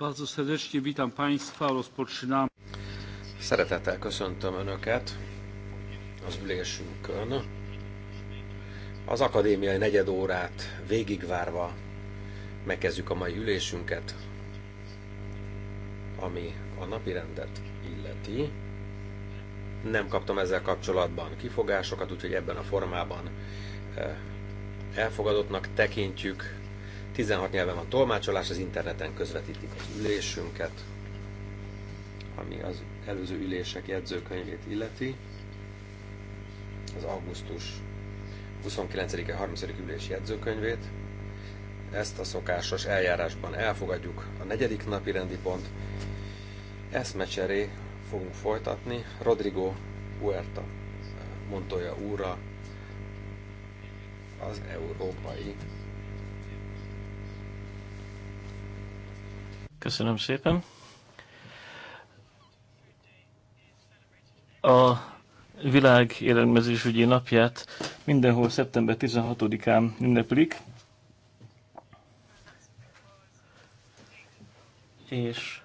Bardzo serdecznie witam Państwa. Szeretettel köszöntöm Önöket az ülésünkön. Az akadémiai negyed órát végigvárva megkezdjük a mai ülésünket, ami a napi rendet illeti. Nem kaptam ezzel kapcsolatban kifogásokat, úgyhogy ebben a formában eh, elfogadottnak tekintjük 16 nyelven van tolmácsolás, az interneten közvetítik az ülésünket, ami az előző ülések jegyzőkönyvét illeti. Az augusztus 29-e 30. ülés jegyzőkönyvét. Ezt a szokásos eljárásban elfogadjuk a negyedik napi rendi pont. Eszmecseré fogunk folytatni Rodrigo Huerta eh, Montoya úra az európai Köszönöm szépen. A világ élelmezésügyi napját mindenhol szeptember 16-án ünneplik. És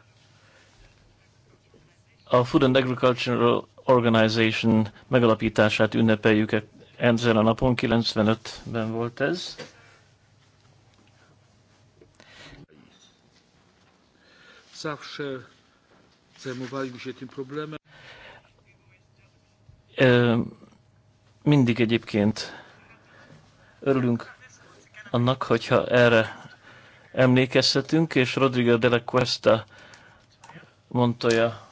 a Food and Agricultural Organization megalapítását ünnepeljük e- ezen a napon, 95-ben volt ez. Zawsze zajmowaliśmy się tym problemem. E, mindig egyébként örülünk annak, hogyha erre emlékezhetünk, és Rodrigo de la Cuesta Montoya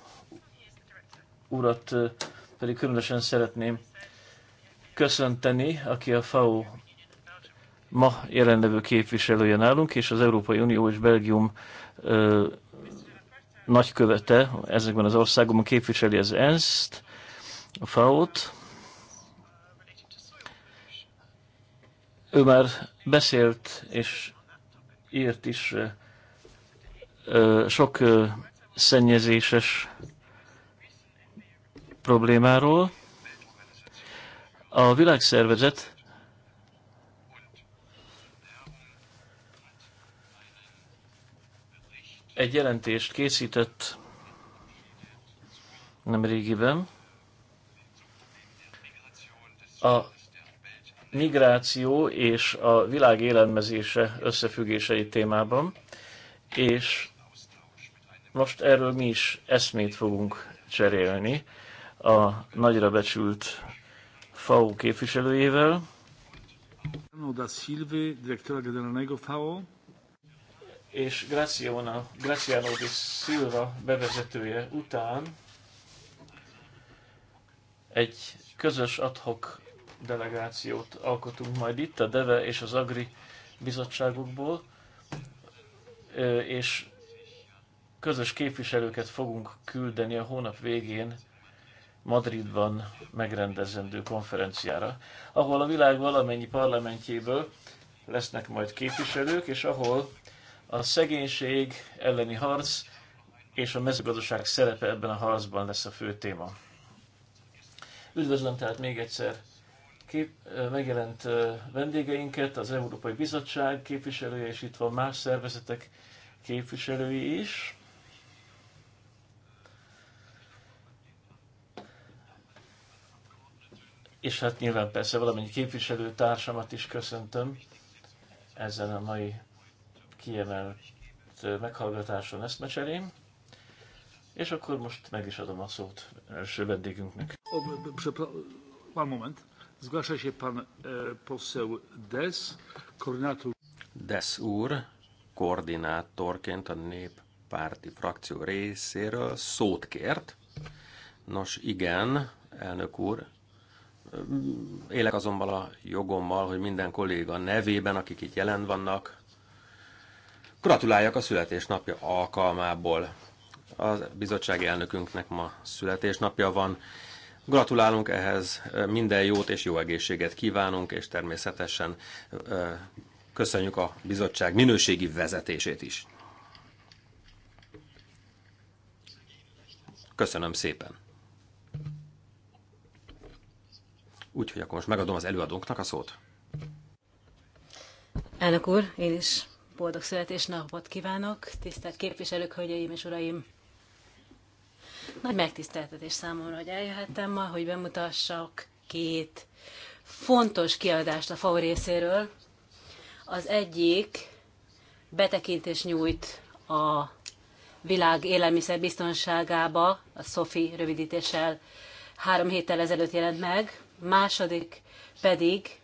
urat e, pedig különösen szeretném köszönteni, aki a FAO ma jelenlevő képviselője nálunk, és az Európai Unió és Belgium e, nagykövete ezekben az országokban képviseli az ENSZ-t, a FAO-t. Ő már beszélt és írt is sok szennyezéses problémáról. A világszervezet egy jelentést készített nem régiben a migráció és a világ élelmezése összefüggései témában, és most erről mi is eszmét fogunk cserélni a nagyra becsült FAO képviselőjével. Silvi, direktora generalnego FAO, és Graciona, Graciano de Silva bevezetője után egy közös adhok delegációt alkotunk majd itt a DEVE és az AGRI bizottságokból, és közös képviselőket fogunk küldeni a hónap végén Madridban megrendezendő konferenciára, ahol a világ valamennyi parlamentjéből lesznek majd képviselők, és ahol a szegénység elleni harc és a mezőgazdaság szerepe ebben a harcban lesz a fő téma. Üdvözlöm tehát még egyszer kép, megjelent vendégeinket, az Európai Bizottság képviselője, és itt van más szervezetek képviselői is. És hát nyilván persze valamennyi képviselőtársamat is köszöntöm ezen a mai kiemelt meghallgatáson eszmecserém, és akkor most meg is adom a szót első vendégünknek. One moment. Zgłasza się pan e, poseł Des, koordinátor. Des úr, koordinátorként a néppárti frakció részéről szót kért. Nos igen, elnök úr, élek azonban a jogommal, hogy minden kolléga nevében, akik itt jelen vannak, gratuláljak a születésnapja alkalmából. A bizottsági elnökünknek ma születésnapja van. Gratulálunk ehhez, minden jót és jó egészséget kívánunk, és természetesen köszönjük a bizottság minőségi vezetését is. Köszönöm szépen. Úgyhogy akkor most megadom az előadónknak a szót. Elnök úr, én is Boldog születésnapot kívánok, tisztelt képviselők, hölgyeim és uraim! Nagy megtiszteltetés számomra, hogy eljöhettem ma, hogy bemutassak két fontos kiadást a FAO részéről. Az egyik betekintés nyújt a világ élelmiszerbiztonságába, a SOFI rövidítéssel három héttel ezelőtt jelent meg, második pedig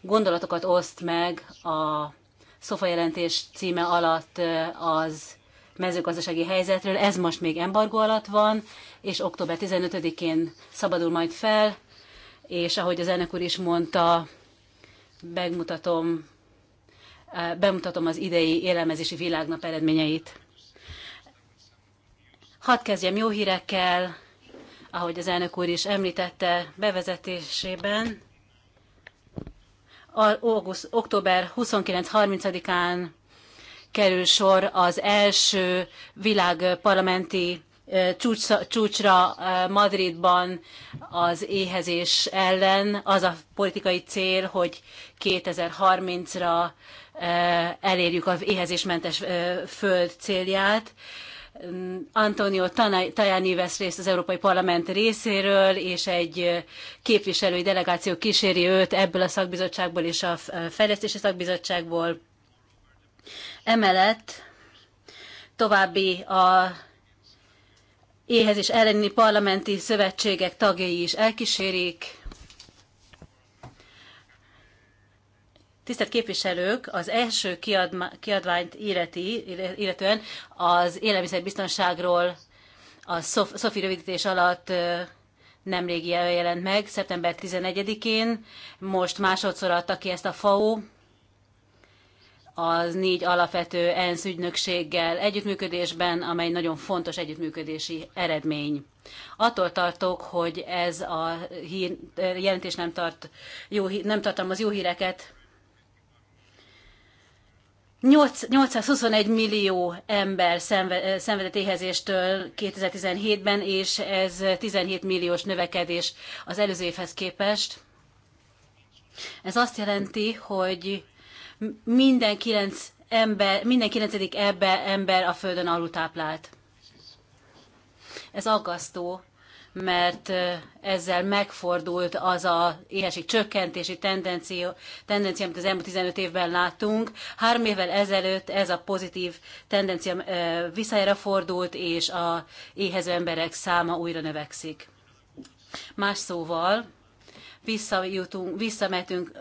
gondolatokat oszt meg a szofa jelentés címe alatt az mezőgazdasági helyzetről. Ez most még embargó alatt van, és október 15-én szabadul majd fel, és ahogy az elnök úr is mondta, megmutatom, bemutatom az idei élelmezési világnap eredményeit. Hadd kezdjem jó hírekkel, ahogy az elnök úr is említette bevezetésében augusz, október 29-30-án kerül sor az első világparlamenti csúcs, csúcsra Madridban az éhezés ellen. Az a politikai cél, hogy 2030-ra elérjük az éhezésmentes föld célját. Antonio Tajani vesz részt az Európai Parlament részéről, és egy képviselői delegáció kíséri őt ebből a szakbizottságból és a fejlesztési szakbizottságból. Emellett további a éhezés elleni parlamenti szövetségek tagjai is elkísérik Tisztelt képviselők, az első kiadma, kiadványt illeti, illetően az élelmiszerbiztonságról a Szofi rövidítés alatt nemrég jelent meg, szeptember 11-én. Most másodszor adta ki ezt a FAO, az négy alapvető ENSZ ügynökséggel együttműködésben, amely nagyon fontos együttműködési eredmény. Attól tartok, hogy ez a hír, jelentés nem, tart, jó, nem tartalmaz jó híreket 821 millió ember szenvedett éhezéstől 2017-ben, és ez 17 milliós növekedés az előző évhez képest. Ez azt jelenti, hogy minden kilenc ember, minden kilencedik ebbe ember a földön alultáplált. Ez aggasztó, mert ezzel megfordult az a éhesség csökkentési tendencia, tendencia, amit az elmúlt 15 évben láttunk. Három évvel ezelőtt ez a pozitív tendencia visszajára fordult, és a éhező emberek száma újra növekszik. Más szóval, visszajutunk, visszametünk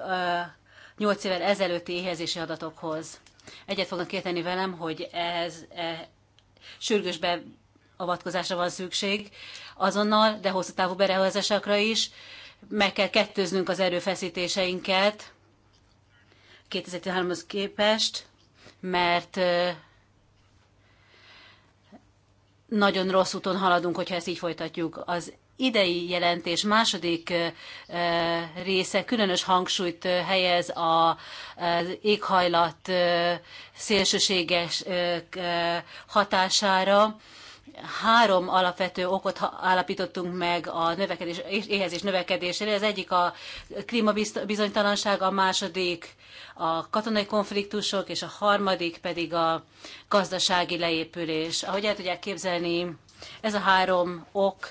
8 évvel ezelőtti éhezési adatokhoz. Egyet fognak érteni velem, hogy ez e, sürgős avatkozásra van szükség azonnal, de hosszú távú beruházásokra is. Meg kell kettőznünk az erőfeszítéseinket 2013-hoz képest, mert nagyon rossz úton haladunk, hogyha ezt így folytatjuk. Az idei jelentés második része különös hangsúlyt helyez az éghajlat szélsőséges hatására, három alapvető okot állapítottunk meg a növekedés, éhezés növekedésére. Az egyik a klímabizonytalanság, a második a katonai konfliktusok, és a harmadik pedig a gazdasági leépülés. Ahogy el tudják képzelni, ez a három ok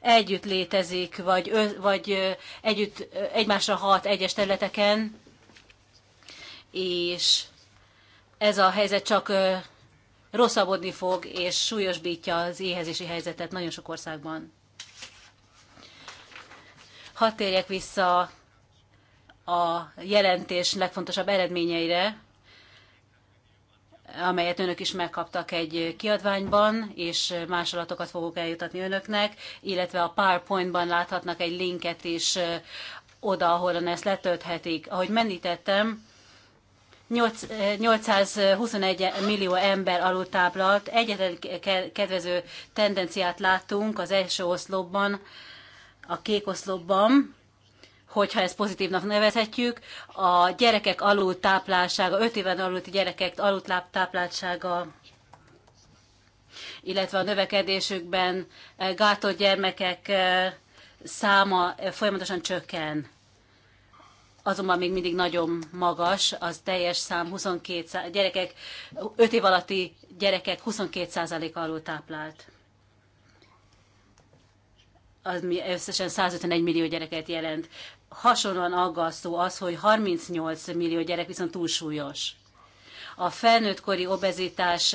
együtt létezik, vagy, vagy együtt, egymásra hat egyes területeken, és ez a helyzet csak rosszabbodni fog, és súlyosbítja az éhezési helyzetet nagyon sok országban. Hadd térjek vissza a jelentés legfontosabb eredményeire, amelyet önök is megkaptak egy kiadványban, és másolatokat fogok eljutatni önöknek, illetve a PowerPoint-ban láthatnak egy linket is oda, ahol ezt letölthetik. Ahogy említettem, 821 eh, millió ember alultáblalt. Egyetlen kedvező tendenciát láttunk az első oszlopban, a kék oszlopban, hogyha ezt pozitívnak nevezhetjük, a gyerekek alultápláltsága, 5 éven alulti gyerekek alultápláltsága, illetve a növekedésükben eh, gátolt gyermekek eh, száma folyamatosan csökken azonban még mindig nagyon magas, az teljes szám 22, gyerekek, 5 év alatti gyerekek 22% alul táplált. Az mi összesen 151 millió gyereket jelent. Hasonlóan aggasztó az, hogy 38 millió gyerek viszont túlsúlyos. A felnőttkori obezitás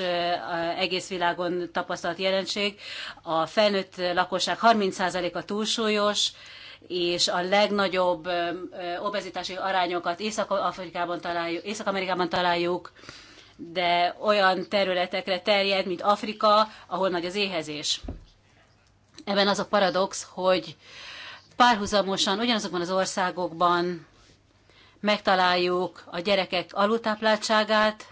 egész világon tapasztalt jelenség. A felnőtt lakosság 30%-a túlsúlyos, és a legnagyobb obezitási arányokat Észak-Afrikában találjuk, Észak-Amerikában találjuk, de olyan területekre terjed, mint Afrika, ahol nagy az éhezés. Ebben az a paradox, hogy párhuzamosan ugyanazokban az országokban megtaláljuk a gyerekek alultápláltságát,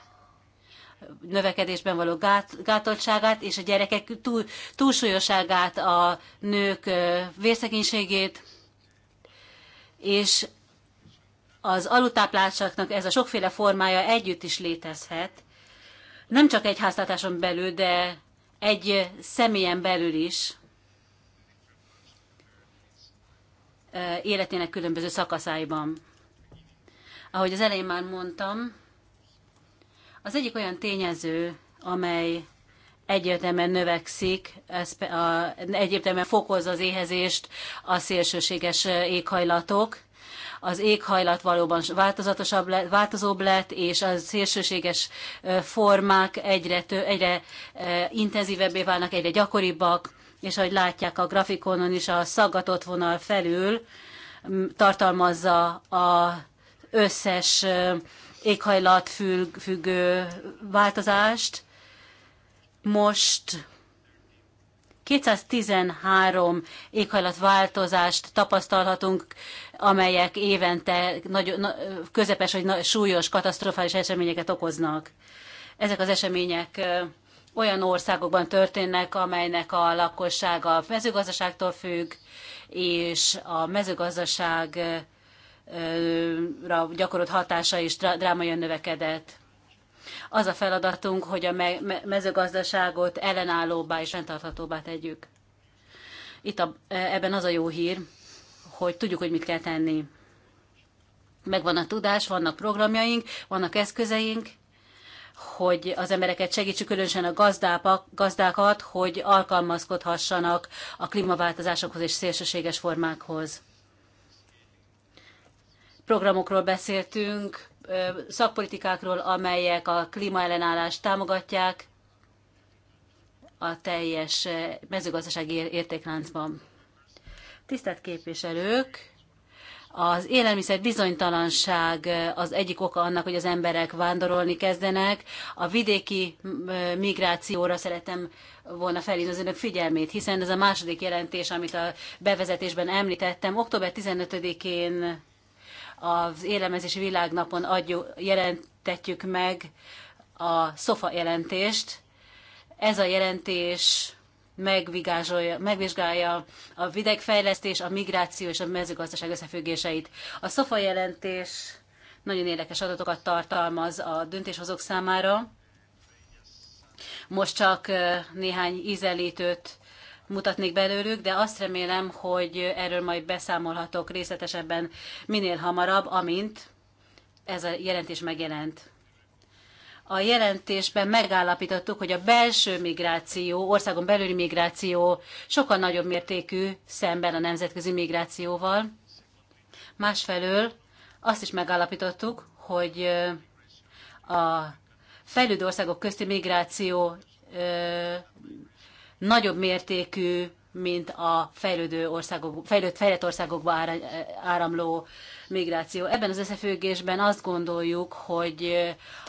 növekedésben való gát, gátoltságát és a gyerekek túl, túlsúlyoságát, a nők vérszegénységét és az alultápláltságnak ez a sokféle formája együtt is létezhet, nem csak egy háztartáson belül, de egy személyen belül is életének különböző szakaszáiban. Ahogy az elején már mondtam, az egyik olyan tényező, amely egyértelműen növekszik, ez a, egyértelműen fokozza az éhezést a szélsőséges éghajlatok. Az éghajlat valóban változatosabb lett, változóbb lett, és a szélsőséges formák egyre, tő, egyre intenzívebbé válnak, egyre gyakoribbak, és ahogy látják a grafikonon is, a szaggatott vonal felül tartalmazza a összes éghajlat függő változást, most 213 éghajlatváltozást tapasztalhatunk, amelyek évente nagy, na, közepes vagy súlyos, katasztrofális eseményeket okoznak. Ezek az események olyan országokban történnek, amelynek a lakossága a mezőgazdaságtól függ, és a mezőgazdaságra gyakorolt hatása is drámaian növekedett. Az a feladatunk, hogy a mezőgazdaságot ellenállóbbá és rendtarthatóbbá tegyük. Itt a, ebben az a jó hír, hogy tudjuk, hogy mit kell tenni. Megvan a tudás, vannak programjaink, vannak eszközeink, hogy az embereket segítsük, különösen a gazdápak, gazdákat, hogy alkalmazkodhassanak a klímaváltozásokhoz és szélsőséges formákhoz. Programokról beszéltünk, szakpolitikákról, amelyek a klímaellenállást támogatják a teljes mezőgazdasági értékláncban. Tisztelt képviselők! Az élelmiszer bizonytalanság az egyik oka annak, hogy az emberek vándorolni kezdenek. A vidéki migrációra szeretem volna felhívni az önök figyelmét, hiszen ez a második jelentés, amit a bevezetésben említettem, október 15-én az élelmezési világnapon adjuk, jelentetjük meg a SOFA jelentést. Ez a jelentés megvizsgálja a videgfejlesztés, a migráció és a mezőgazdaság összefüggéseit. A SOFA jelentés nagyon érdekes adatokat tartalmaz a döntéshozók számára. Most csak néhány ízelítőt mutatnék belőlük, de azt remélem, hogy erről majd beszámolhatok részletesebben minél hamarabb, amint ez a jelentés megjelent. A jelentésben megállapítottuk, hogy a belső migráció, országon belüli migráció sokkal nagyobb mértékű szemben a nemzetközi migrációval. Másfelől azt is megállapítottuk, hogy a fejlődő országok közti migráció nagyobb mértékű, mint a fejlődő országok, fejlőtt fejlett országokba áramló migráció. Ebben az összefüggésben azt gondoljuk, hogy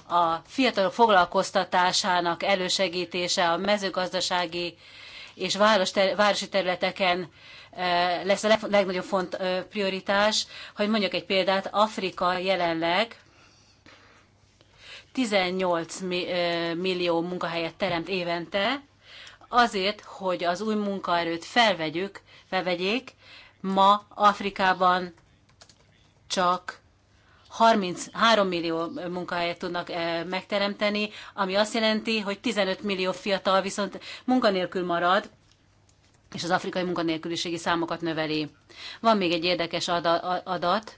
a fiatalok foglalkoztatásának elősegítése a mezőgazdasági és város ter, városi területeken eh, lesz a legnagyobb font eh, prioritás. Hogy mondjak egy példát, Afrika jelenleg 18 eh, millió munkahelyet teremt évente, azért, hogy az új munkaerőt felvegyük, felvegyék, ma Afrikában csak 33 millió munkahelyet tudnak eh, megteremteni, ami azt jelenti, hogy 15 millió fiatal viszont munkanélkül marad, és az afrikai munkanélküliségi számokat növeli. Van még egy érdekes adat,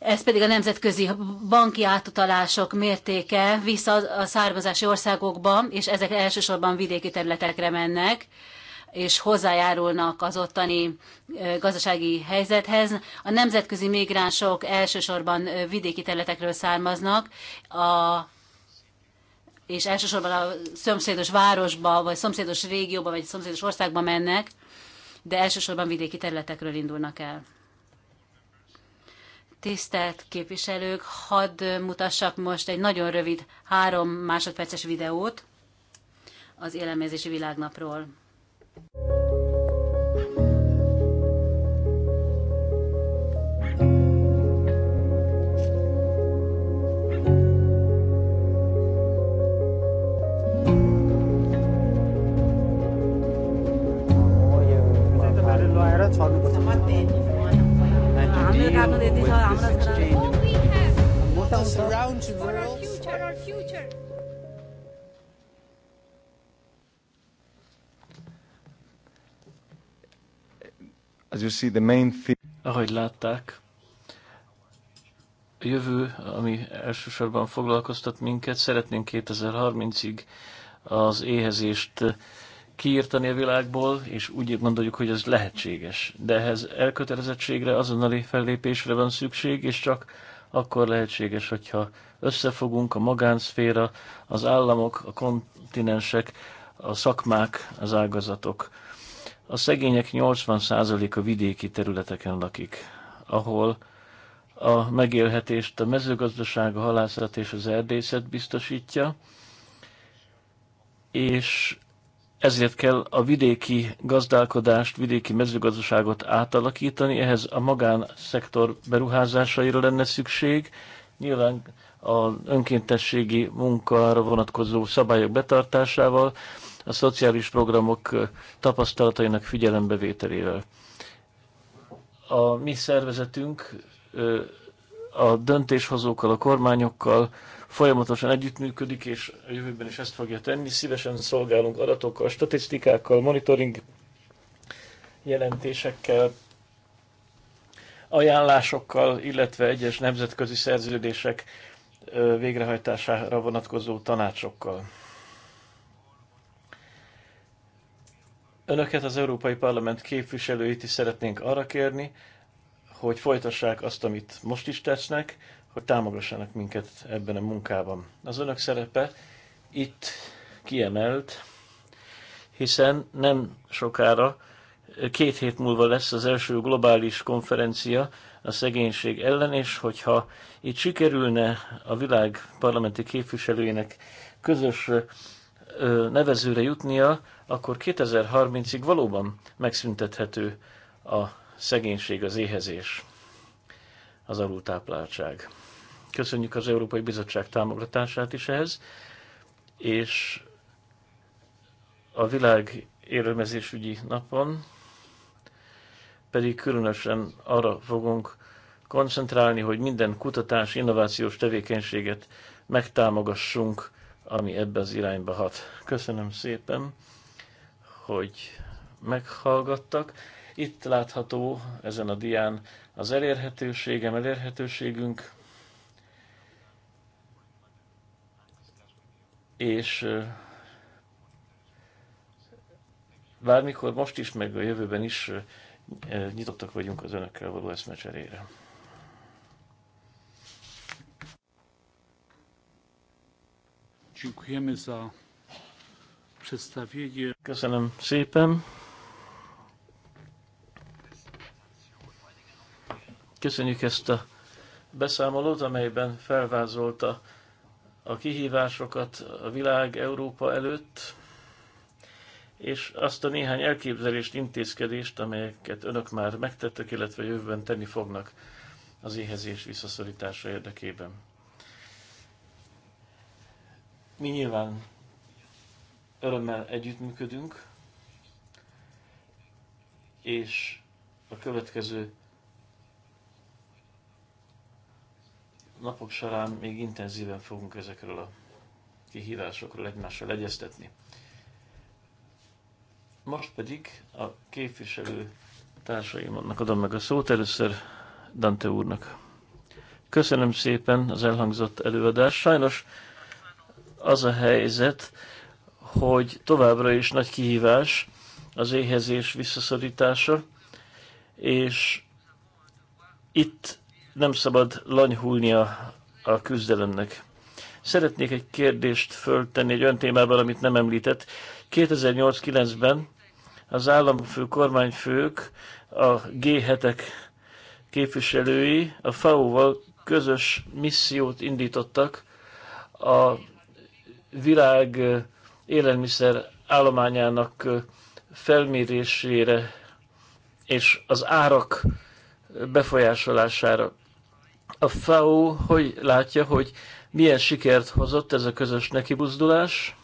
ez pedig a nemzetközi banki átutalások mértéke vissza a származási országokba, és ezek elsősorban vidéki területekre mennek és hozzájárulnak az ottani gazdasági helyzethez. A nemzetközi migránsok elsősorban vidéki területekről származnak, a, és elsősorban a szomszédos városba, vagy szomszédos régióba, vagy szomszédos országba mennek, de elsősorban vidéki területekről indulnak el. Tisztelt képviselők, hadd mutassak most egy nagyon rövid, három másodperces videót az élelmezési világnapról. काट्नु As you see, the main Ahogy látták, a jövő, ami elsősorban foglalkoztat minket, szeretnénk 2030-ig az éhezést kiírtani a világból, és úgy gondoljuk, hogy ez lehetséges. De ehhez elkötelezettségre, azonnali fellépésre van szükség, és csak akkor lehetséges, hogyha összefogunk a magánszféra, az államok, a kontinensek, a szakmák, az ágazatok. A szegények 80%-a vidéki területeken lakik, ahol a megélhetést a mezőgazdaság, a halászat és az erdészet biztosítja, és ezért kell a vidéki gazdálkodást, vidéki mezőgazdaságot átalakítani, ehhez a magánszektor beruházásaira lenne szükség. Nyilván az önkéntességi munkára vonatkozó szabályok betartásával, a szociális programok tapasztalatainak figyelembevételével. A mi szervezetünk a döntéshozókkal, a kormányokkal, folyamatosan együttműködik, és a jövőben is ezt fogja tenni. Szívesen szolgálunk adatokkal, statisztikákkal, monitoring jelentésekkel, ajánlásokkal, illetve egyes nemzetközi szerződések végrehajtására vonatkozó tanácsokkal. Önöket az Európai Parlament képviselőit is szeretnénk arra kérni, hogy folytassák azt, amit most is tesznek, hogy támogassanak minket ebben a munkában. Az önök szerepe itt kiemelt, hiszen nem sokára, két hét múlva lesz az első globális konferencia a szegénység ellen, és hogyha itt sikerülne a világ parlamenti képviselőinek közös nevezőre jutnia, akkor 2030-ig valóban megszüntethető a szegénység, az éhezés, az alultápláltság. Köszönjük az Európai Bizottság támogatását is ehhez, és a világ élelmezésügyi napon pedig különösen arra fogunk koncentrálni, hogy minden kutatás, innovációs tevékenységet megtámogassunk, ami ebbe az irányba hat. Köszönöm szépen, hogy meghallgattak. Itt látható ezen a dián az elérhetőségem, elérhetőségünk, és bármikor most is, meg a jövőben is nyitottak vagyunk az önökkel való eszmecserére. Köszönöm szépen. Köszönjük ezt a beszámolót, amelyben felvázolta a kihívásokat a világ Európa előtt, és azt a néhány elképzelést, intézkedést, amelyeket önök már megtettek, illetve jövőben tenni fognak az éhezés visszaszorítása érdekében. Mi nyilván örömmel együttműködünk, és a következő napok során még intenzíven fogunk ezekről a kihívásokról egymással egyeztetni. Most pedig a képviselő társaimnak adom meg a szót, először Dante úrnak. Köszönöm szépen az elhangzott előadást. Sajnos az a helyzet, hogy továbbra is nagy kihívás az éhezés visszaszorítása, és itt nem szabad lanyhulnia a küzdelemnek. Szeretnék egy kérdést föltenni egy olyan témában, amit nem említett. 2008-9-ben az államfő kormányfők, a G7-ek képviselői a FAO-val közös missziót indítottak a világ élelmiszer állományának felmérésére és az árak befolyásolására. A FAO hogy látja, hogy milyen sikert hozott ez a közös nekibuzdulás,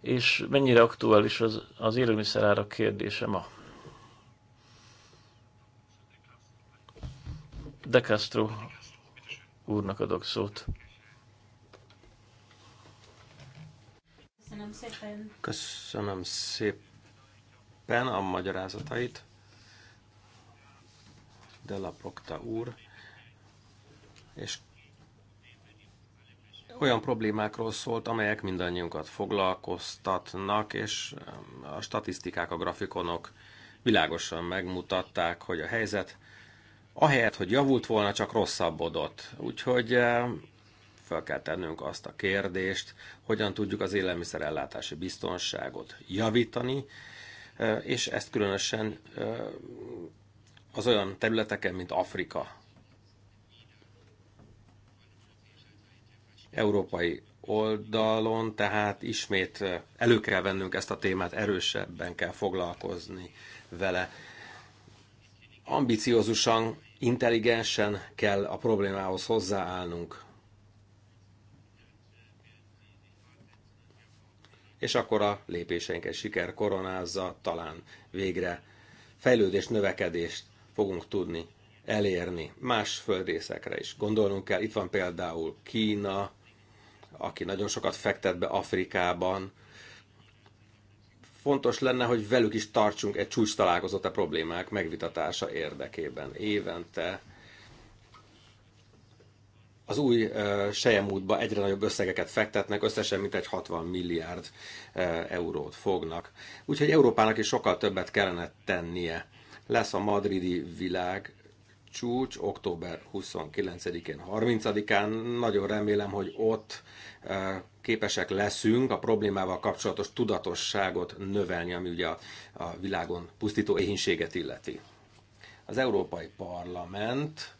és mennyire aktuális az, az élelmiszerárak kérdése ma? De Castro úrnak adok szót. Köszönöm szépen. Köszönöm szépen a magyarázatait. Della Procta úr és olyan problémákról szólt, amelyek mindannyiunkat foglalkoztatnak, és a statisztikák, a grafikonok világosan megmutatták, hogy a helyzet ahelyett, hogy javult volna, csak rosszabbodott. Úgyhogy fel kell tennünk azt a kérdést, hogyan tudjuk az élelmiszerellátási biztonságot javítani, eh, és ezt különösen eh, az olyan területeken, mint Afrika európai oldalon, tehát ismét elő kell vennünk ezt a témát, erősebben kell foglalkozni vele. Ambiciózusan, intelligensen kell a problémához hozzáállnunk. És akkor a lépéseinket siker koronázza, talán végre fejlődés, növekedést fogunk tudni elérni. Más földrészekre is gondolnunk kell. Itt van például Kína, aki nagyon sokat fektet be Afrikában. Fontos lenne, hogy velük is tartsunk egy csúcs találkozót a problémák megvitatása érdekében. Évente az új sejemútba egyre nagyobb összegeket fektetnek, összesen mintegy 60 milliárd eurót fognak. Úgyhogy Európának is sokkal többet kellene tennie. Lesz a madridi világ csúcs október 29-én, 30-án. Nagyon remélem, hogy ott eh, képesek leszünk a problémával kapcsolatos tudatosságot növelni, ami ugye a, a világon pusztító éhínséget illeti. Az Európai Parlament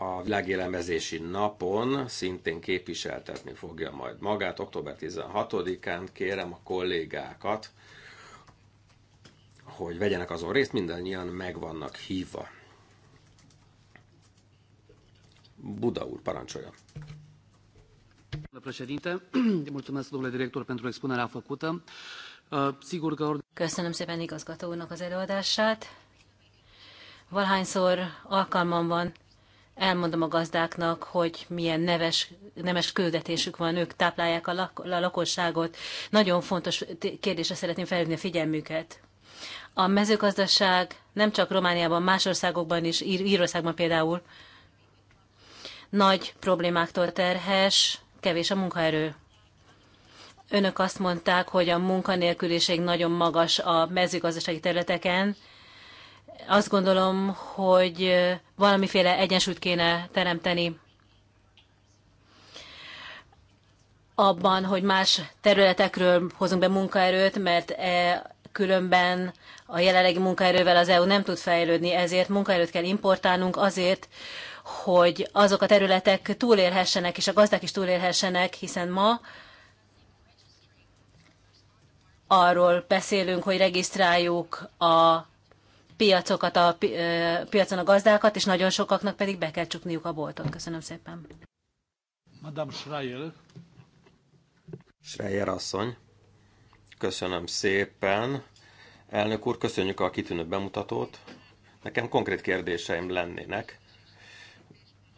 a világélemezési napon szintén képviseltetni fogja majd magát. Október 16-án kérem a kollégákat, hogy vegyenek azon részt, mindannyian meg vannak hívva. Buda úr, parancsolja. Uh, Köszönöm szépen igazgató úrnak az előadását. Valhányszor alkalmam van, elmondom a gazdáknak, hogy milyen neves, nemes küldetésük van, ők táplálják a, lak, a lakosságot. Nagyon fontos kérdésre szeretném felhívni a figyelmüket. A mezőgazdaság nem csak Romániában, más országokban is, Ír- Írországban például nagy problémáktól terhes, kevés a munkaerő. Önök azt mondták, hogy a munkanélküliség nagyon magas a mezőgazdasági területeken. Azt gondolom, hogy valamiféle egyensúlyt kéne teremteni abban, hogy más területekről hozunk be munkaerőt, mert e különben a jelenlegi munkaerővel az EU nem tud fejlődni, ezért munkaerőt kell importálnunk azért, hogy azok a területek túlélhessenek, és a gazdák is túlélhessenek, hiszen ma arról beszélünk, hogy regisztráljuk a piacokat, a piacon a gazdákat, és nagyon sokaknak pedig be kell csukniuk a boltot. Köszönöm szépen. Madame Schreier. Schreier asszony. Köszönöm szépen. Elnök úr, köszönjük a kitűnő bemutatót. Nekem konkrét kérdéseim lennének.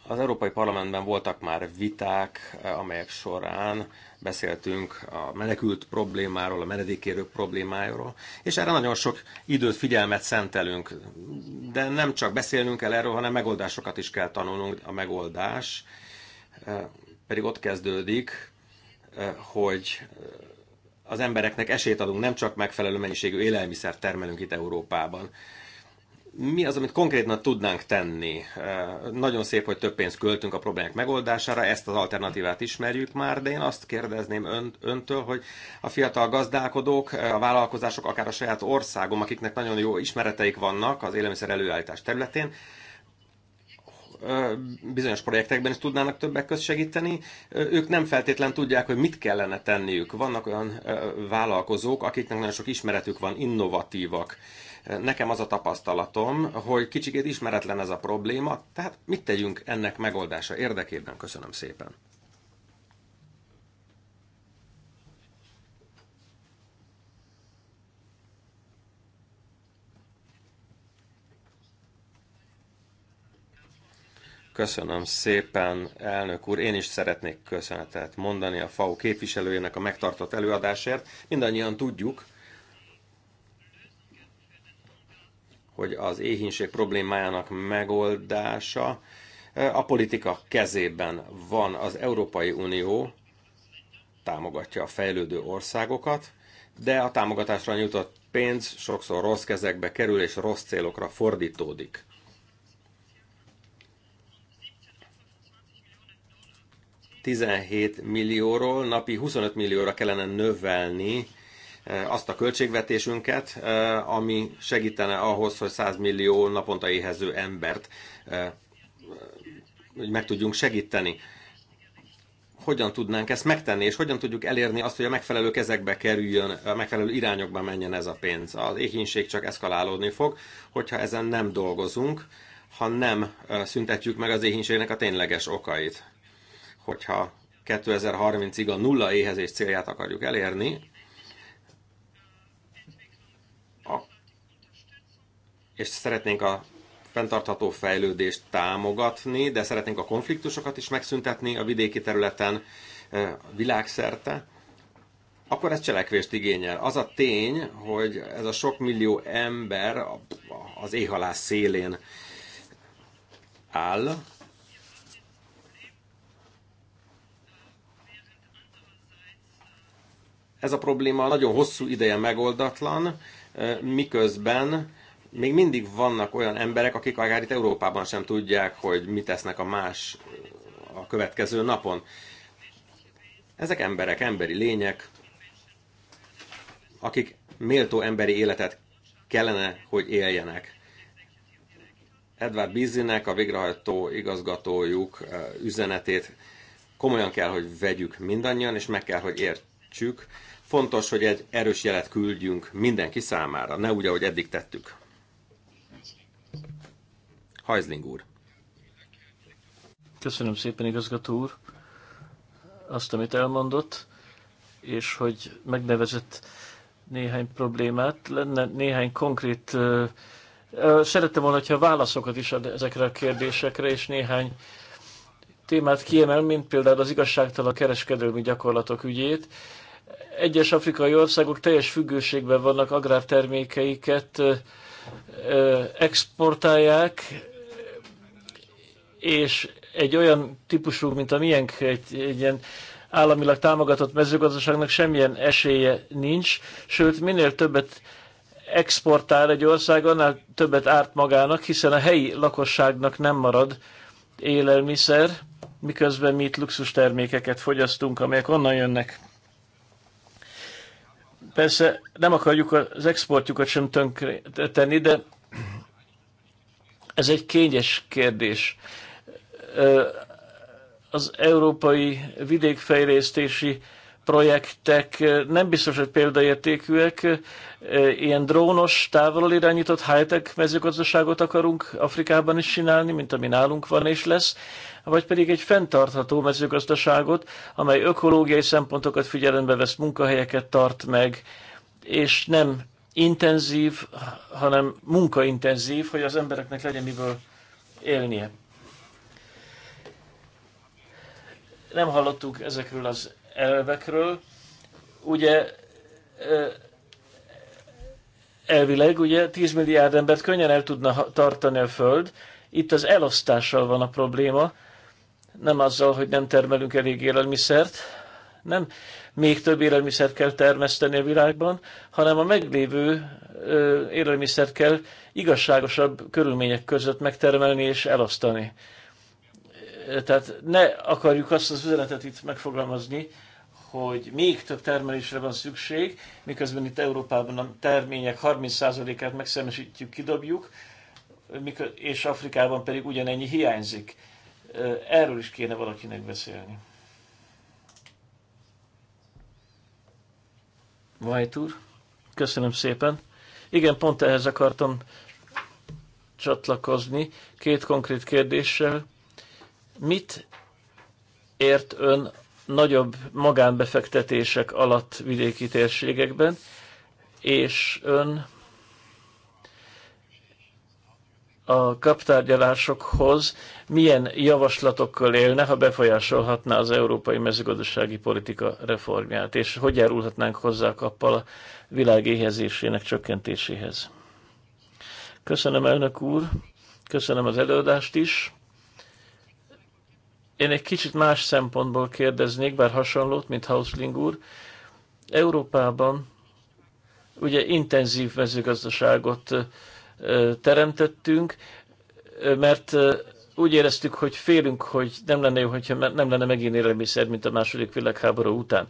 Az Európai Parlamentben voltak már viták, amelyek során beszéltünk a menekült problémáról, a menedékérők problémáról, és erre nagyon sok időt, figyelmet szentelünk. De nem csak beszélnünk kell erről, hanem megoldásokat is kell tanulnunk. A megoldás eh, pedig ott kezdődik, eh, hogy eh, az embereknek esélyt adunk, nem csak megfelelő mennyiségű élelmiszert termelünk itt Európában. Mi az, amit konkrétan tudnánk tenni? Nagyon szép, hogy több pénzt költünk a problémák megoldására, ezt az alternatívát ismerjük már, de én azt kérdezném önt, öntől, hogy a fiatal gazdálkodók, a vállalkozások, akár a saját országom, akiknek nagyon jó ismereteik vannak az élelmiszer előállítás területén, bizonyos projektekben is tudnának többek között segíteni. Ők nem feltétlen tudják, hogy mit kellene tenniük. Vannak olyan vállalkozók, akiknek nagyon sok ismeretük van, innovatívak. Nekem az a tapasztalatom, hogy kicsikét ismeretlen ez a probléma, tehát mit tegyünk ennek megoldása érdekében? Köszönöm szépen. Köszönöm szépen, elnök úr. Én is szeretnék köszönetet mondani a FAO képviselőjének a megtartott előadásért. Mindannyian tudjuk, hogy az éhínség problémájának megoldása a politika kezében van. Az Európai Unió támogatja a fejlődő országokat, de a támogatásra nyújtott pénz sokszor rossz kezekbe kerül és rossz célokra fordítódik. 17 millióról napi 25 millióra kellene növelni e, azt a költségvetésünket, e, ami segítene ahhoz, hogy 100 millió naponta éhező embert e, hogy meg tudjunk segíteni. Hogyan tudnánk ezt megtenni, és hogyan tudjuk elérni azt, hogy a megfelelő kezekbe kerüljön, a megfelelő irányokba menjen ez a pénz. Az éhínség csak eszkalálódni fog, hogyha ezen nem dolgozunk, ha nem szüntetjük meg az éhínségnek a tényleges okait hogyha 2030-ig a nulla éhezés célját akarjuk elérni, a, és szeretnénk a fenntartható fejlődést támogatni, de szeretnénk a konfliktusokat is megszüntetni a vidéki területen e, világszerte, akkor ez cselekvést igényel. Az a tény, hogy ez a sok millió ember az éhalás szélén áll, ez a probléma nagyon hosszú ideje megoldatlan, miközben még mindig vannak olyan emberek, akik akár itt Európában sem tudják, hogy mit tesznek a más a következő napon. Ezek emberek, emberi lények, akik méltó emberi életet kellene, hogy éljenek. Edward Bizinek, a végrehajtó igazgatójuk üzenetét komolyan kell, hogy vegyük mindannyian, és meg kell, hogy értsük, Fontos, hogy egy erős jelet küldjünk mindenki számára, ne úgy, ahogy eddig tettük. Hajzling úr. Köszönöm szépen, igazgató úr, azt, amit elmondott, és hogy megnevezett néhány problémát. Lenne néhány konkrét... Szerettem volna, hogyha válaszokat is ad ezekre a kérdésekre, és néhány témát kiemel, mint például az igazságtalan kereskedelmi gyakorlatok ügyét, egyes afrikai országok teljes függőségben vannak, agrártermékeiket exportálják, és egy olyan típusú, mint a miénk, egy, egy ilyen államilag támogatott mezőgazdaságnak semmilyen esélye nincs, sőt minél többet exportál egy ország, annál többet árt magának, hiszen a helyi lakosságnak nem marad élelmiszer, miközben mi itt luxus termékeket fogyasztunk, amelyek onnan jönnek. Persze nem akarjuk az exportjukat sem tönkre tenni, de ez egy kényes kérdés. Az európai vidékfejlesztési projektek eh, nem biztos, hogy példaértékűek. Eh, ilyen drónos, távol irányított high-tech mezőgazdaságot akarunk Afrikában is csinálni, mint ami nálunk van és lesz, vagy pedig egy fenntartható mezőgazdaságot, amely ökológiai szempontokat figyelembe vesz, munkahelyeket tart meg, és nem intenzív, hanem munkaintenzív, hogy az embereknek legyen miből élnie. Nem hallottuk ezekről az elvekről. Ugye elvileg ugye 10 milliárd embert könnyen el tudna tartani a Föld, itt az elosztással van a probléma, nem azzal, hogy nem termelünk elég élelmiszert, nem még több élelmiszert kell termeszteni a világban, hanem a meglévő élelmiszert kell igazságosabb körülmények között megtermelni és elosztani. Tehát ne akarjuk azt az üzenetet itt megfogalmazni, hogy még több termelésre van szükség, miközben itt Európában a termények 30%-át megszemesítjük, kidobjuk, és Afrikában pedig ugyanennyi hiányzik. Erről is kéne valakinek beszélni. White úr, köszönöm szépen. Igen, pont ehhez akartam csatlakozni két konkrét kérdéssel Mit ért ön nagyobb magánbefektetések alatt vidéki térségekben, és ön a kaptárgyalásokhoz milyen javaslatokkal élne, ha befolyásolhatná az európai mezőgazdasági politika reformját, és hogy járulhatnánk hozzá a kappal a világ éhezésének csökkentéséhez. Köszönöm, elnök úr, köszönöm az előadást is. Én egy kicsit más szempontból kérdeznék, bár hasonlót, mint Hausling úr. Európában ugye intenzív mezőgazdaságot teremtettünk, mert úgy éreztük, hogy félünk, hogy nem lenne jó, hogyha nem lenne megint élelmiszer, mint a második világháború után.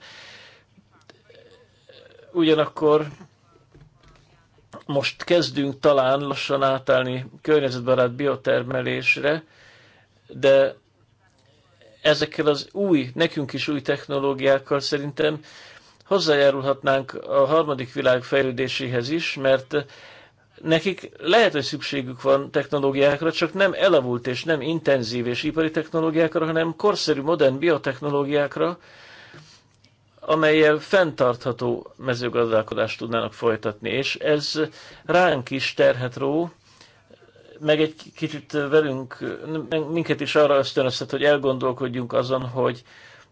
Ugyanakkor most kezdünk talán lassan átállni környezetbarát biotermelésre, de ezekkel az új, nekünk is új technológiákkal szerintem hozzájárulhatnánk a harmadik világ fejlődéséhez is, mert nekik lehet, hogy szükségük van technológiákra, csak nem elavult és nem intenzív és ipari technológiákra, hanem korszerű, modern biotechnológiákra, amelyel fenntartható mezőgazdálkodást tudnának folytatni. És ez ránk is terhet ró, meg egy kicsit velünk, minket is arra ösztönözhet, hogy elgondolkodjunk azon, hogy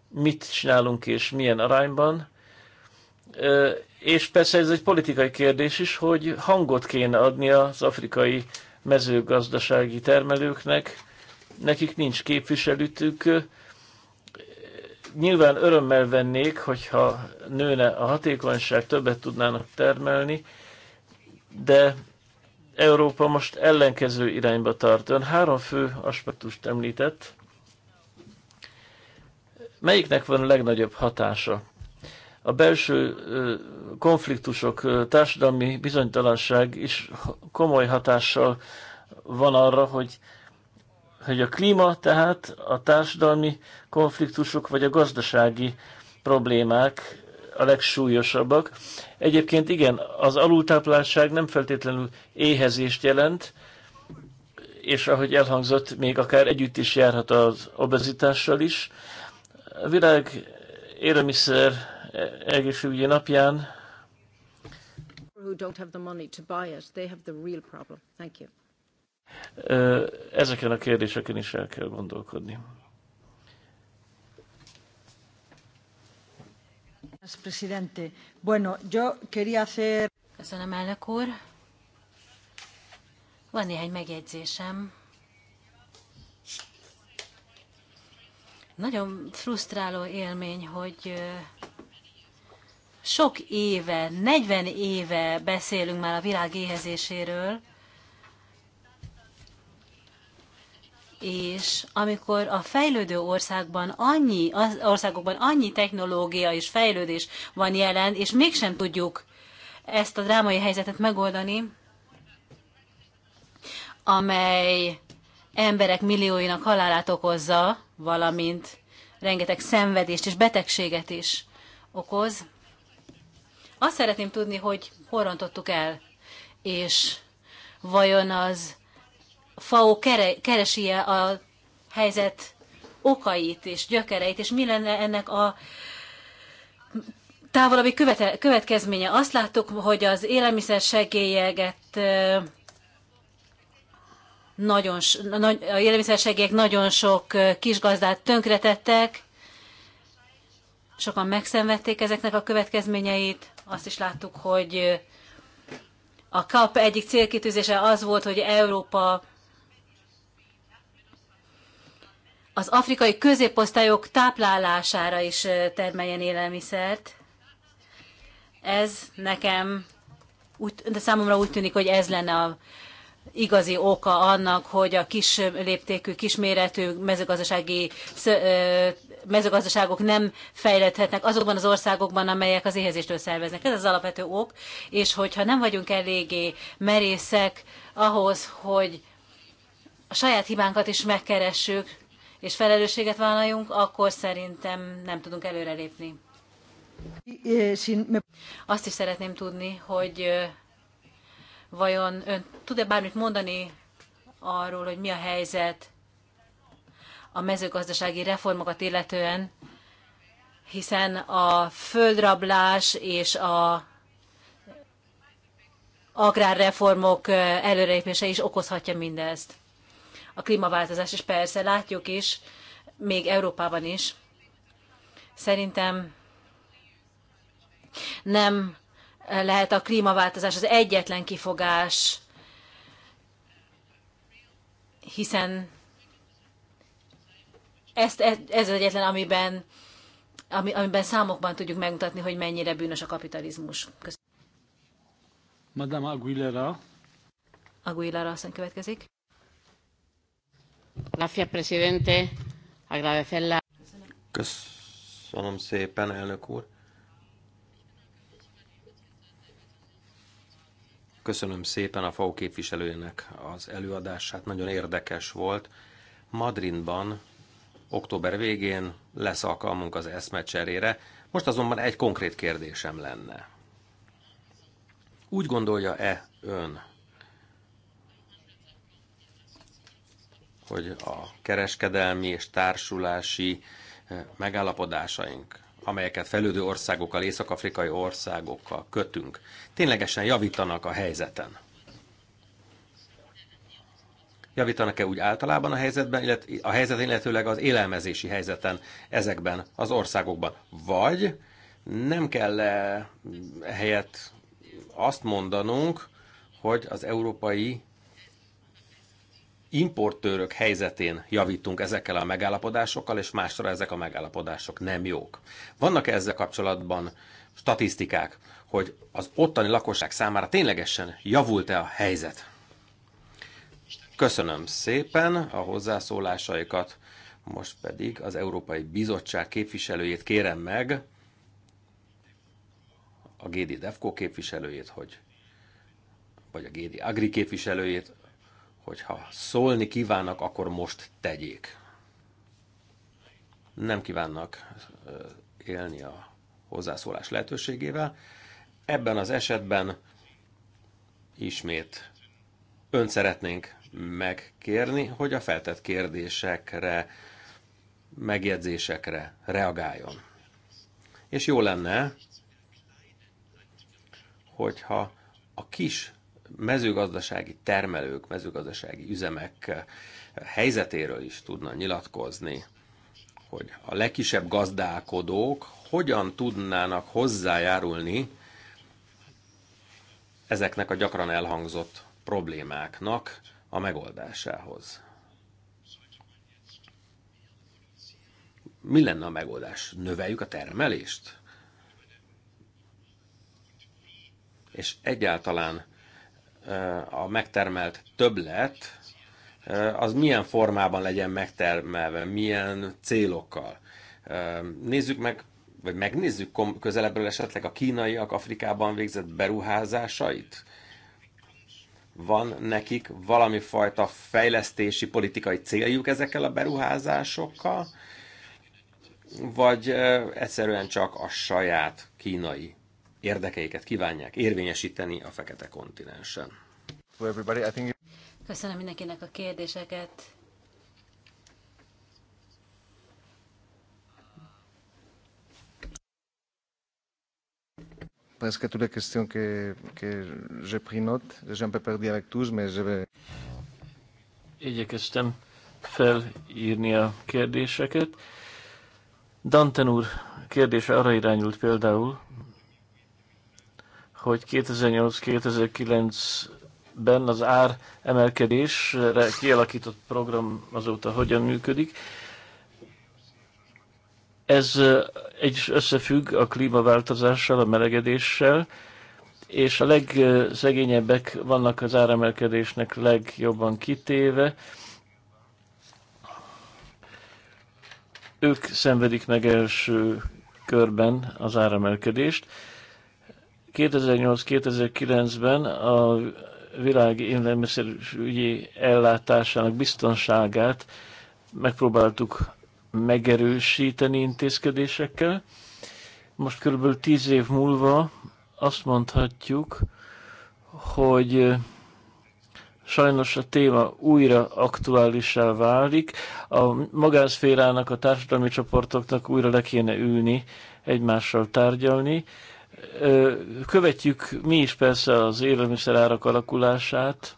mit csinálunk és milyen arányban. És persze ez egy politikai kérdés is, hogy hangot kéne adni az afrikai mezőgazdasági termelőknek, nekik nincs képviselőtük. Nyilván örömmel vennék, hogyha nőne a hatékonyság, többet tudnának termelni, de Európa most ellenkező irányba tart. Ön három fő aspektust említett. Melyiknek van a legnagyobb hatása? A belső konfliktusok, társadalmi bizonytalanság is komoly hatással van arra, hogy, hogy a klíma, tehát a társadalmi konfliktusok vagy a gazdasági problémák a legsúlyosabbak. Egyébként igen, az alultápláltság nem feltétlenül éhezést jelent, és ahogy elhangzott, még akár együtt is járhat az obezitással is. A világ élelmiszer egészségügyi napján ezeken a kérdéseken is el kell gondolkodni. Köszönöm, elnök úr. Van néhány megjegyzésem. Nagyon frusztráló élmény, hogy sok éve, 40 éve beszélünk már a világ éhezéséről, és amikor a fejlődő országban annyi, az országokban annyi technológia és fejlődés van jelen, és mégsem tudjuk ezt a drámai helyzetet megoldani, amely emberek millióinak halálát okozza, valamint rengeteg szenvedést és betegséget is okoz. Azt szeretném tudni, hogy hol el, és vajon az FAO keresi -e a helyzet okait és gyökereit, és mi lenne ennek a távolabbi követe, következménye. Azt láttuk, hogy az élelmiszer segélyeget nagyon, nagy, a élelmiszersegélyek nagyon sok kisgazdát tönkretettek, sokan megszenvedték ezeknek a következményeit. Azt is láttuk, hogy a KAP egyik célkitűzése az volt, hogy Európa az afrikai középosztályok táplálására is termeljen élelmiszert. Ez nekem, úgy, de számomra úgy tűnik, hogy ez lenne a igazi oka annak, hogy a kis léptékű, kisméretű mezőgazdasági mezőgazdaságok nem fejlődhetnek. azokban az országokban, amelyek az éhezéstől szerveznek. Ez az alapvető ok, és hogyha nem vagyunk eléggé merészek ahhoz, hogy a saját hibánkat is megkeressük, és felelősséget vállaljunk, akkor szerintem nem tudunk előrelépni. Azt is szeretném tudni, hogy vajon ön tud-e bármit mondani arról, hogy mi a helyzet a mezőgazdasági reformokat illetően, hiszen a földrablás és a agrárreformok előrelépése is okozhatja mindezt a klímaváltozás, és persze látjuk is, még Európában is. Szerintem nem lehet a klímaváltozás az egyetlen kifogás, hiszen ezt, e, ez az egyetlen, amiben, ami, amiben számokban tudjuk megmutatni, hogy mennyire bűnös a kapitalizmus. Köszönöm. Madame Aguilera. Aguilera aztán következik. Köszönöm szépen, elnök úr. Köszönöm szépen a FAO képviselőjének az előadását, nagyon érdekes volt. Madridban október végén lesz alkalmunk az cserére. most azonban egy konkrét kérdésem lenne. Úgy gondolja-e ön, hogy a kereskedelmi és társulási eh, megállapodásaink, amelyeket felődő országokkal, észak-afrikai országokkal kötünk, ténylegesen javítanak a helyzeten? Javítanak-e úgy általában a helyzetben, illetve a helyzet illetőleg az élelmezési helyzeten ezekben az országokban? Vagy nem kell -e helyett azt mondanunk, hogy az európai importőrök helyzetén javítunk ezekkel a megállapodásokkal, és másra ezek a megállapodások nem jók. Vannak -e ezzel kapcsolatban statisztikák, hogy az ottani lakosság számára ténylegesen javult-e a helyzet? Köszönöm szépen a hozzászólásaikat, most pedig az Európai Bizottság képviselőjét kérem meg, a GD Defco képviselőjét, hogy vagy a GD Agri képviselőjét, hogyha szólni kívánnak, akkor most tegyék. Nem kívánnak élni a hozzászólás lehetőségével. Ebben az esetben ismét ön szeretnénk megkérni, hogy a feltett kérdésekre, megjegyzésekre reagáljon. És jó lenne, hogyha a kis mezőgazdasági termelők, mezőgazdasági üzemek eh, helyzetéről is tudna nyilatkozni, hogy a legkisebb gazdálkodók hogyan tudnának hozzájárulni ezeknek a gyakran elhangzott problémáknak a megoldásához. Mi lenne a megoldás? Növeljük a termelést? És egyáltalán a megtermelt többlet, eh, az milyen formában legyen megtermelve, milyen célokkal. Eh, nézzük meg, vagy megnézzük közelebbről esetleg a kínaiak Afrikában végzett beruházásait. Van nekik valami fajta fejlesztési politikai céljuk ezekkel a beruházásokkal, vagy eh, egyszerűen csak a saját kínai érdekeiket kívánják érvényesíteni a fekete kontinensen. Köszönöm mindenkinek a kérdéseket. Parce toutes les questions que, que j'ai pris note, j'ai un peu perdu avec tous, mais je vais... Igyekeztem felírni a kérdéseket. Danten úr kérdése arra irányult például, hogy 2008-2009-ben az ár emelkedésre kialakított program azóta hogyan működik. Ez egy összefügg a klímaváltozással, a melegedéssel, és a legszegényebbek vannak az áremelkedésnek legjobban kitéve. Ők szenvedik meg első körben az áremelkedést. 2008-2009-ben a világi élelmiszerügyi ellátásának biztonságát megpróbáltuk megerősíteni intézkedésekkel. Most körülbelül tíz év múlva azt mondhatjuk, hogy sajnos a téma újra aktuálisá válik. A magánszférának, a társadalmi csoportoknak újra le kéne ülni, egymással tárgyalni követjük mi is persze az árak alakulását,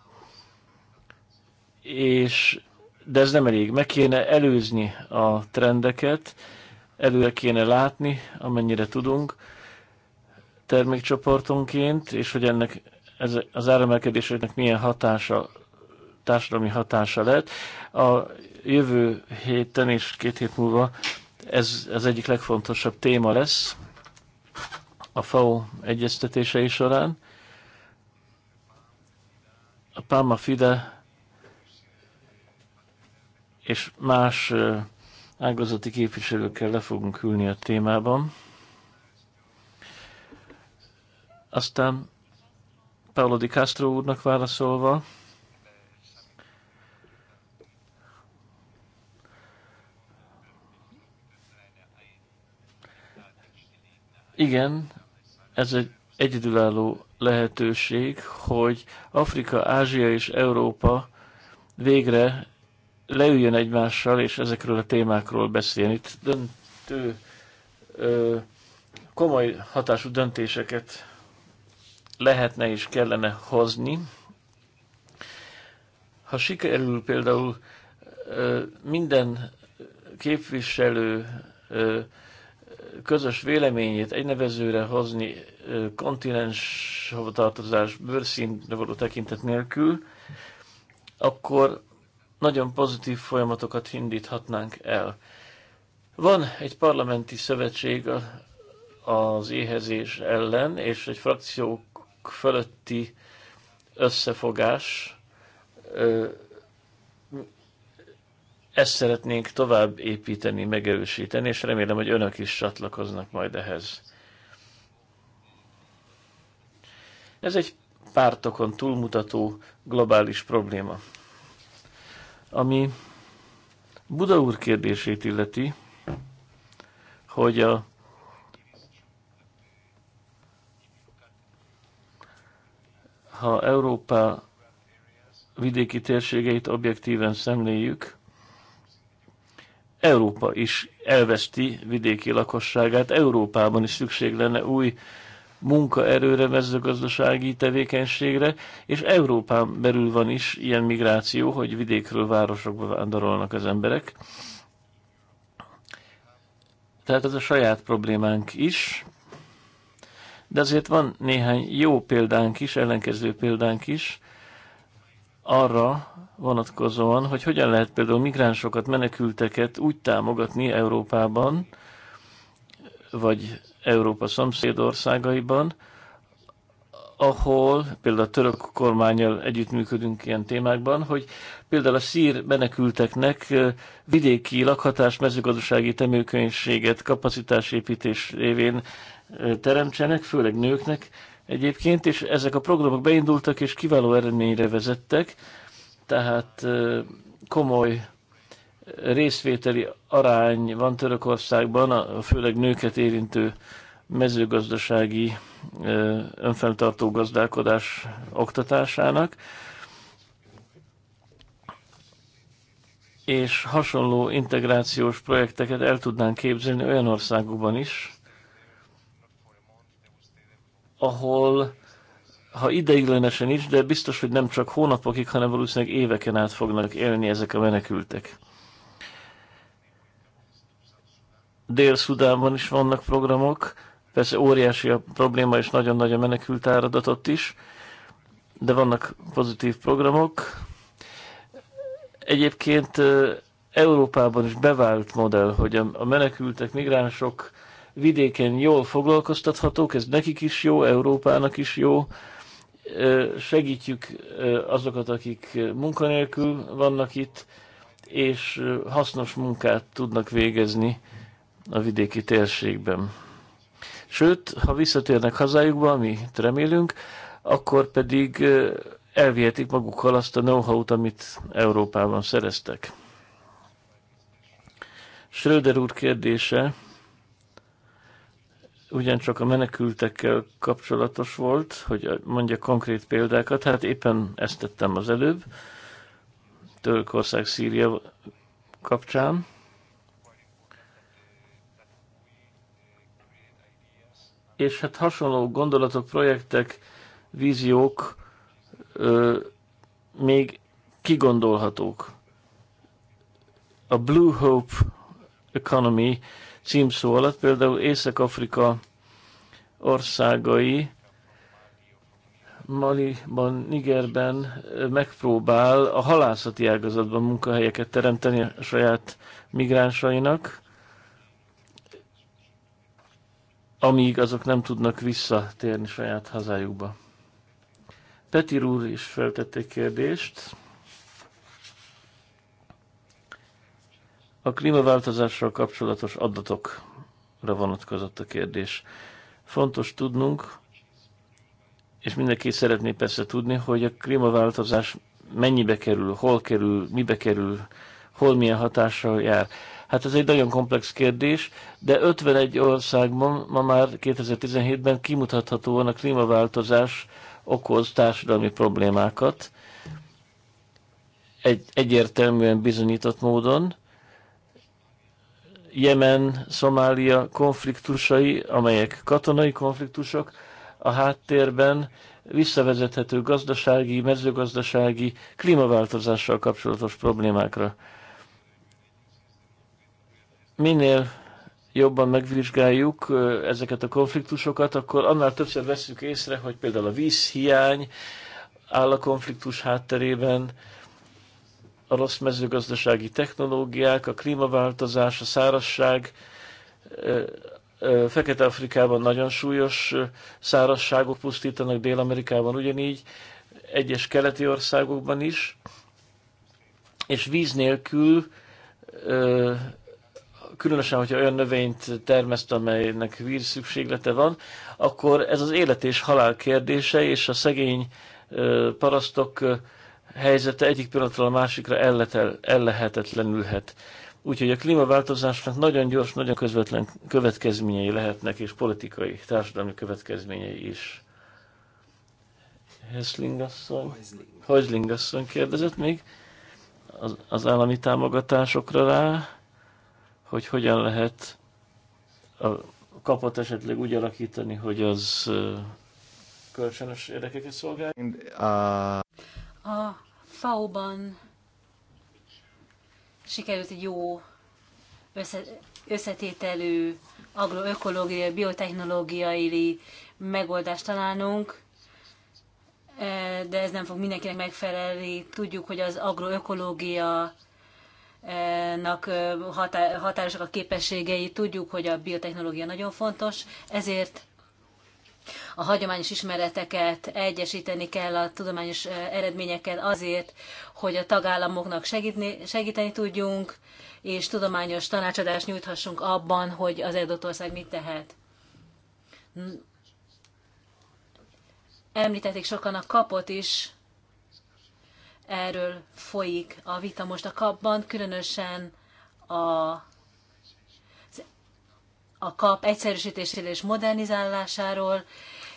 és, de ez nem elég. Meg kéne előzni a trendeket, előre kéne látni, amennyire tudunk, termékcsoportonként, és hogy ennek ez, az áremelkedéseknek milyen hatása, társadalmi hatása lehet. A jövő héten és két hét múlva ez az egyik legfontosabb téma lesz, a FAO egyeztetései során. A PAMA FIDE és más ágazati képviselőkkel le fogunk ülni a témában. Aztán Paolo Di Castro úrnak válaszolva, Igen, ez egy egyedülálló lehetőség, hogy Afrika, Ázsia és Európa végre leüljön egymással, és ezekről a témákról beszélni. Itt döntő, ö, komoly hatású döntéseket lehetne és kellene hozni. Ha sikerül például ö, minden képviselő ö, közös véleményét egynevezőre hozni kontinens tartozás bőrszínre való tekintet nélkül, akkor nagyon pozitív folyamatokat indíthatnánk el. Van egy parlamenti szövetség az éhezés ellen, és egy frakciók fölötti összefogás ezt szeretnénk tovább építeni, megerősíteni, és remélem, hogy önök is csatlakoznak majd ehhez. Ez egy pártokon túlmutató globális probléma. Ami Buda úr kérdését illeti, hogy a ha Európa vidéki térségeit objektíven szemléljük, Európa is elveszti vidéki lakosságát. Európában is szükség lenne új munkaerőre, mezőgazdasági tevékenységre, és Európán belül van is ilyen migráció, hogy vidékről városokba vándorolnak az emberek. Tehát ez a saját problémánk is, de azért van néhány jó példánk is, ellenkező példánk is arra vonatkozóan, hogy hogyan lehet például migránsokat, menekülteket úgy támogatni Európában, vagy Európa szomszédországaiban, ahol például a török kormányjal együttműködünk ilyen témákban, hogy például a szír menekülteknek vidéki lakhatás, mezőgazdasági temőkönységet, kapacitásépítés révén teremtsenek, főleg nőknek, egyébként, és ezek a programok beindultak, és kiváló eredményre vezettek, tehát komoly részvételi arány van Törökországban, a főleg nőket érintő mezőgazdasági önfenntartó gazdálkodás oktatásának, és hasonló integrációs projekteket el tudnánk képzelni olyan országokban is, ahol, ha ideiglenesen is, de biztos, hogy nem csak hónapokig, hanem valószínűleg éveken át fognak élni ezek a menekültek. Dél-Szudánban is vannak programok, persze óriási a probléma, és nagyon nagy a menekült ott is, de vannak pozitív programok. Egyébként Európában is bevált modell, hogy a menekültek, migránsok vidéken jól foglalkoztathatók, ez nekik is jó, Európának is jó. Segítjük azokat, akik munkanélkül vannak itt, és hasznos munkát tudnak végezni a vidéki térségben. Sőt, ha visszatérnek hazájukba, mi remélünk, akkor pedig elvihetik magukkal azt a know-how-t, amit Európában szereztek. Schröder úr kérdése ugyancsak a menekültekkel kapcsolatos volt, hogy mondja konkrét példákat, hát éppen ezt tettem az előbb, Törökország, Szíria kapcsán. És hát hasonló gondolatok, projektek, víziók ö, még kigondolhatók. A Blue Hope Economy címszó alatt, például Észak-Afrika országai Maliban, Nigerben megpróbál a halászati ágazatban munkahelyeket teremteni a saját migránsainak, amíg azok nem tudnak visszatérni saját hazájukba. Petir úr is feltette kérdést A klímaváltozással kapcsolatos adatokra vonatkozott a kérdés. Fontos tudnunk, és mindenki szeretné persze tudni, hogy a klímaváltozás mennyibe kerül, hol kerül, mibe kerül, hol milyen hatással jár. Hát ez egy nagyon komplex kérdés, de 51 országban ma már 2017-ben kimutathatóan a klímaváltozás okoz társadalmi problémákat, egy, egyértelműen bizonyított módon, Jemen, Szomália konfliktusai, amelyek katonai konfliktusok a háttérben visszavezethető gazdasági, mezőgazdasági, klímaváltozással kapcsolatos problémákra. Minél jobban megvizsgáljuk ezeket a konfliktusokat, akkor annál többször veszük észre, hogy például a vízhiány áll a konfliktus hátterében, a rossz mezőgazdasági technológiák, a klímaváltozás, a szárazság, Fekete-Afrikában nagyon súlyos szárazságok pusztítanak, Dél-Amerikában ugyanígy, egyes keleti országokban is, és víz nélkül, különösen, hogyha olyan növényt termeszt, amelynek víz szükséglete van, akkor ez az élet és halál kérdése, és a szegény parasztok helyzete egyik pillanatról a másikra elletel, ellehetetlenülhet. Úgyhogy a klímaváltozásnak nagyon gyors, nagyon közvetlen következményei lehetnek, és politikai, társadalmi következményei is. Hesling asszony, kérdezett még az, az állami támogatásokra rá, hogy hogyan lehet a kapot esetleg úgy alakítani, hogy az kölcsönös érdekeket szolgál. Uh, a FAO-ban sikerült egy jó össze, összetételű agroökológiai, biotechnológiai megoldást találnunk, e, de ez nem fog mindenkinek megfelelni. Tudjuk, hogy az agroökológia e, e, határosak a képességei, tudjuk, hogy a biotechnológia nagyon fontos, ezért a hagyományos ismereteket egyesíteni kell a tudományos eh, eredményekkel azért, hogy a tagállamoknak segíteni, segíteni tudjunk, és tudományos tanácsadást nyújthassunk abban, hogy az adott ország mit tehet. Említették sokan a kapot is, erről folyik a vita most a kapban, különösen a, a kap egyszerűsítéséről és modernizálásáról,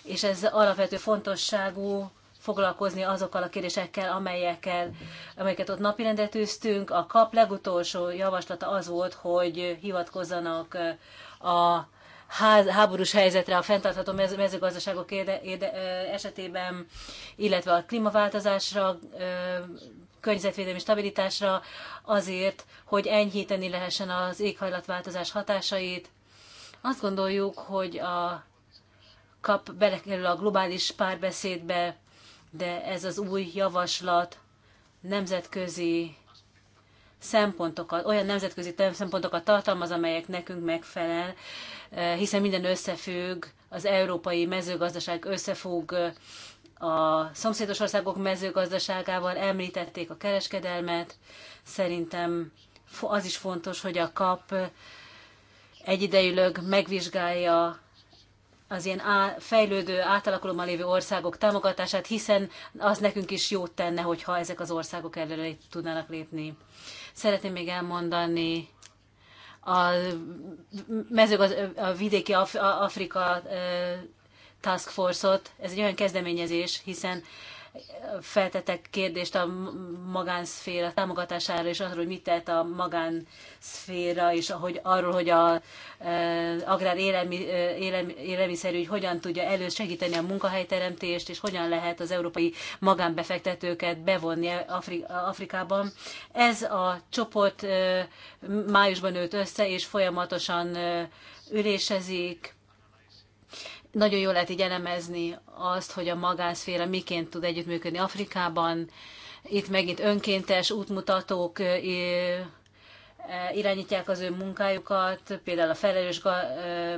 és ez alapvető fontosságú foglalkozni azokkal a kérdésekkel, amelyekkel, amelyeket ott napirendre tűztünk. A KAP legutolsó javaslata az volt, hogy hivatkozzanak a ház, háborús helyzetre a fenntartható mezőgazdaságok érde, érde, esetében, illetve a klímaváltozásra, környezetvédelmi stabilitásra azért, hogy enyhíteni lehessen az éghajlatváltozás hatásait. Azt gondoljuk, hogy a kap belekerül a globális párbeszédbe, de ez az új javaslat nemzetközi szempontokat, olyan nemzetközi szempontokat tartalmaz, amelyek nekünk megfelel, eh, hiszen minden összefügg, az európai mezőgazdaság összefog a szomszédos országok mezőgazdaságával, említették a kereskedelmet, szerintem az is fontos, hogy a kap egyidejűleg megvizsgálja az ilyen á, fejlődő, átalakulóban lévő országok támogatását, hiszen az nekünk is jót tenne, hogyha ezek az országok előre tudnának lépni. Szeretném még elmondani a, mezőgaz, a vidéki Af, Afrika Task Force-ot. Ez egy olyan kezdeményezés, hiszen feltetek kérdést a magánszféra támogatására, és arról, hogy mit tett a magánszféra, és ahogy, arról, hogy a e, agrár élelmi, e, élelmi, hogyan tudja elősegíteni a munkahelyteremtést, és hogyan lehet az európai magánbefektetőket bevonni Afri, Afrikában. Ez a csoport e, májusban nőtt össze, és folyamatosan e, ülésezik, nagyon jól lehet így elemezni azt, hogy a magánszféra miként tud együttműködni Afrikában. Itt megint önkéntes útmutatók irányítják az ő munkájukat, például a felelős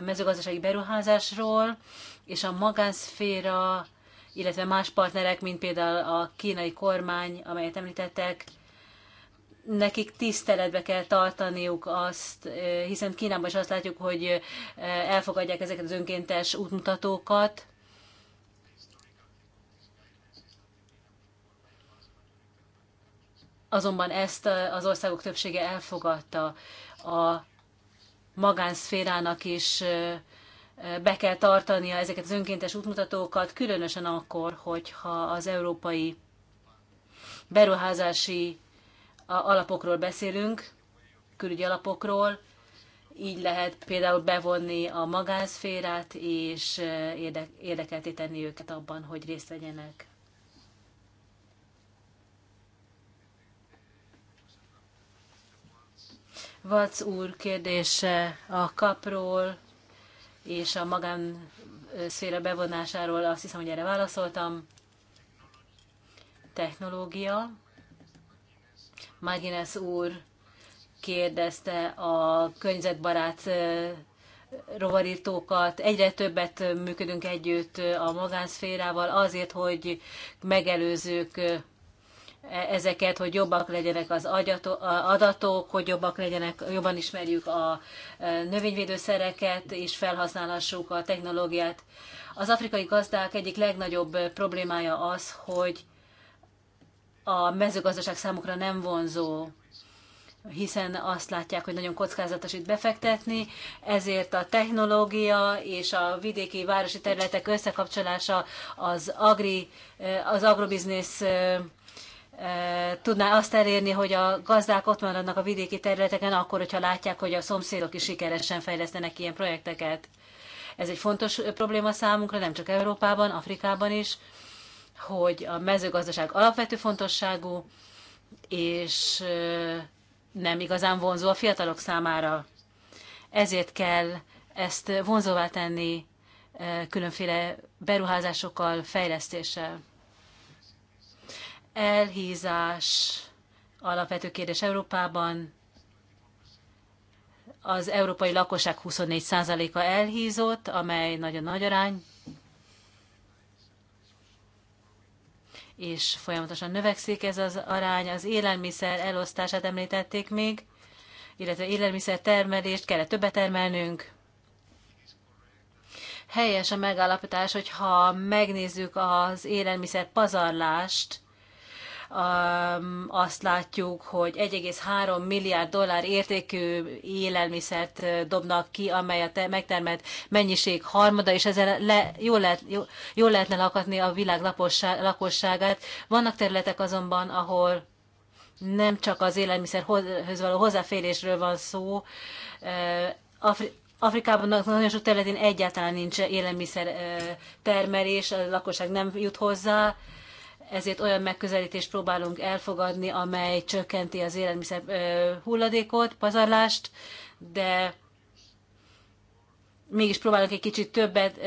mezőgazdasági beruházásról, és a magánszféra, illetve más partnerek, mint például a kínai kormány, amelyet említettek, nekik tiszteletbe kell tartaniuk azt, hiszen Kínában is azt látjuk, hogy elfogadják ezeket az önkéntes útmutatókat. Azonban ezt az országok többsége elfogadta. A magánszférának is be kell tartania ezeket az önkéntes útmutatókat, különösen akkor, hogyha az európai beruházási a alapokról beszélünk, külügyi alapokról, így lehet például bevonni a magánszférát, és eh, érde érdekelté tenni őket abban, hogy részt vegyenek. Vac úr kérdése a kapról és a magánszféra bevonásáról, azt hiszem, hogy erre válaszoltam. Technológia. Magines úr kérdezte a környezetbarát rovarírtókat. Egyre többet működünk együtt a magánszférával azért, hogy megelőzzük e, ezeket, hogy jobbak legyenek az adatok, hogy jobbak legyenek, jobban ismerjük a növényvédőszereket és felhasználásuk a technológiát. Az afrikai gazdák egyik legnagyobb problémája az, hogy a mezőgazdaság számukra nem vonzó, hiszen azt látják, hogy nagyon kockázatos itt befektetni, ezért a technológia és a vidéki városi területek összekapcsolása az, agri, eh, az agrobiznisz eh, eh, tudná azt elérni, hogy a gazdák ott maradnak a vidéki területeken, akkor, hogyha látják, hogy a szomszédok is sikeresen fejlesztenek ilyen projekteket. Ez egy fontos probléma számunkra, nem csak Európában, Afrikában is hogy a mezőgazdaság alapvető fontosságú, és nem igazán vonzó a fiatalok számára. Ezért kell ezt vonzóvá tenni különféle beruházásokkal, fejlesztéssel. Elhízás alapvető kérdés Európában. Az európai lakosság 24%-a elhízott, amely nagyon nagy arány és folyamatosan növekszik ez az arány. Az élelmiszer elosztását említették még, illetve élelmiszer termelést kellett többet termelnünk. Helyes a megállapítás, hogyha megnézzük az élelmiszer pazarlást, azt látjuk, hogy 1,3 milliárd dollár értékű élelmiszert dobnak ki, amely a megtermelt mennyiség harmada, és ezzel le, jól, lehet, jól lehetne lakatni a világ lakosságát. Vannak területek azonban, ahol nem csak az élelmiszerhöz való hozzáférésről van szó. Afri- Afrikában nagyon sok területén egyáltalán nincs élelmiszer termelés, a lakosság nem jut hozzá ezért olyan megközelítést próbálunk elfogadni, amely csökkenti az élelmiszer hulladékot, pazarlást, de mégis próbálunk egy kicsit többet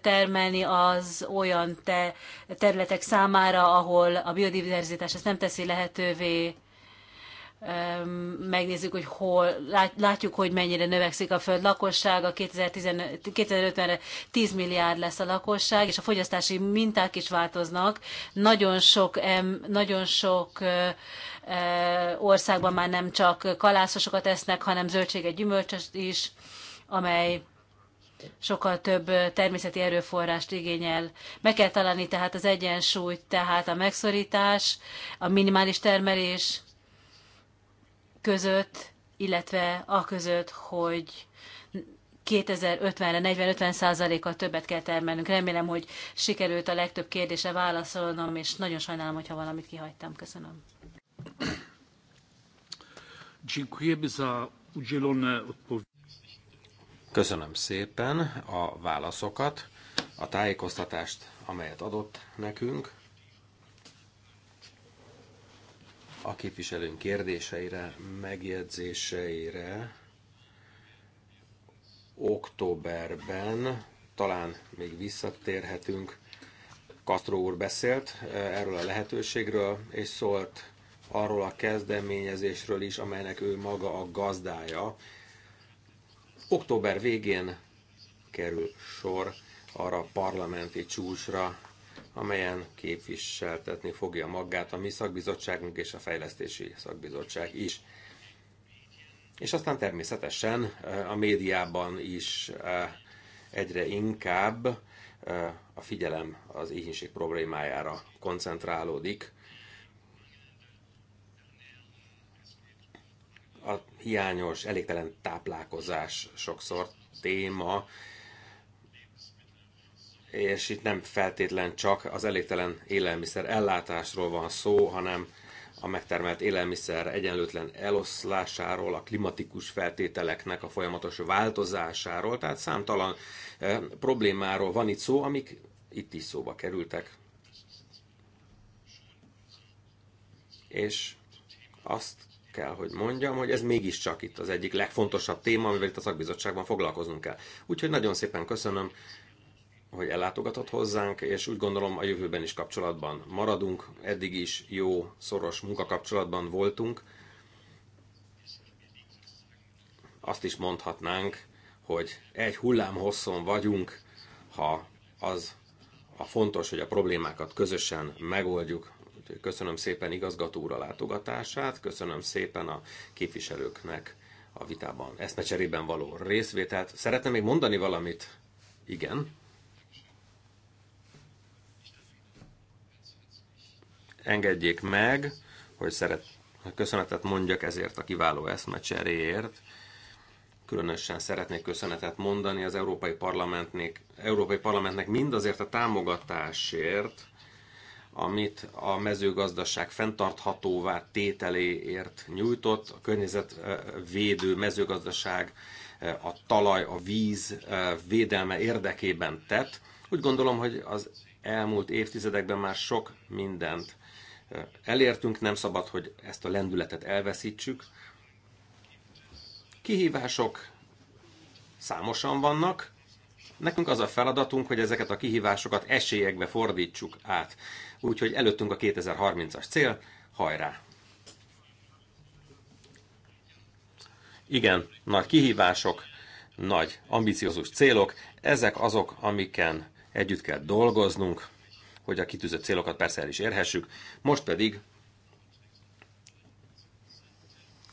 termelni az olyan te területek számára, ahol a biodiverzitás ezt nem teszi lehetővé, megnézzük, hogy hol, látjuk, hogy mennyire növekszik a föld lakossága, 2050-re 10 milliárd lesz a lakosság, és a fogyasztási minták is változnak. Nagyon sok, nagyon sok országban már nem csak kalászosokat esznek, hanem zöldséget, gyümölcsöt is, amely sokkal több természeti erőforrást igényel. Meg kell találni tehát az egyensúlyt, tehát a megszorítás, a minimális termelés, között, illetve a között, hogy 2050-re 40-50 százalékkal többet kell termelnünk. Remélem, hogy sikerült a legtöbb kérdése válaszolnom, és nagyon sajnálom, hogyha valamit kihagytam. Köszönöm. Köszönöm szépen a válaszokat, a tájékoztatást, amelyet adott nekünk. a képviselőnk kérdéseire, megjegyzéseire októberben talán még visszatérhetünk. Castro úr beszélt eh, erről a lehetőségről, és szólt arról a kezdeményezésről is, amelynek ő maga a gazdája. Október végén kerül sor arra a parlamenti csúcsra, amelyen képviseltetni fogja magát a mi szakbizottságunk és a fejlesztési szakbizottság is. És aztán természetesen eh, a médiában is eh, egyre inkább eh, a figyelem az éhínség problémájára koncentrálódik. A hiányos, elégtelen táplálkozás sokszor téma, és itt nem feltétlen csak az elégtelen élelmiszer ellátásról van szó, hanem a megtermelt élelmiszer egyenlőtlen eloszlásáról, a klimatikus feltételeknek a folyamatos változásáról, tehát számtalan eh, problémáról van itt szó, amik itt is szóba kerültek. És azt kell, hogy mondjam, hogy ez mégiscsak itt az egyik legfontosabb téma, amivel itt a szakbizottságban foglalkoznunk kell. Úgyhogy nagyon szépen köszönöm hogy ellátogatott hozzánk, és úgy gondolom a jövőben is kapcsolatban maradunk. Eddig is jó, szoros munkakapcsolatban voltunk. Azt is mondhatnánk, hogy egy hullám hosszon vagyunk, ha az a fontos, hogy a problémákat közösen megoldjuk. Úgyhogy köszönöm szépen igazgató úr a látogatását, köszönöm szépen a képviselőknek a vitában, eszmecserében való részvételt. Szeretném még mondani valamit? Igen. engedjék meg, hogy szeret, köszönetet mondjak ezért a kiváló eszmecseréért. Különösen szeretnék köszönetet mondani az Európai Parlamentnek, Európai Parlamentnek mindazért a támogatásért, amit a mezőgazdaság fenntarthatóvá tételéért nyújtott, a környezetvédő mezőgazdaság, eh, a talaj, a víz eh, védelme érdekében tett. Úgy gondolom, hogy az elmúlt évtizedekben már sok mindent elértünk, nem szabad, hogy ezt a lendületet elveszítsük. Kihívások számosan vannak, Nekünk az a feladatunk, hogy ezeket a kihívásokat esélyekbe fordítsuk át. Úgyhogy előttünk a 2030-as cél, hajrá! Igen, nagy kihívások, nagy ambiciózus célok, ezek azok, amiken együtt kell dolgoznunk hogy a kitűzött célokat persze el is érhessük. Most pedig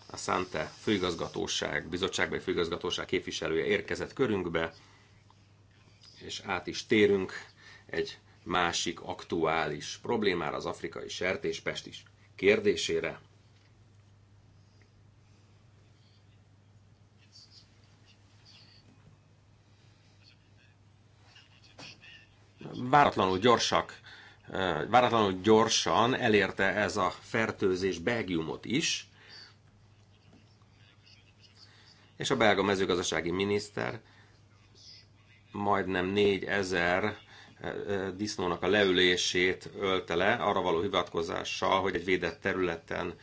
a Szante főigazgatóság, bizottságbeli főigazgatóság képviselője érkezett körünkbe, és át is térünk egy másik aktuális problémára, az afrikai sertéspest is kérdésére. váratlanul gyorsak, váratlanul gyorsan elérte ez a fertőzés Belgiumot is, és a belga mezőgazdasági miniszter majdnem 4000 disznónak a leülését ölte le, arra való hivatkozással, hogy egy védett területen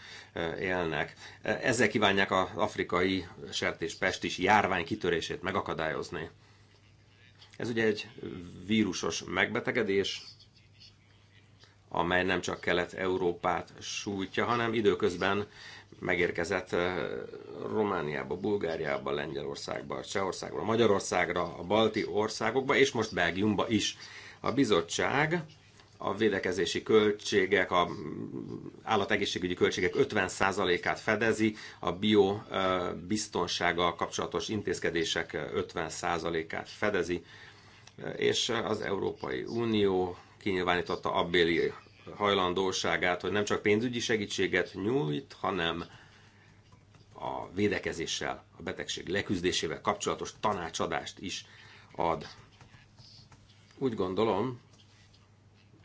élnek. Ezzel kívánják az afrikai sertéspest is járvány kitörését megakadályozni. Ez ugye egy vírusos megbetegedés, amely nem csak Kelet-Európát sújtja, hanem időközben megérkezett eh, Romániába, Bulgáriába, Lengyelországba, Csehországba, Magyarországra, a balti országokba, és most Belgiumba is. A bizottság a védekezési költségek, a állategészségügyi költségek 50%-át fedezi, a biobiztonsággal eh, kapcsolatos intézkedések 50%-át eh, fedezi és az Európai Unió kinyilvánította abbéli hajlandóságát, hogy nem csak pénzügyi segítséget nyújt, hanem a védekezéssel, a betegség leküzdésével kapcsolatos tanácsadást is ad. Úgy gondolom,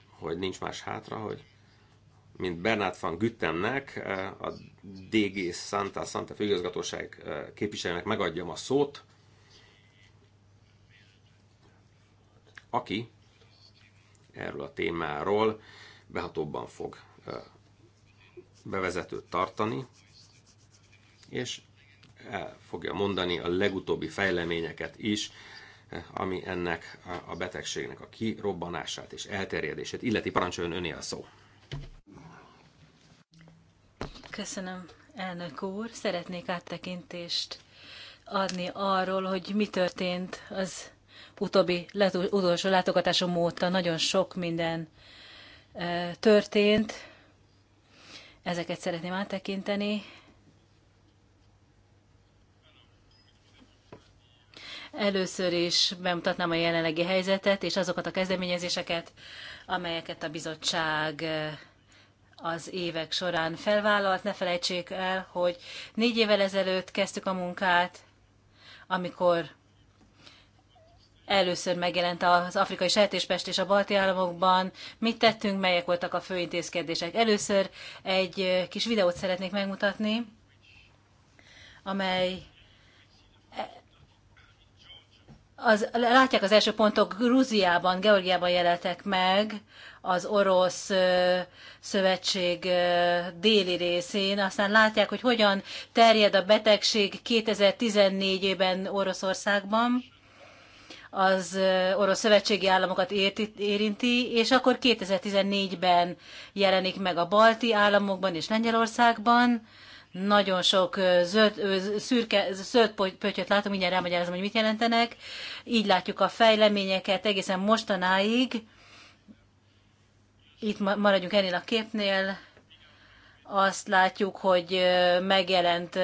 hogy nincs más hátra, hogy mint Bernát van Güttemnek, a DG Santa Santa főigazgatóság képviselőnek megadjam a szót, aki erről a témáról behatóbban fog bevezetőt tartani, és el fogja mondani a legutóbbi fejleményeket is, ami ennek a betegségnek a kirobbanását és elterjedését illeti. Parancsoljon öné a szó. Köszönöm, elnök úr. Szeretnék áttekintést adni arról, hogy mi történt az utóbbi utolsó látogatásom óta nagyon sok minden e, történt. Ezeket szeretném áttekinteni. Először is bemutatnám a jelenlegi helyzetet és azokat a kezdeményezéseket, amelyeket a bizottság e, az évek során felvállalt. Ne felejtsék el, hogy négy évvel ezelőtt kezdtük a munkát, amikor először megjelent az afrikai sertéspest és a balti államokban. Mit tettünk, melyek voltak a fő intézkedések? Először egy kis videót szeretnék megmutatni, amely az, látják az első pontok, Grúziában, Georgiában jelentek meg, az orosz ö, szövetség ö, déli részén. Aztán látják, hogy hogyan terjed a betegség 2014-ben Oroszországban az orosz szövetségi államokat érinti, és akkor 2014-ben jelenik meg a balti államokban és Lengyelországban. Nagyon sok zöld, szürke, zöld pöttyöt látom, mindjárt elmagyarázom, hogy mit jelentenek. Így látjuk a fejleményeket egészen mostanáig. Itt maradjunk ennél a képnél azt látjuk, hogy megjelent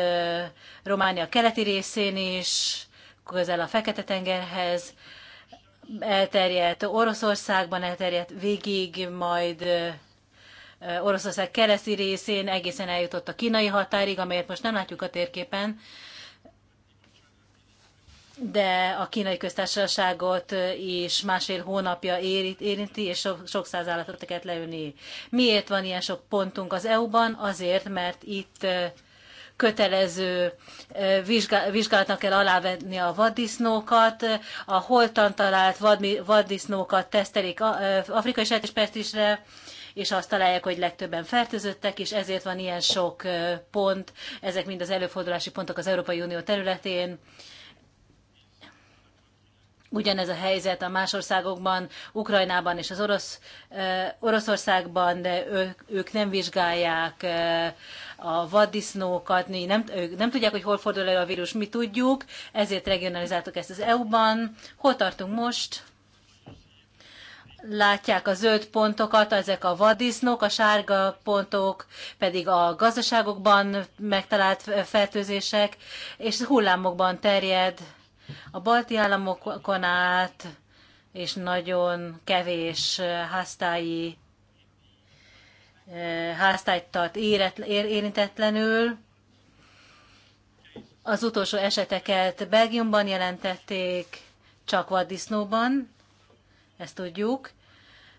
Románia keleti részén is, közel a Fekete-tengerhez, elterjedt Oroszországban, elterjedt végig, majd Oroszország keleti részén egészen eljutott a kínai határig, amelyet most nem látjuk a térképen, de a kínai köztársaságot is másfél hónapja érinti, és sok, sok száz állatot kellett leülni. Miért van ilyen sok pontunk az EU-ban? Azért, mert itt kötelező vizsgálatnak kell alávenni a vaddisznókat, a holtan talált vaddisznókat tesztelik afrikai sejtéspestisre, és azt találják, hogy legtöbben fertőzöttek, és ezért van ilyen sok pont, ezek mind az előfordulási pontok az Európai Unió területén Ugyanez a helyzet a más országokban, Ukrajnában és az orosz, eh, Oroszországban, de ők, ők nem vizsgálják eh, a vaddisznókat, nem, ők nem tudják, hogy hol fordul elő a vírus, mi tudjuk, ezért regionalizáltuk ezt az EU-ban. Hol tartunk most? Látják a zöld pontokat, ezek a vaddisznók, a sárga pontok pedig a gazdaságokban megtalált fertőzések, és hullámokban terjed a balti államokon át, és nagyon kevés háztályi eh, háztályt eh, tart érintetlenül. Az utolsó eseteket Belgiumban jelentették, csak vaddisznóban, ezt tudjuk,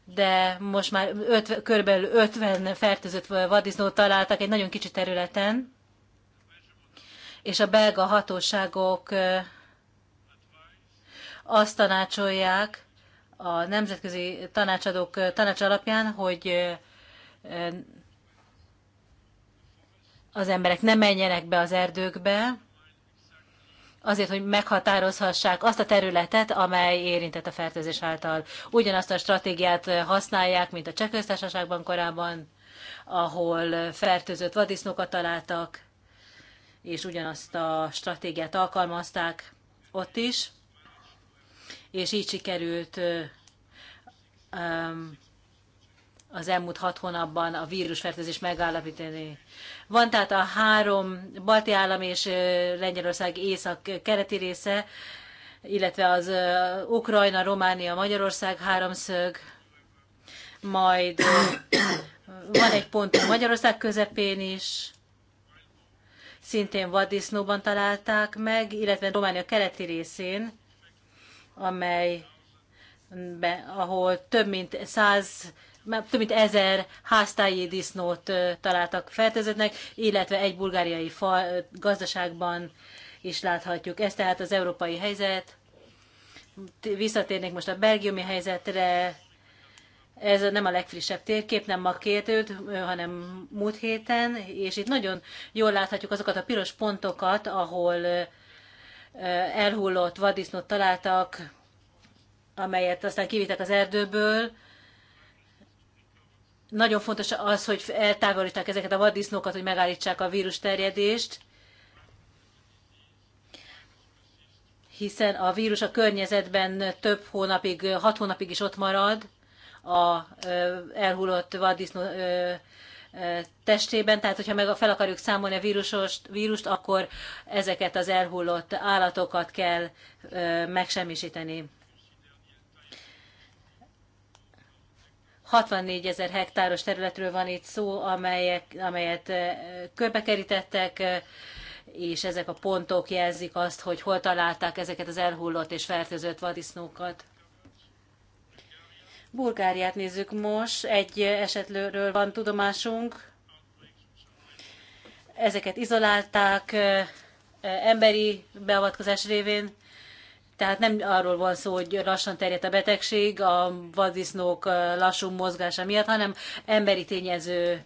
de most már ötve, 50 fertőzött vaddisznót találtak egy nagyon kicsi területen, és a belga hatóságok eh, azt tanácsolják a nemzetközi tanácsadók tanács alapján, hogy az emberek ne menjenek be az erdőkbe, azért, hogy meghatározhassák azt a területet, amely érintett a fertőzés által. Ugyanazt a stratégiát használják, mint a Csehköztársaságban korábban, ahol fertőzött vadisznókat találtak, és ugyanazt a stratégiát alkalmazták ott is és így sikerült az elmúlt hat hónapban a vírusfertőzés megállapítani. Van tehát a három balti állam és Lengyelország észak kereti része, illetve az Ukrajna, Románia, Magyarország háromszög, majd van egy a Magyarország közepén is, szintén vaddisznóban találták meg, illetve Románia keleti részén, amely ahol több mint száz több mint ezer háztályi disznót találtak fertőzöttnek, illetve egy bulgáriai fa, gazdaságban is láthatjuk. Ez tehát az európai helyzet. Visszatérnék most a belgiumi helyzetre. Ez nem a legfrissebb térkép, nem ma kétőd, hanem múlt héten, és itt nagyon jól láthatjuk azokat a piros pontokat, ahol Eh, elhullott vadisznót találtak, amelyet aztán kivittek az erdőből. Nagyon fontos az, hogy eltávolítják ezeket a vaddisznókat, hogy megállítsák a vírus terjedést, hiszen a vírus a környezetben több hónapig, hat hónapig is ott marad a eh, elhullott vaddisznó eh, testében, tehát hogyha meg fel akarjuk számolni a vírusost, vírust, akkor ezeket az elhullott állatokat kell megsemmisíteni. 64 ezer hektáros területről van itt szó, amelyek, amelyet körbekerítettek, és ezek a pontok jelzik azt, hogy hol találták ezeket az elhullott és fertőzött vadisznókat. Bulgáriát nézzük most, egy esetről van tudomásunk. Ezeket izolálták emberi beavatkozás révén, tehát nem arról van szó, hogy lassan terjed a betegség a vaddisznók lassú mozgása miatt, hanem emberi tényező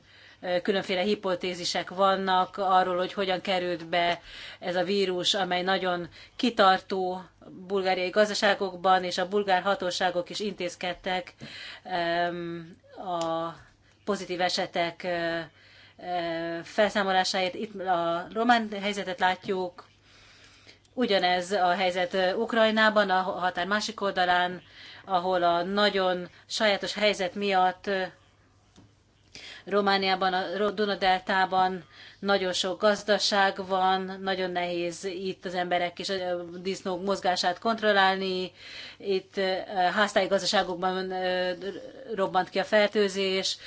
különféle hipotézisek vannak arról, hogy hogyan került be ez a vírus, amely nagyon kitartó bulgáriai gazdaságokban, és a bulgár hatóságok is intézkedtek a pozitív esetek felszámolásáért. Itt a román helyzetet látjuk, ugyanez a helyzet Ukrajnában, a határ másik oldalán, ahol a nagyon sajátos helyzet miatt Romániában, a Deltában nagyon sok gazdaság van, nagyon nehéz itt az emberek és a disznók mozgását kontrollálni, itt háztáji gazdaságokban robbant ki a fertőzés,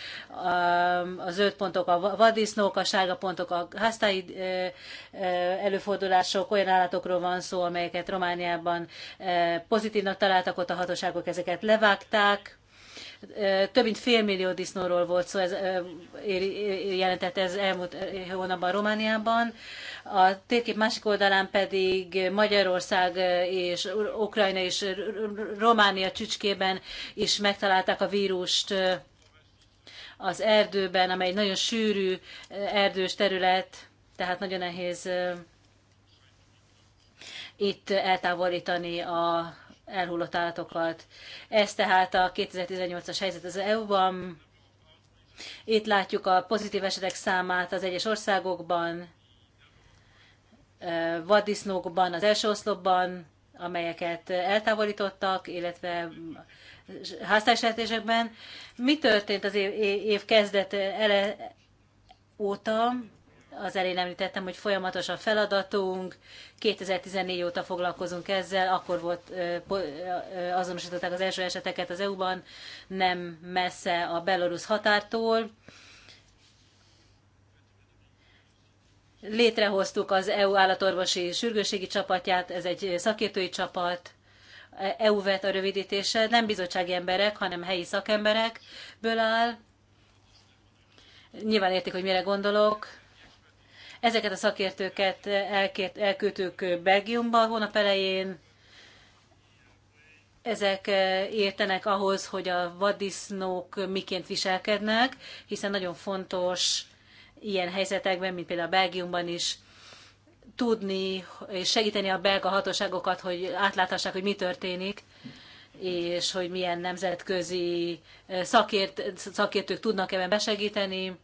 a zöld pontok a vaddisznók, a sárga pontok a háztáji előfordulások, olyan állatokról van szó, amelyeket Romániában pozitívnak találtak, ott a hatóságok ezeket levágták, több mint fél millió disznóról volt szó, ez, jelentett ez elmúlt hónapban Romániában. A térkép másik oldalán pedig Magyarország és Ukrajna és Románia csücskében is megtalálták a vírust az erdőben, amely egy nagyon sűrű erdős terület, tehát nagyon nehéz itt eltávolítani a elhullott állatokat. Ez tehát a 2018-as helyzet az EU-ban. Itt látjuk a pozitív esetek számát az egyes országokban, eh, vaddisznókban, az első oszlopban, amelyeket eltávolítottak, illetve háztársadalmi Mi történt az év, év kezdet ele óta? az elén említettem, hogy folyamatos a feladatunk, 2014 óta foglalkozunk ezzel, akkor volt, azonosították az első eseteket az EU-ban, nem messze a belorusz határtól. Létrehoztuk az EU állatorvosi sürgősségi csapatját, ez egy szakértői csapat, EU vet a rövidítése, nem bizottsági emberek, hanem helyi szakemberekből áll. Nyilván értik, hogy mire gondolok Ezeket a szakértőket elkért, elküldtük Belgiumba hónap elején. Ezek eh, értenek ahhoz, hogy a vaddisznók miként viselkednek, hiszen nagyon fontos ilyen helyzetekben, mint például Belgiumban is, tudni és segíteni a belga hatóságokat, hogy átláthassák, hogy mi történik, és hogy milyen nemzetközi eh, szakért, szakértők tudnak ebben besegíteni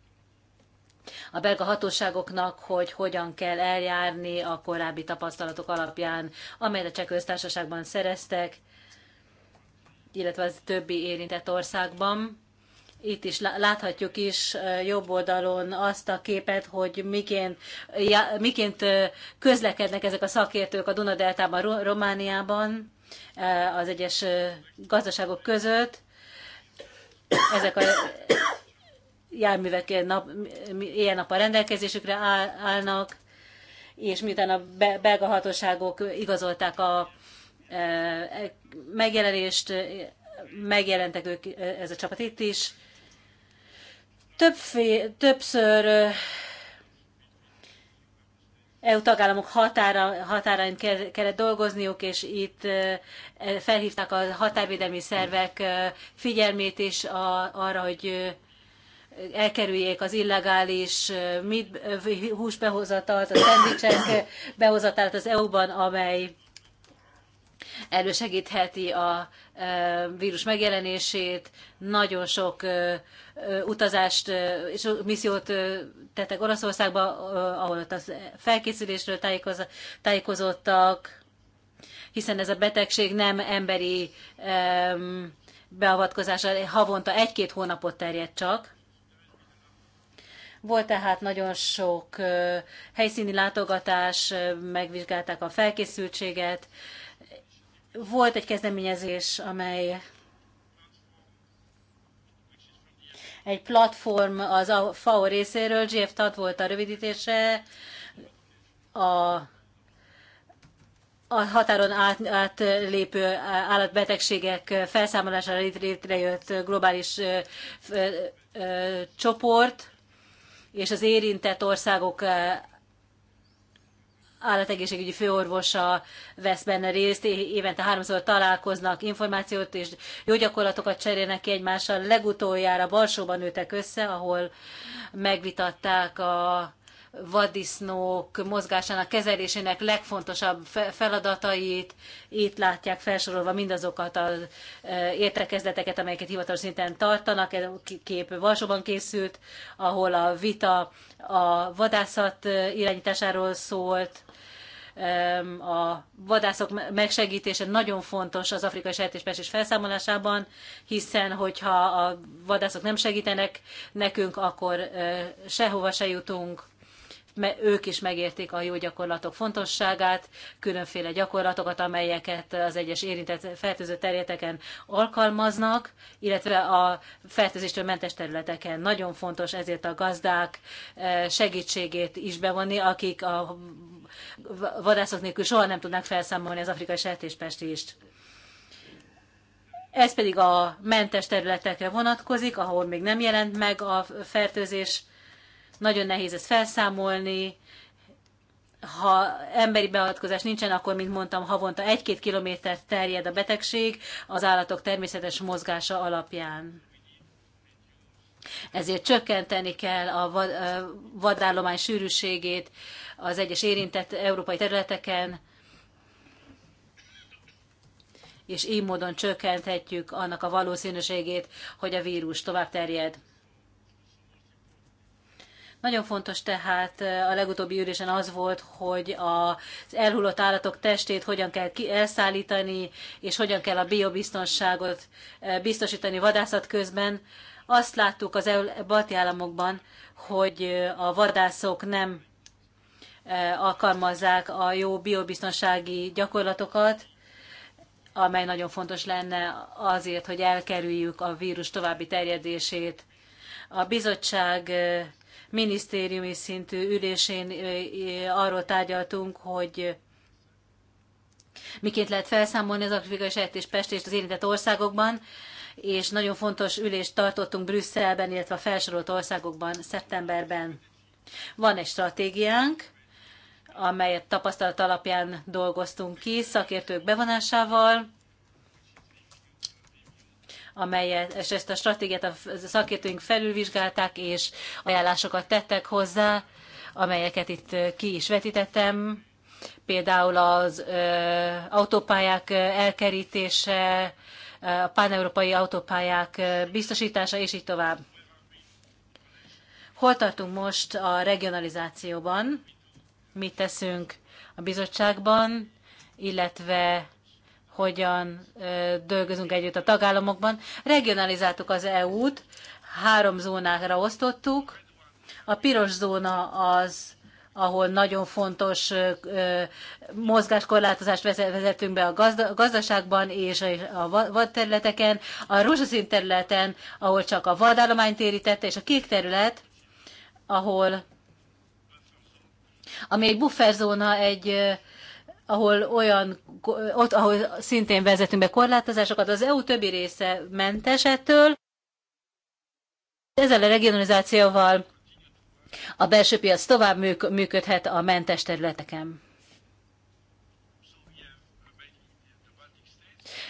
a belga hatóságoknak, hogy hogyan kell eljárni a korábbi tapasztalatok alapján, amelyet a cseh köztársaságban szereztek, illetve az többi érintett országban. Itt is láthatjuk is jobb oldalon azt a képet, hogy miként, já, miként közlekednek ezek a szakértők a Dunadeltában, Romániában, az egyes gazdaságok között. Ezek a járművek nap a rendelkezésükre állnak, és miután a belga hatóságok igazolták a e, e, megjelenést, megjelentek ők, e, ez a csapat itt is. Többfé, többször EU tagállamok határa, határain kellett dolgozniuk, és itt felhívták a határvédelmi szervek figyelmét is arra, hogy elkerüljék az illegális húsbehozatalt, a szendvicsek behozatát az EU-ban, amely elősegítheti a vírus megjelenését. Nagyon sok utazást és missziót tettek Oroszországba, ahol ott a felkészülésről tájékozottak, hiszen ez a betegség nem emberi beavatkozása, havonta egy-két hónapot terjed csak volt tehát nagyon sok helyszíni látogatás, megvizsgálták a felkészültséget. Volt egy kezdeményezés, amely egy platform az a FAO részéről, GFTAT volt a rövidítése, a a határon át, átlépő állatbetegségek felszámolására létrejött globális ö, ö, ö, csoport, és az érintett országok eh, állategészségügyi főorvosa vesz benne részt, évente háromszor találkoznak, információt és jó gyakorlatokat cserélnek ki egymással. Legutoljára Balsóban nőtek össze, ahol megvitatták a vadisznók mozgásának kezelésének legfontosabb feladatait. Itt látják felsorolva mindazokat az e, értekezleteket, amelyeket hivatalos szinten tartanak. Ez kép Varsóban készült, ahol a vita a vadászat e, irányításáról szólt a vadászok megsegítése nagyon fontos az afrikai sertéspestés felszámolásában, hiszen hogyha a vadászok nem segítenek nekünk, akkor e, sehova se jutunk ők is megértik a jó gyakorlatok fontosságát, különféle gyakorlatokat, amelyeket az egyes érintett fertőző területeken alkalmaznak, illetve a fertőzéstől mentes területeken. Nagyon fontos ezért a gazdák eh, segítségét is bevonni, akik a vadászok nélkül soha nem tudnak felszámolni az afrikai sertéspestést. Ez pedig a mentes területekre vonatkozik, ahol még nem jelent meg a fertőzés, nagyon nehéz ezt felszámolni. Ha emberi beavatkozás nincsen, akkor, mint mondtam, havonta egy-két kilométer terjed a betegség az állatok természetes mozgása alapján. Ezért csökkenteni kell a vadállomány sűrűségét az egyes érintett európai területeken, és így módon csökkenthetjük annak a valószínűségét, hogy a vírus tovább terjed. Nagyon fontos tehát a legutóbbi ülésen az volt, hogy az elhullott állatok testét hogyan kell elszállítani, és hogyan kell a biobiztonságot biztosítani vadászat közben. Azt láttuk az balti államokban, hogy a vadászok nem alkalmazzák a jó biobiztonsági gyakorlatokat, amely nagyon fontos lenne azért, hogy elkerüljük a vírus további terjedését. A bizottság minisztériumi szintű ülésén arról tárgyaltunk, hogy miként lehet felszámolni az akvikai sejtés pestést az érintett országokban, és nagyon fontos ülést tartottunk Brüsszelben, illetve a felsorolt országokban szeptemberben. Van egy stratégiánk, amelyet tapasztalat alapján dolgoztunk ki szakértők bevonásával, amelyet, és ezt a stratégiát a szakértőink felülvizsgálták, és ajánlásokat tettek hozzá, amelyeket itt ki is vetítettem. Például az ö, autópályák elkerítése, a páneurópai autópályák biztosítása, és így tovább. Hol tartunk most a regionalizációban? Mit teszünk a bizottságban, illetve hogyan dolgozunk együtt a tagállamokban. Regionalizáltuk az EU-t, három zónára osztottuk. A piros zóna az ahol nagyon fontos mozgáskorlátozást vezetünk be a gazdaságban és a vadterületeken, a rózsaszín területen, ahol csak a vadállományt érítette, és a kék terület, ahol ami egy bufferzóna, egy ahol olyan, ott, ahol szintén vezetünk be korlátozásokat, az EU többi része mentes ettől. Ezzel a regionalizációval a belső piac tovább működhet a mentes területeken.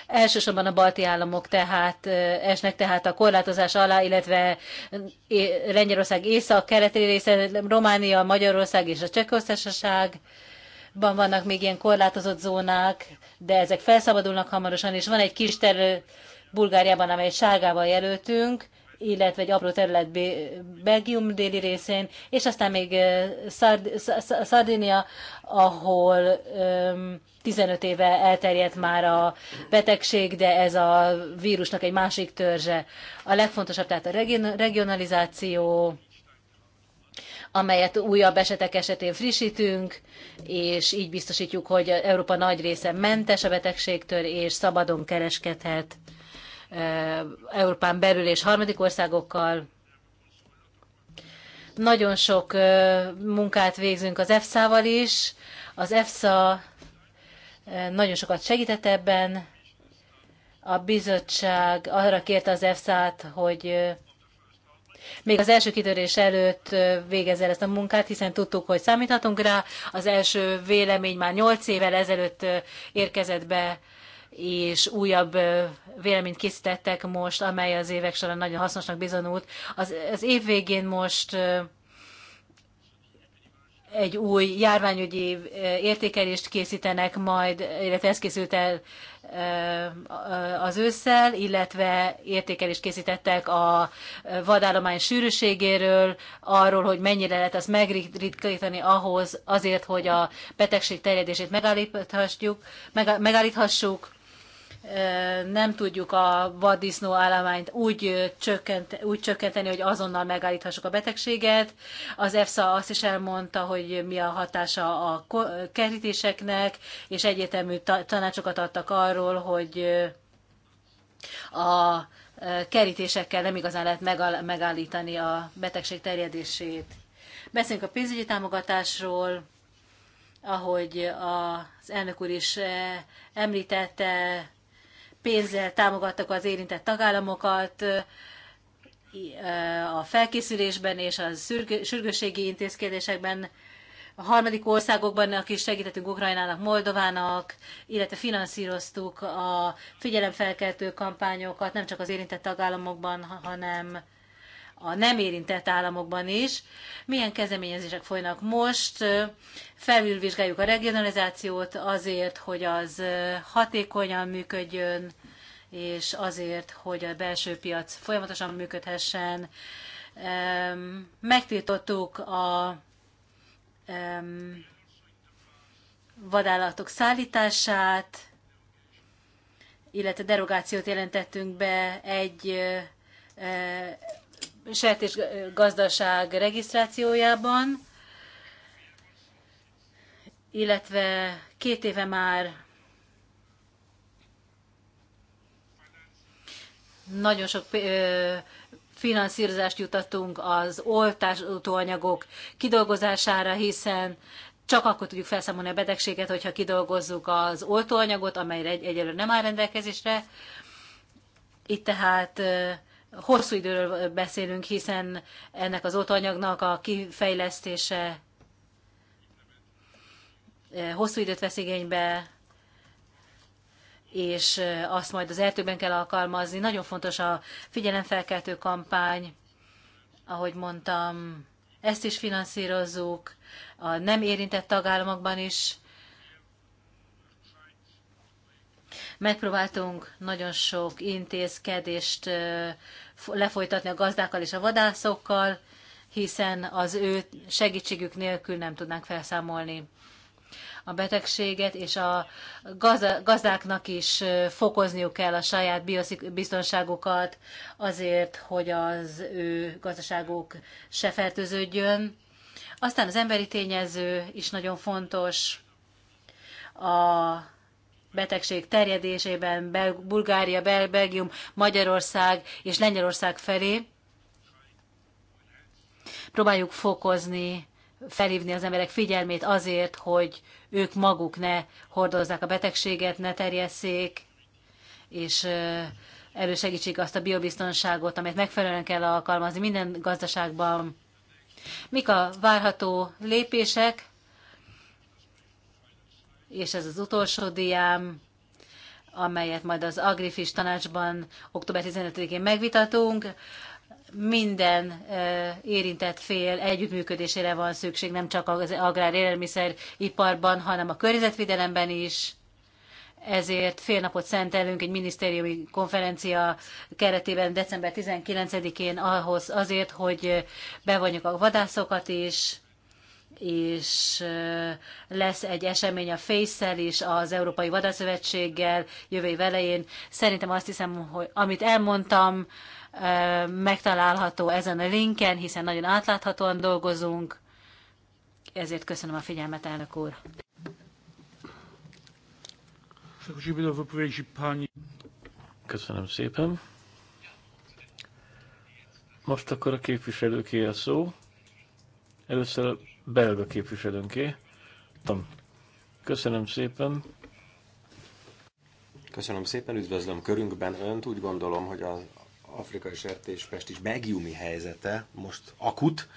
Elsősorban a balti államok tehát esnek tehát a korlátozás alá, illetve Lengyelország észak-keleti része, Románia, Magyarország és a Csehköztársaság vannak még ilyen korlátozott zónák, de ezek felszabadulnak hamarosan, és van egy kis terület Bulgáriában, amely sárgával jelöltünk, illetve egy apró terület Belgium déli részén, és aztán még Szard- Szardinia, ahol 15 éve elterjedt már a betegség, de ez a vírusnak egy másik törzse. A legfontosabb tehát a regionalizáció, amelyet újabb esetek esetén frissítünk, és így biztosítjuk, hogy Európa nagy része mentes a betegségtől, és szabadon kereskedhet Európán belül és harmadik országokkal. Nagyon sok munkát végzünk az EFSA-val is. Az EFSA nagyon sokat segített ebben. A bizottság arra kérte az EFSA-t, hogy még az első kitörés előtt végezzel ezt a munkát, hiszen tudtuk, hogy számíthatunk rá. Az első vélemény már 8 évvel ezelőtt érkezett be, és újabb véleményt készítettek most, amely az évek során nagyon hasznosnak bizonyult. Az, az év végén most egy új járványügyi értékelést készítenek majd, illetve ez készült el az ősszel, illetve értékelést készítettek a vadállomány sűrűségéről, arról, hogy mennyire lehet azt megritkítani ahhoz, azért, hogy a betegség terjedését megállíthassuk, megállíthassuk nem tudjuk a vaddisznó állományt úgy, csökkent, úgy csökkenteni, hogy azonnal megállíthassuk a betegséget. Az EFSA azt is elmondta, hogy mi a hatása a kerítéseknek, és egyetemű tanácsokat adtak arról, hogy a kerítésekkel nem igazán lehet megállítani a betegség terjedését. Beszéljünk a pénzügyi támogatásról, ahogy az elnök úr is említette, pénzzel támogattak az érintett tagállamokat a felkészülésben és a sürgősségi intézkedésekben. A harmadik országokban is segítettünk Ukrajnának, Moldovának, illetve finanszíroztuk a figyelemfelkeltő kampányokat, nem csak az érintett tagállamokban, hanem a nem érintett államokban is. Milyen kezdeményezések folynak most? Felülvizsgáljuk a regionalizációt azért, hogy az hatékonyan működjön, és azért, hogy a belső piac folyamatosan működhessen. Megtiltottuk a vadállatok szállítását, illetve derogációt jelentettünk be egy eh, sertés gazdaság regisztrációjában, illetve két éve már nagyon sok finanszírozást jutatunk az oltóanyagok kidolgozására, hiszen csak akkor tudjuk felszámolni a betegséget, hogyha kidolgozzuk az oltóanyagot, amelyre egy egyelőre nem áll rendelkezésre. Itt tehát hosszú időről beszélünk, hiszen ennek az otanyagnak a kifejlesztése eh, hosszú időt vesz igénybe, és eh, azt majd az erdőben kell alkalmazni. Nagyon fontos a figyelemfelkeltő kampány, ahogy mondtam, ezt is finanszírozzuk, a nem érintett tagállamokban is Megpróbáltunk nagyon sok intézkedést lefolytatni a gazdákkal és a vadászokkal, hiszen az ő segítségük nélkül nem tudnánk felszámolni a betegséget, és a gazdáknak is fokozniuk kell a saját biztonságukat azért, hogy az ő gazdaságuk se fertőződjön. Aztán az emberi tényező is nagyon fontos. A betegség terjedésében Bulgária, Bel- Belgium, Magyarország és Lengyelország felé. Próbáljuk fokozni, felhívni az emberek figyelmét azért, hogy ők maguk ne hordozzák a betegséget, ne terjesszék, és elősegítsék azt a biobiztonságot, amelyet megfelelően kell alkalmazni minden gazdaságban. Mik a várható lépések? és ez az utolsó diám, amelyet majd az Agrifis tanácsban október 15-én megvitatunk. Minden érintett fél együttműködésére van szükség, nem csak az agrár élelmiszer iparban, hanem a környezetvédelemben is. Ezért fél napot szentelünk egy minisztériumi konferencia keretében december 19-én ahhoz azért, hogy bevonjuk a vadászokat is, és lesz egy esemény a face is az Európai Vadászövetséggel jövő év elején. Szerintem azt hiszem, hogy amit elmondtam, megtalálható ezen a linken, hiszen nagyon átláthatóan dolgozunk. Ezért köszönöm a figyelmet, elnök úr. Köszönöm szépen. Most akkor a képviselőké a szó. Először belga képviselőnké. Tom. Köszönöm szépen. Köszönöm szépen, üdvözlöm körünkben önt. Úgy gondolom, hogy az afrikai sertéspest is belgiumi helyzete most akut.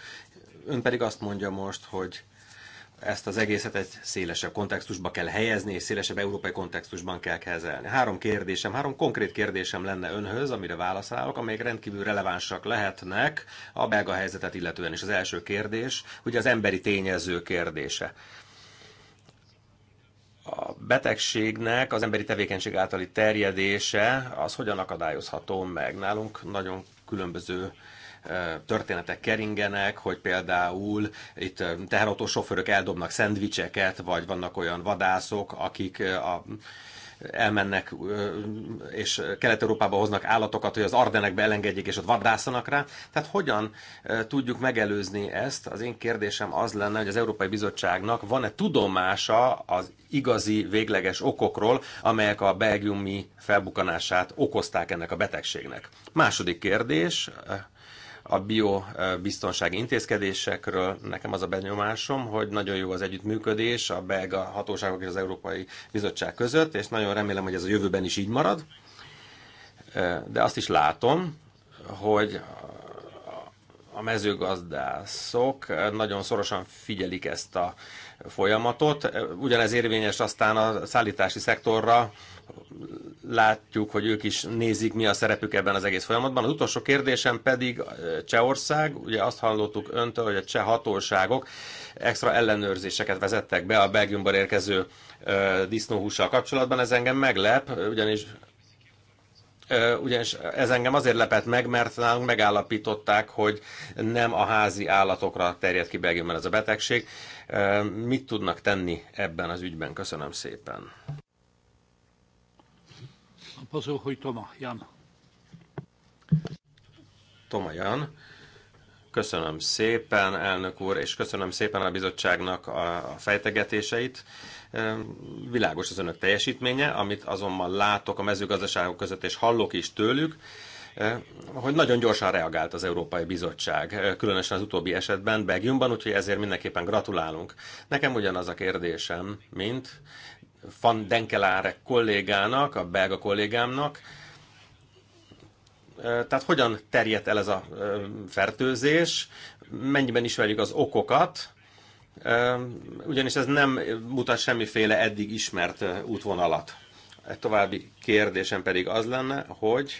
Ön pedig azt mondja most, hogy ezt az egészet egy szélesebb kontextusba kell helyezni, és szélesebb európai kontextusban kell kezelni. Három kérdésem, három konkrét kérdésem lenne önhöz, amire válaszolok, amelyek rendkívül relevánsak lehetnek a belga helyzetet illetően is. Az első kérdés, ugye az emberi tényező kérdése. A betegségnek az emberi tevékenység általi terjedése, az hogyan akadályozható meg? Nálunk nagyon különböző történetek keringenek, hogy például itt teherautós sofőrök eldobnak szendvicseket, vagy vannak olyan vadászok, akik a elmennek és Kelet-Európába hoznak állatokat, hogy az Ardenekbe elengedjék, és ott vaddászanak rá. Tehát hogyan tudjuk megelőzni ezt? Az én kérdésem az lenne, hogy az Európai Bizottságnak van-e tudomása az igazi, végleges okokról, amelyek a belgiumi felbukanását okozták ennek a betegségnek. Második kérdés, a biobiztonsági intézkedésekről nekem az a benyomásom, hogy nagyon jó az együttműködés a belga hatóságok és az Európai Bizottság között, és nagyon remélem, hogy ez a jövőben is így marad. De azt is látom, hogy a mezőgazdászok nagyon szorosan figyelik ezt a folyamatot. Ugyanez érvényes aztán a szállítási szektorra, látjuk, hogy ők is nézik, mi a szerepük ebben az egész folyamatban. Az utolsó kérdésem pedig Csehország, ugye azt hallottuk öntől, hogy a cseh hatóságok extra ellenőrzéseket vezettek be a Belgiumban érkező disznóhússal kapcsolatban, ez engem meglep, ugyanis ugyanis ez engem azért lepett meg, mert nálunk megállapították, hogy nem a házi állatokra terjed ki Belgiumban ez a betegség. Mit tudnak tenni ebben az ügyben? Köszönöm szépen. Poseł Hojtoma, Jan. Toma Jan. Köszönöm szépen, elnök úr, és köszönöm szépen a bizottságnak a fejtegetéseit. Világos az önök teljesítménye, amit azonban látok a mezőgazdaságok között, és hallok is tőlük, hogy nagyon gyorsan reagált az Európai Bizottság, különösen az utóbbi esetben Belgiumban, úgyhogy ezért mindenképpen gratulálunk. Nekem ugyanaz a kérdésem, mint van Denkelare kollégának, a belga kollégámnak. Tehát hogyan terjedt el ez a fertőzés, mennyiben ismerjük az okokat, ugyanis ez nem mutat semmiféle eddig ismert útvonalat. Egy további kérdésem pedig az lenne, hogy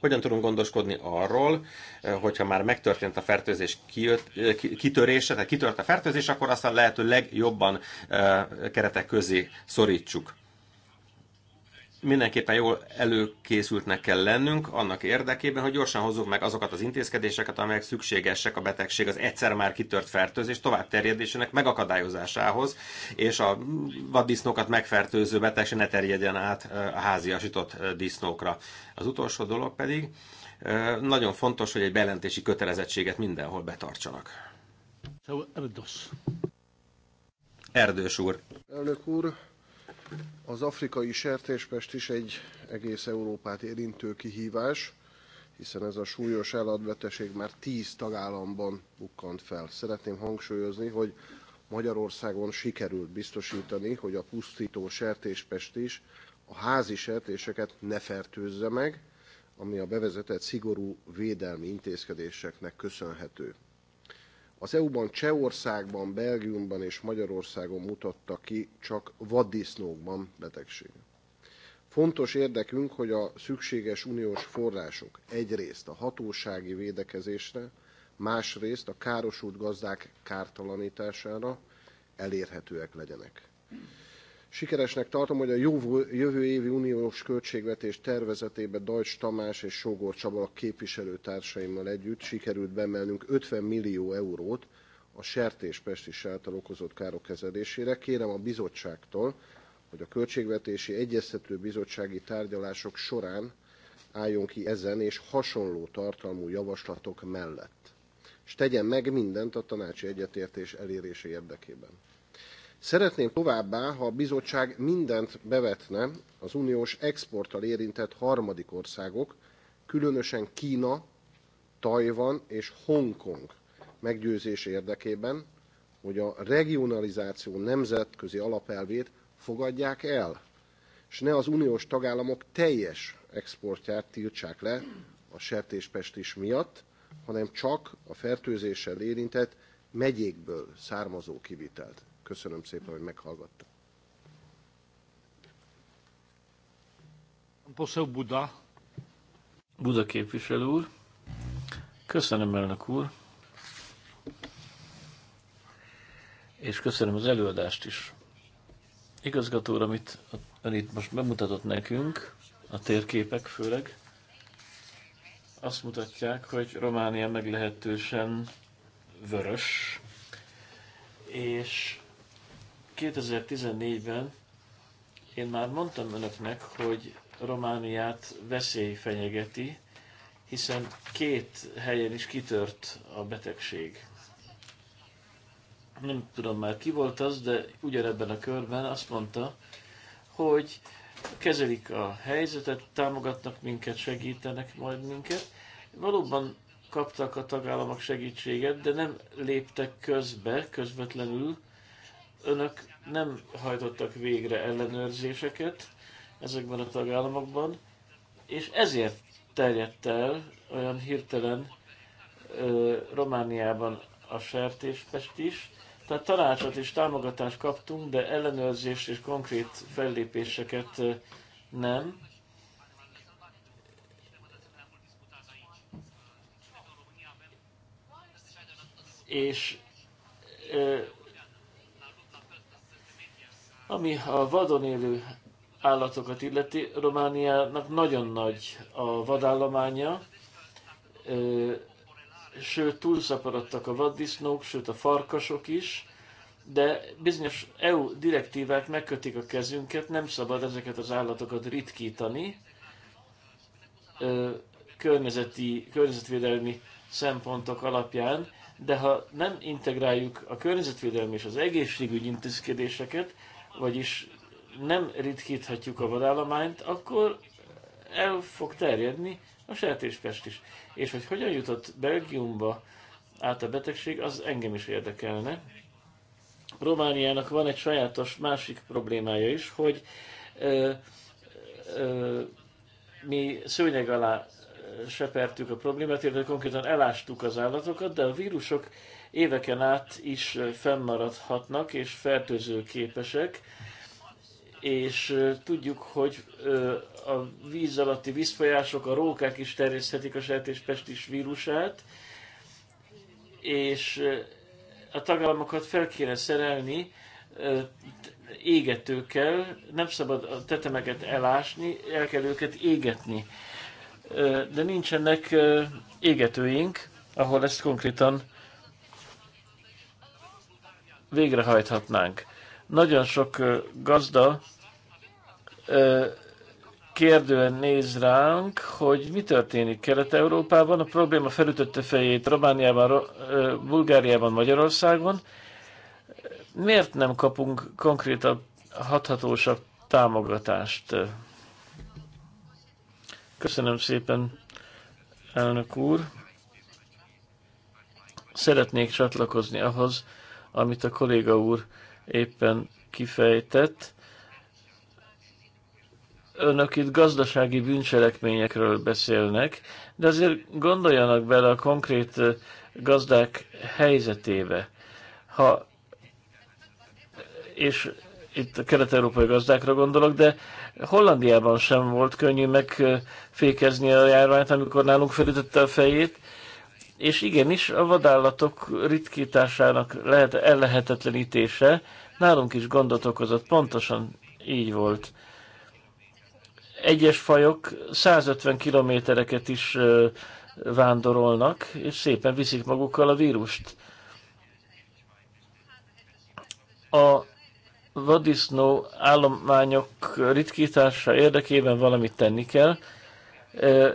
hogyan tudunk gondoskodni arról, eh, hogyha már megtörtént a fertőzés kijött, eh, kitörése, tehát kitört a fertőzés, akkor aztán lehető legjobban eh, keretek közé szorítsuk mindenképpen jól előkészültnek kell lennünk annak érdekében, hogy gyorsan hozzuk meg azokat az intézkedéseket, amelyek szükségesek a betegség az egyszer már kitört fertőzés tovább terjedésének megakadályozásához, és a vaddisznókat megfertőző betegség ne terjedjen át a háziasított disznókra. Az utolsó dolog pedig, nagyon fontos, hogy egy bejelentési kötelezettséget mindenhol betartsanak. Erdős úr. Elnök úr, az afrikai sertéspest is egy egész Európát érintő kihívás, hiszen ez a súlyos állatbetegség már tíz tagállamban bukkant fel. Szeretném hangsúlyozni, hogy Magyarországon sikerült biztosítani, hogy a pusztító sertéspest is a házi sertéseket ne fertőzze meg, ami a bevezetett szigorú védelmi intézkedéseknek köszönhető. Az EU-ban Csehországban, Belgiumban és Magyarországon mutatta ki csak vaddisznókban betegséget. Fontos érdekünk, hogy a szükséges uniós források egyrészt a hatósági védekezésre, másrészt a károsult gazdák kártalanítására elérhetőek legyenek. Sikeresnek tartom, hogy a jövő évi uniós költségvetés tervezetébe Dajcs Tamás és Sógor Csaba a képviselőtársaimmal együtt sikerült bemelnünk 50 millió eurót a sertéspest által okozott károk kezelésére. Kérem a bizottságtól, hogy a Költségvetési Egyeztető Bizottsági tárgyalások során álljon ki ezen és hasonló tartalmú javaslatok mellett, és tegyen meg mindent a tanácsi egyetértés elérése érdekében. Szeretném továbbá, ha a bizottság mindent bevetne az uniós exporttal érintett harmadik országok, különösen Kína, Tajvan és Hongkong meggyőzés érdekében, hogy a regionalizáció nemzetközi alapelvét fogadják el, és ne az uniós tagállamok teljes exportját tiltsák le a sertéspestis miatt, hanem csak a fertőzéssel érintett megyékből származó kivitelt. Köszönöm szépen, hogy meghallgattak. Poszó Buda. Buda képviselő úr. Köszönöm, elnök úr. És köszönöm az előadást is. Igazgató úr, amit ön itt most bemutatott nekünk, a térképek főleg, azt mutatják, hogy Románia meglehetősen vörös, és 2014-ben én már mondtam önöknek, hogy Romániát veszély fenyegeti, hiszen két helyen is kitört a betegség. Nem tudom már ki volt az, de ugyanebben a körben azt mondta, hogy kezelik a helyzetet, támogatnak minket, segítenek majd minket. Valóban kaptak a tagállamok segítséget, de nem léptek közbe, közvetlenül, önök nem hajtottak végre ellenőrzéseket ezekben a tagállamokban, és ezért terjedt el olyan hirtelen ö, Romániában a sertéspest is. Tehát tanácsot és támogatást kaptunk, de ellenőrzést és konkrét fellépéseket nem. És ö, ami a vadon élő állatokat illeti, Romániának nagyon nagy a vadállománya, sőt túlszaporodtak a vaddisznók, sőt a farkasok is, de bizonyos EU direktívák megkötik a kezünket, nem szabad ezeket az állatokat ritkítani, környezeti, környezetvédelmi szempontok alapján, de ha nem integráljuk a környezetvédelmi és az egészségügyi intézkedéseket, vagyis nem ritkíthatjuk a vadállományt, akkor el fog terjedni a sertéspest is. És hogy hogyan jutott Belgiumba át a betegség, az engem is érdekelne. Romániának van egy sajátos másik problémája is, hogy ö, ö, mi szőnyeg alá sepertük a problémát, illetve konkrétan elástuk az állatokat, de a vírusok éveken át is fennmaradhatnak és fertőző képesek, és tudjuk, hogy a víz alatti vízfolyások, a rókák is terjeszthetik a sertéspestis vírusát, és a tagállamokat fel kéne szerelni égetőkkel, nem szabad a tetemeket elásni, el kell őket égetni de nincsenek égetőink, ahol ezt konkrétan végrehajthatnánk. Nagyon sok gazda kérdően néz ránk, hogy mi történik Kelet-Európában. A probléma felütötte fejét Romániában, Bulgáriában, Magyarországon. Miért nem kapunk konkrétabb, hathatósabb támogatást? Köszönöm szépen, elnök úr. Szeretnék csatlakozni ahhoz, amit a kolléga úr éppen kifejtett. Önök itt gazdasági bűncselekményekről beszélnek, de azért gondoljanak bele a konkrét gazdák helyzetébe. Ha és itt a kelet-európai gazdákra gondolok, de Hollandiában sem volt könnyű megfékezni a járványt, amikor nálunk felütötte a fejét, és igenis a vadállatok ritkításának lehet ellehetetlenítése nálunk is gondot okozott, pontosan így volt. Egyes fajok 150 kilométereket is vándorolnak, és szépen viszik magukkal a vírust. A vadisznó állományok ritkítása érdekében valamit tenni kell,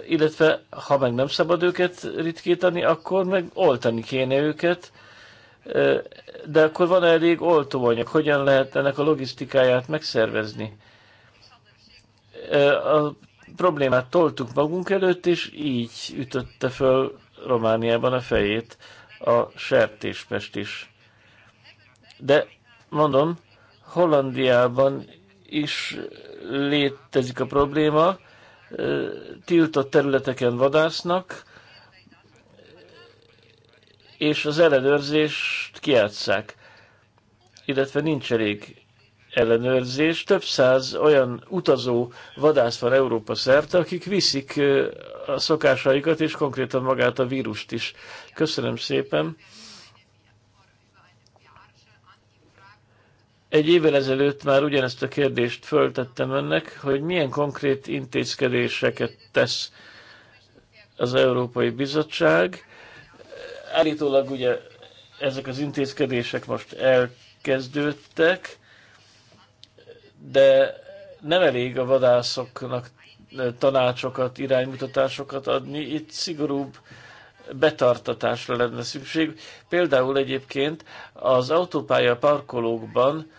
illetve ha meg nem szabad őket ritkítani, akkor meg oltani kéne őket, de akkor van -e elég oltóanyag, hogyan lehet ennek a logisztikáját megszervezni. A problémát toltuk magunk előtt, és így ütötte föl Romániában a fejét a sertéspest is. De mondom, Hollandiában is létezik a probléma, tiltott területeken vadásznak, és az ellenőrzést kiátszák. Illetve nincs elég ellenőrzés. Több száz olyan utazó vadász van Európa szerte, akik viszik a szokásaikat, és konkrétan magát a vírust is. Köszönöm szépen! Egy évvel ezelőtt már ugyanezt a kérdést föltettem önnek, hogy milyen konkrét intézkedéseket tesz az Európai Bizottság. Állítólag ugye ezek az intézkedések most elkezdődtek, de nem elég a vadászoknak tanácsokat, iránymutatásokat adni, itt szigorúbb betartatásra lenne szükség. Például egyébként az autópálya parkolókban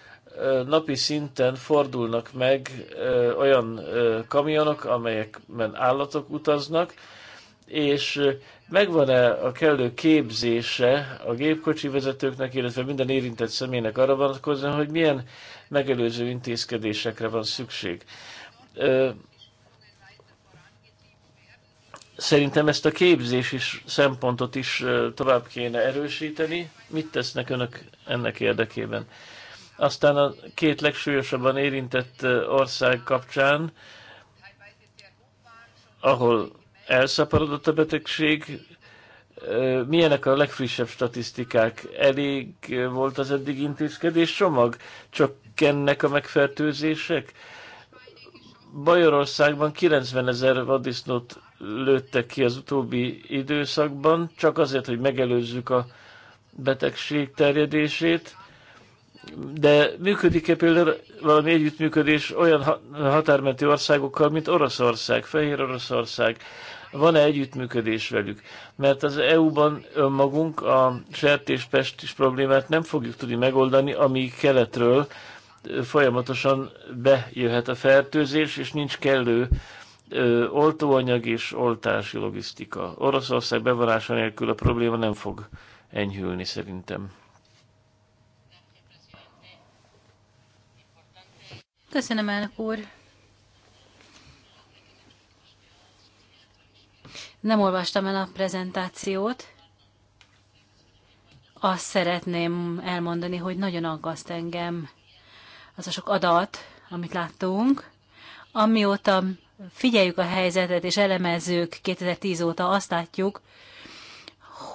napi szinten fordulnak meg olyan kamionok, amelyekben állatok utaznak, és megvan-e a kellő képzése a gépkocsi vezetőknek, illetve minden érintett személynek arra vonatkozóan, hogy milyen megelőző intézkedésekre van szükség. Szerintem ezt a képzés is, szempontot is tovább kéne erősíteni. Mit tesznek önök ennek érdekében? Aztán a két legsúlyosabban érintett ország kapcsán, ahol elszaporodott a betegség, milyenek a legfrissebb statisztikák? Elég volt az eddig intézkedés csomag? ennek a megfertőzések? Bajorországban 90 ezer vadisznót lőttek ki az utóbbi időszakban, csak azért, hogy megelőzzük a betegség terjedését. De működik-e például valami együttműködés olyan határmenti országokkal, mint Oroszország, Fehér Oroszország? Van-e együttműködés velük? Mert az EU-ban önmagunk a sertéspestis problémát nem fogjuk tudni megoldani, amíg keletről folyamatosan bejöhet a fertőzés, és nincs kellő oltóanyag és oltási logisztika. Oroszország bevonása nélkül a probléma nem fog enyhülni szerintem. Köszönöm, elnök úr! Nem olvastam el a prezentációt. Azt szeretném elmondani, hogy nagyon aggaszt engem az a sok adat, amit láttunk. Amióta figyeljük a helyzetet és elemezzük 2010 óta, azt látjuk,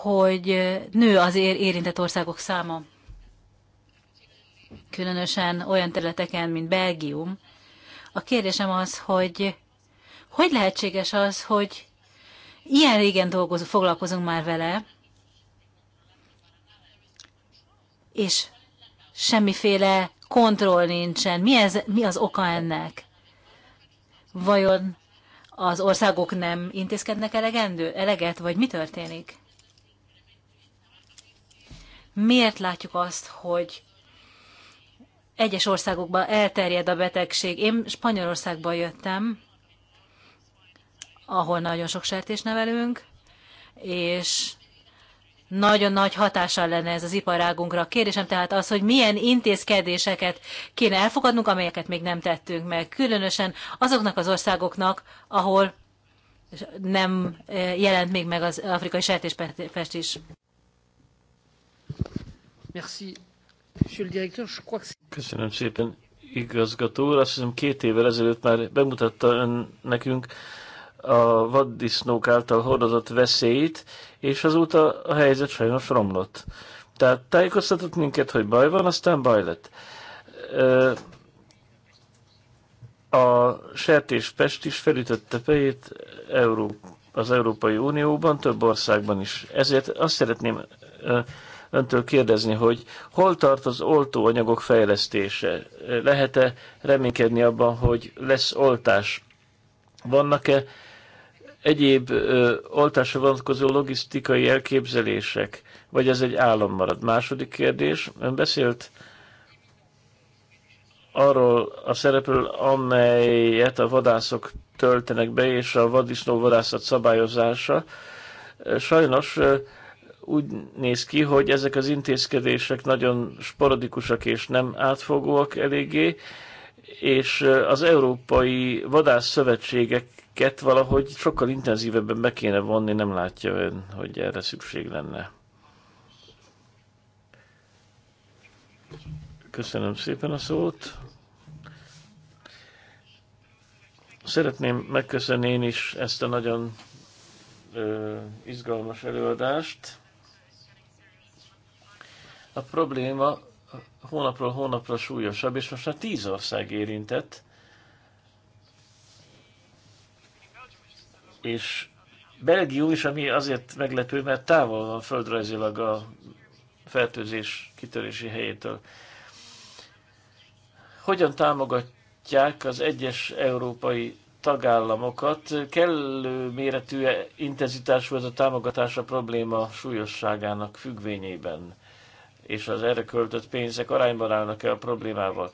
hogy nő az érintett országok száma. Különösen olyan területeken, mint Belgium. A kérdésem az, hogy hogy lehetséges az, hogy ilyen régen dolgozunk, foglalkozunk már vele, és semmiféle kontroll nincsen. Mi, ez, mi az oka ennek? Vajon az országok nem intézkednek elegendő, eleget, vagy mi történik? Miért látjuk azt, hogy egyes országokban elterjed a betegség? Én Spanyolországban jöttem, ahol nagyon sok sertés nevelünk, és nagyon nagy hatással lenne ez az iparágunkra. Kérdésem tehát az, hogy milyen intézkedéseket kéne elfogadnunk, amelyeket még nem tettünk meg, különösen azoknak az országoknak, ahol nem eh, jelent még meg az afrikai sertéspest is. Köszönöm szépen, igazgató úr. Azt hiszem két évvel ezelőtt már bemutatta ön nekünk a vaddisznók által hordozott veszélyt, és azóta a helyzet sajnos romlott. Tehát tájékoztatott minket, hogy baj van, aztán baj lett. A Pest is felütötte fejét az Európai Unióban, több országban is. Ezért azt szeretném öntől kérdezni, hogy hol tart az oltóanyagok fejlesztése? Lehet-e reménykedni abban, hogy lesz oltás? Vannak-e egyéb ö, oltásra vonatkozó logisztikai elképzelések, vagy ez egy állam marad? Második kérdés, ön beszélt arról a szerepről, amelyet a vadászok töltenek be, és a vadisznó vadászat szabályozása. Sajnos úgy néz ki, hogy ezek az intézkedések nagyon sporadikusak és nem átfogóak eléggé, és az európai vadászszövetségek ket valahogy sokkal intenzívebben be kéne vonni, nem látja ön, hogy erre szükség lenne. Köszönöm szépen a szót. Szeretném megköszönni én is ezt a nagyon ö, izgalmas előadást. A probléma hónapról hónapra súlyosabb, és most már tíz ország érintett És Belgium is, ami azért meglepő, mert távol van földrajzilag a fertőzés kitörési helyétől. Hogyan támogatják az egyes európai tagállamokat? Kellő méretű intenzitású ez a támogatás a probléma súlyosságának függvényében, és az erre költött pénzek arányban állnak-e a problémával?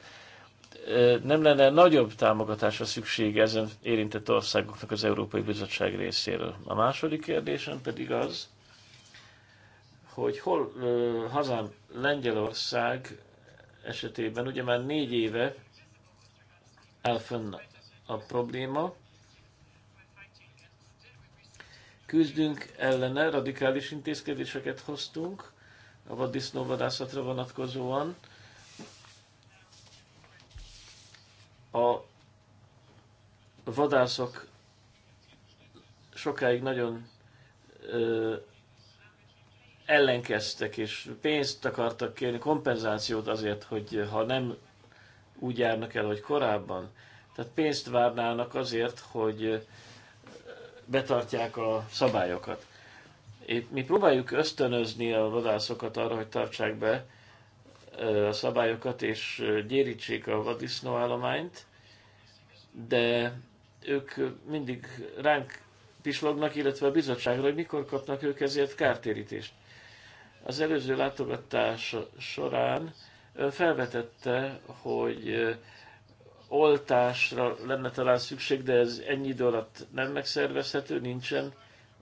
nem lenne nagyobb támogatásra szükség ezen érintett országoknak az Európai Bizottság részéről. A második kérdésem pedig az, hogy hol hazám Lengyelország esetében ugye már négy éve elfönn a probléma, küzdünk ellene, radikális intézkedéseket hoztunk a vaddisznóvadászatra vonatkozóan, a vadászok sokáig nagyon ö, ellenkeztek, és pénzt akartak kérni, kompenzációt azért, hogy ha nem úgy járnak el, hogy korábban, tehát pénzt várnának azért, hogy betartják a szabályokat. Itt mi próbáljuk ösztönözni a vadászokat arra, hogy tartsák be a szabályokat, és gyérítsék a vadisznóállományt, de ők mindig ránk pislognak, illetve a bizottságra, hogy mikor kapnak ők ezért kártérítést. Az előző látogatás során felvetette, hogy oltásra lenne talán szükség, de ez ennyi idő alatt nem megszervezhető, nincsen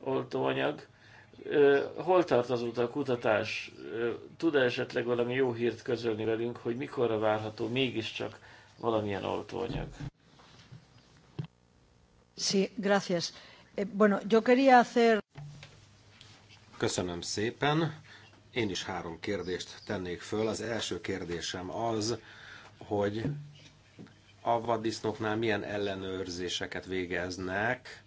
oltóanyag. Hol tart azóta a kutatás? Tud-e esetleg valami jó hírt közölni velünk, hogy mikorra várható mégiscsak valamilyen oltóanyag? Eh, Köszönöm szépen. Én is három kérdést tennék föl. Az első kérdésem az, hogy a vaddisznóknál milyen ellenőrzéseket végeznek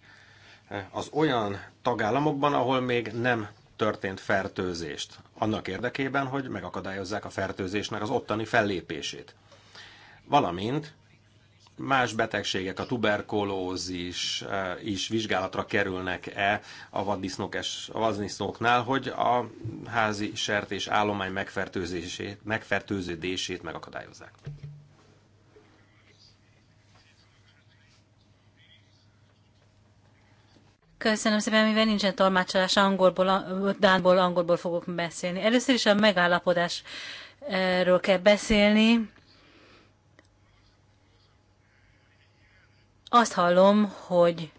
eh, az olyan tagállamokban, ahol még nem történt fertőzést, annak érdekében, hogy megakadályozzák a fertőzésnek az ottani fellépését. Valamint más betegségek, a tuberkulózis eh, is vizsgálatra kerülnek-e a vaddisznók és a vaddisznóknál, hogy a házi sertés állomány megfertőzését, megfertőződését megakadályozzák? Köszönöm szépen, mivel nincsen tolmácsolás, angolból, dánból, angolból fogok beszélni. Először is a megállapodásról kell beszélni Azt hallom, hogy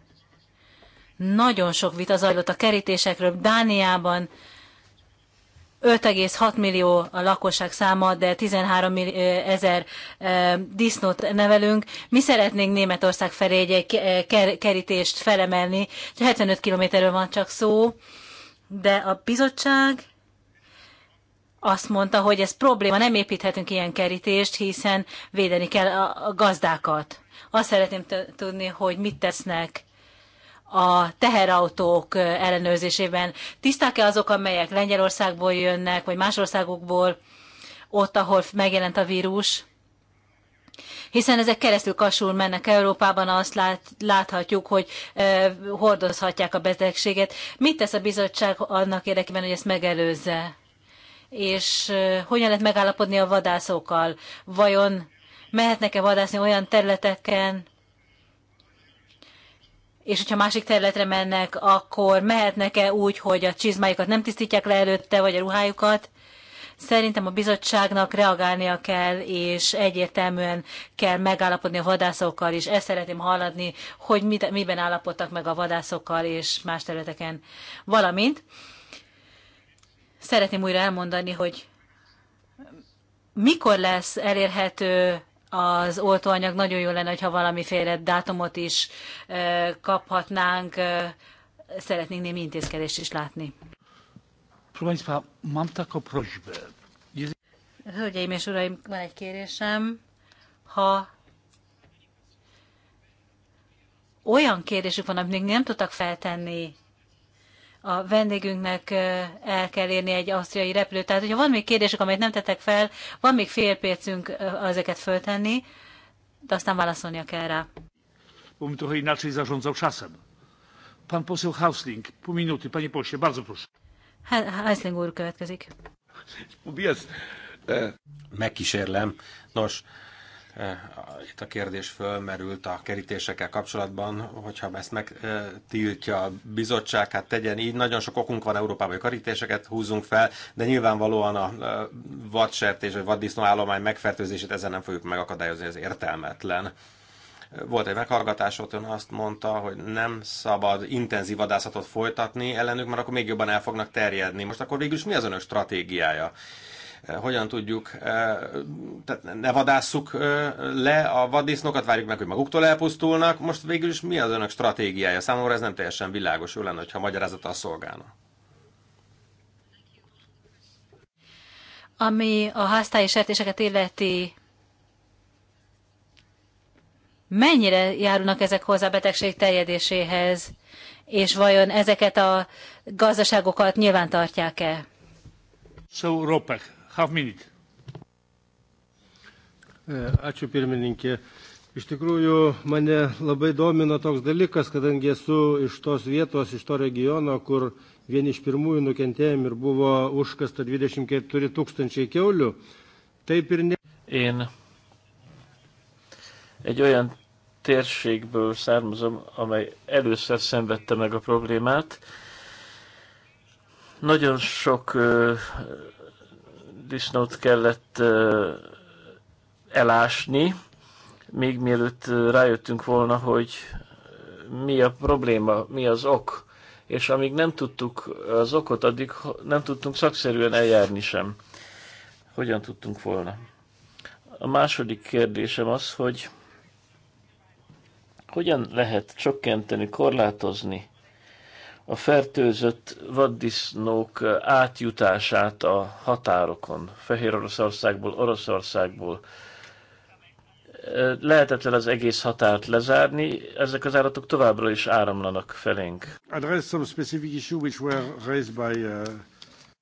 nagyon sok vita zajlott a kerítésekről. Dániában 5,6 millió a lakosság száma, de 13 ezer disznót nevelünk. Mi szeretnénk Németország felé egy kerítést felemelni, 75 kilométerről van csak szó, de a bizottság azt mondta, hogy ez probléma, nem építhetünk ilyen kerítést, hiszen védeni kell a gazdákat. Azt szeretném tudni, hogy mit tesznek a teherautók ellenőrzésében. Tiszták-e azok, amelyek Lengyelországból jönnek, vagy más országokból, ott, ahol megjelent a vírus? Hiszen ezek keresztül kasul mennek Európában, azt lát, láthatjuk, hogy e, hordozhatják a betegséget. Mit tesz a bizottság annak érdekében, hogy ezt megelőzze? és hogyan lehet megállapodni a vadászokkal? Vajon mehetnek-e vadászni olyan területeken, és hogyha másik területre mennek, akkor mehetnek-e úgy, hogy a csizmájukat nem tisztítják le előtte, vagy a ruhájukat? Szerintem a bizottságnak reagálnia kell, és egyértelműen kell megállapodni a vadászokkal, és ezt szeretném hallani, hogy mit, miben állapodtak meg a vadászokkal és más területeken. Valamint Szeretném újra elmondani, hogy mikor lesz elérhető az oltóanyag, nagyon jó lenne, ha valamiféle dátumot is kaphatnánk. Szeretnénk némi intézkedést is látni. Hölgyeim és uraim, van egy kérésem. Ha olyan kérdésük van, amit még nem tudtak feltenni a vendégünknek el kell érni egy ausztriai repülőt. Tehát, hogyha van még kérdések, amelyet nem tettek fel, van még fél percünk ezeket föltenni, de aztán válaszolnia kell rá. Bym trochę inaczej zarządzał czasem. Pan poseł Hausling, pół minuty, panie pośle, bardzo proszę. Hausling úr következik. Eh. Megkísérlem. Nos, E, itt a kérdés fölmerült a kerítésekkel kapcsolatban, hogyha ezt megtiltja a bizottság, hát tegyen így. Nagyon sok okunk van Európában, hogy kerítéseket húzunk fel, de nyilvánvalóan a e, vadsertés vagy vaddisznó állomány megfertőzését ezen nem fogjuk megakadályozni, ez értelmetlen. Volt egy meghallgatás, ott ön azt mondta, hogy nem szabad intenzív vadászatot folytatni ellenük, mert akkor még jobban el fognak terjedni. Most akkor végülis mi az önök stratégiája? Eh, hogyan tudjuk, eh, tehát ne vadásszuk eh, le a vaddisznokat, várjuk meg, hogy maguktól elpusztulnak. Most végül is mi az önök stratégiája? Számomra ez nem teljesen világos, jó lenne, ha a szolgálna. Ami a háztályi sertéseket illeti, mennyire járulnak ezek hozzá a betegség terjedéséhez, és vajon ezeket a gazdaságokat nyilván tartják-e? So, Ropek Half minute. E, ačiū pirmininkė. Iš tikrųjų, mane labai domino toks dalykas, kadangi esu iš tos vietos, iš to regiono, kur vieni iš pirmųjų nukentėjom ir buvo užkasta 24 tūkstančiai keulių. Taip ir ne. Én egy olyan térségből származom, amely először szenvedte meg a problémát. Nagyon sok ö, disznót kellett elásni, még mielőtt rájöttünk volna, hogy mi a probléma, mi az ok, és amíg nem tudtuk az okot, addig nem tudtunk szakszerűen eljárni sem. Hogyan tudtunk volna? A második kérdésem az, hogy hogyan lehet csökkenteni, korlátozni a fertőzött vaddisznók átjutását a határokon, Fehér Oroszországból, Oroszországból. Lehetetlen az egész határt lezárni, ezek az állatok továbbra is áramlanak felénk. Uh,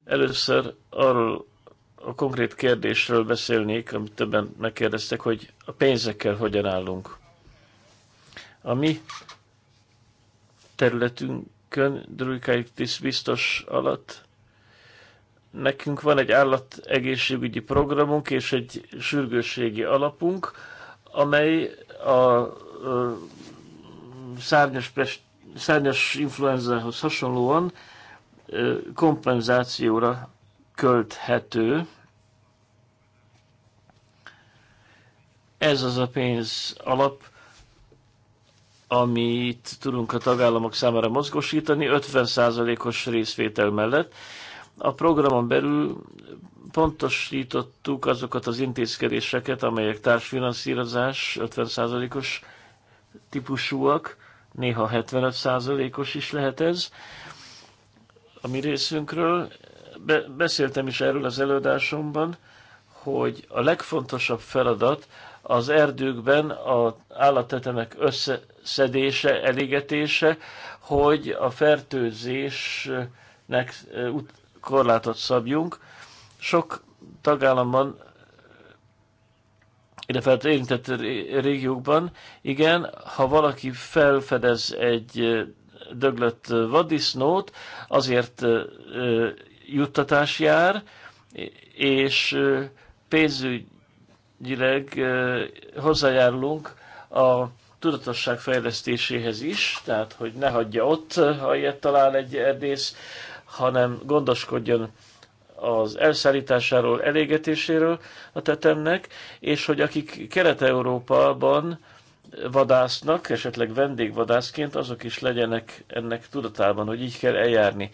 Először arról a konkrét kérdésről beszélnék, amit többen megkérdeztek, hogy a pénzekkel hogyan állunk. A mi területünk kön Köndrükaitis biztos alatt nekünk van egy állategészségügyi programunk és egy sürgősségi alapunk, amely a szárnyas, pest, szárnyas influenzához hasonlóan kompenzációra költhető. Ez az a pénz alap, amit tudunk a tagállamok számára mozgósítani, 50%-os részvétel mellett. A programon belül pontosítottuk azokat az intézkedéseket, amelyek társfinanszírozás 50%-os típusúak, néha 75%-os is lehet ez a mi részünkről. Be- beszéltem is erről az előadásomban, hogy a legfontosabb feladat az erdőkben az állattetemek össze szedése, elégetése, hogy a fertőzésnek korlátot szabjunk. Sok tagállamban, illetve érintett régiókban, igen, ha valaki felfedez egy döglött vadisznót, azért juttatás jár, és pénzügyileg hozzájárulunk a tudatosság fejlesztéséhez is, tehát hogy ne hagyja ott, ha ilyet talál egy erdész, hanem gondoskodjon az elszállításáról, elégetéséről a tetemnek, és hogy akik Kelet-Európában vadásznak, esetleg vendégvadászként, azok is legyenek ennek tudatában, hogy így kell eljárni.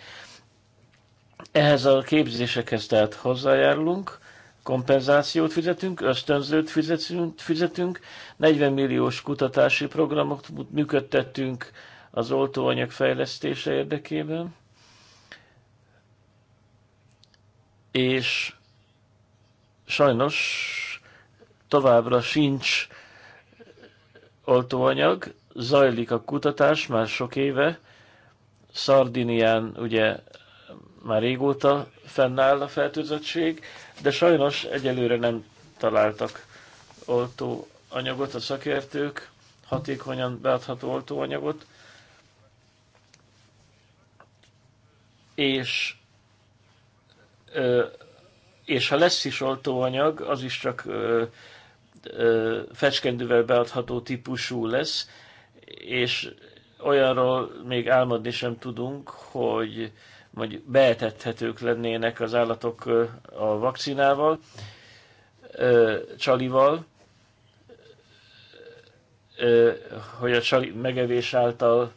Ehhez a képzésekhez tehát hozzájárulunk, kompenzációt fizetünk, ösztönzőt fizetünk, fizetünk 40 milliós kutatási programot működtettünk az oltóanyag fejlesztése érdekében, és sajnos továbbra sincs oltóanyag, zajlik a kutatás már sok éve, Szardinián ugye már régóta fennáll a fertőzöttség, de sajnos egyelőre nem találtak oltóanyagot a szakértők, hatékonyan beadható oltóanyagot, és és ha lesz is oltóanyag, az is csak fecskendővel beadható típusú lesz, és olyanról még álmodni sem tudunk, hogy vagy beetethetők lennének az állatok a vakcinával, csalival, hogy a csali megevés által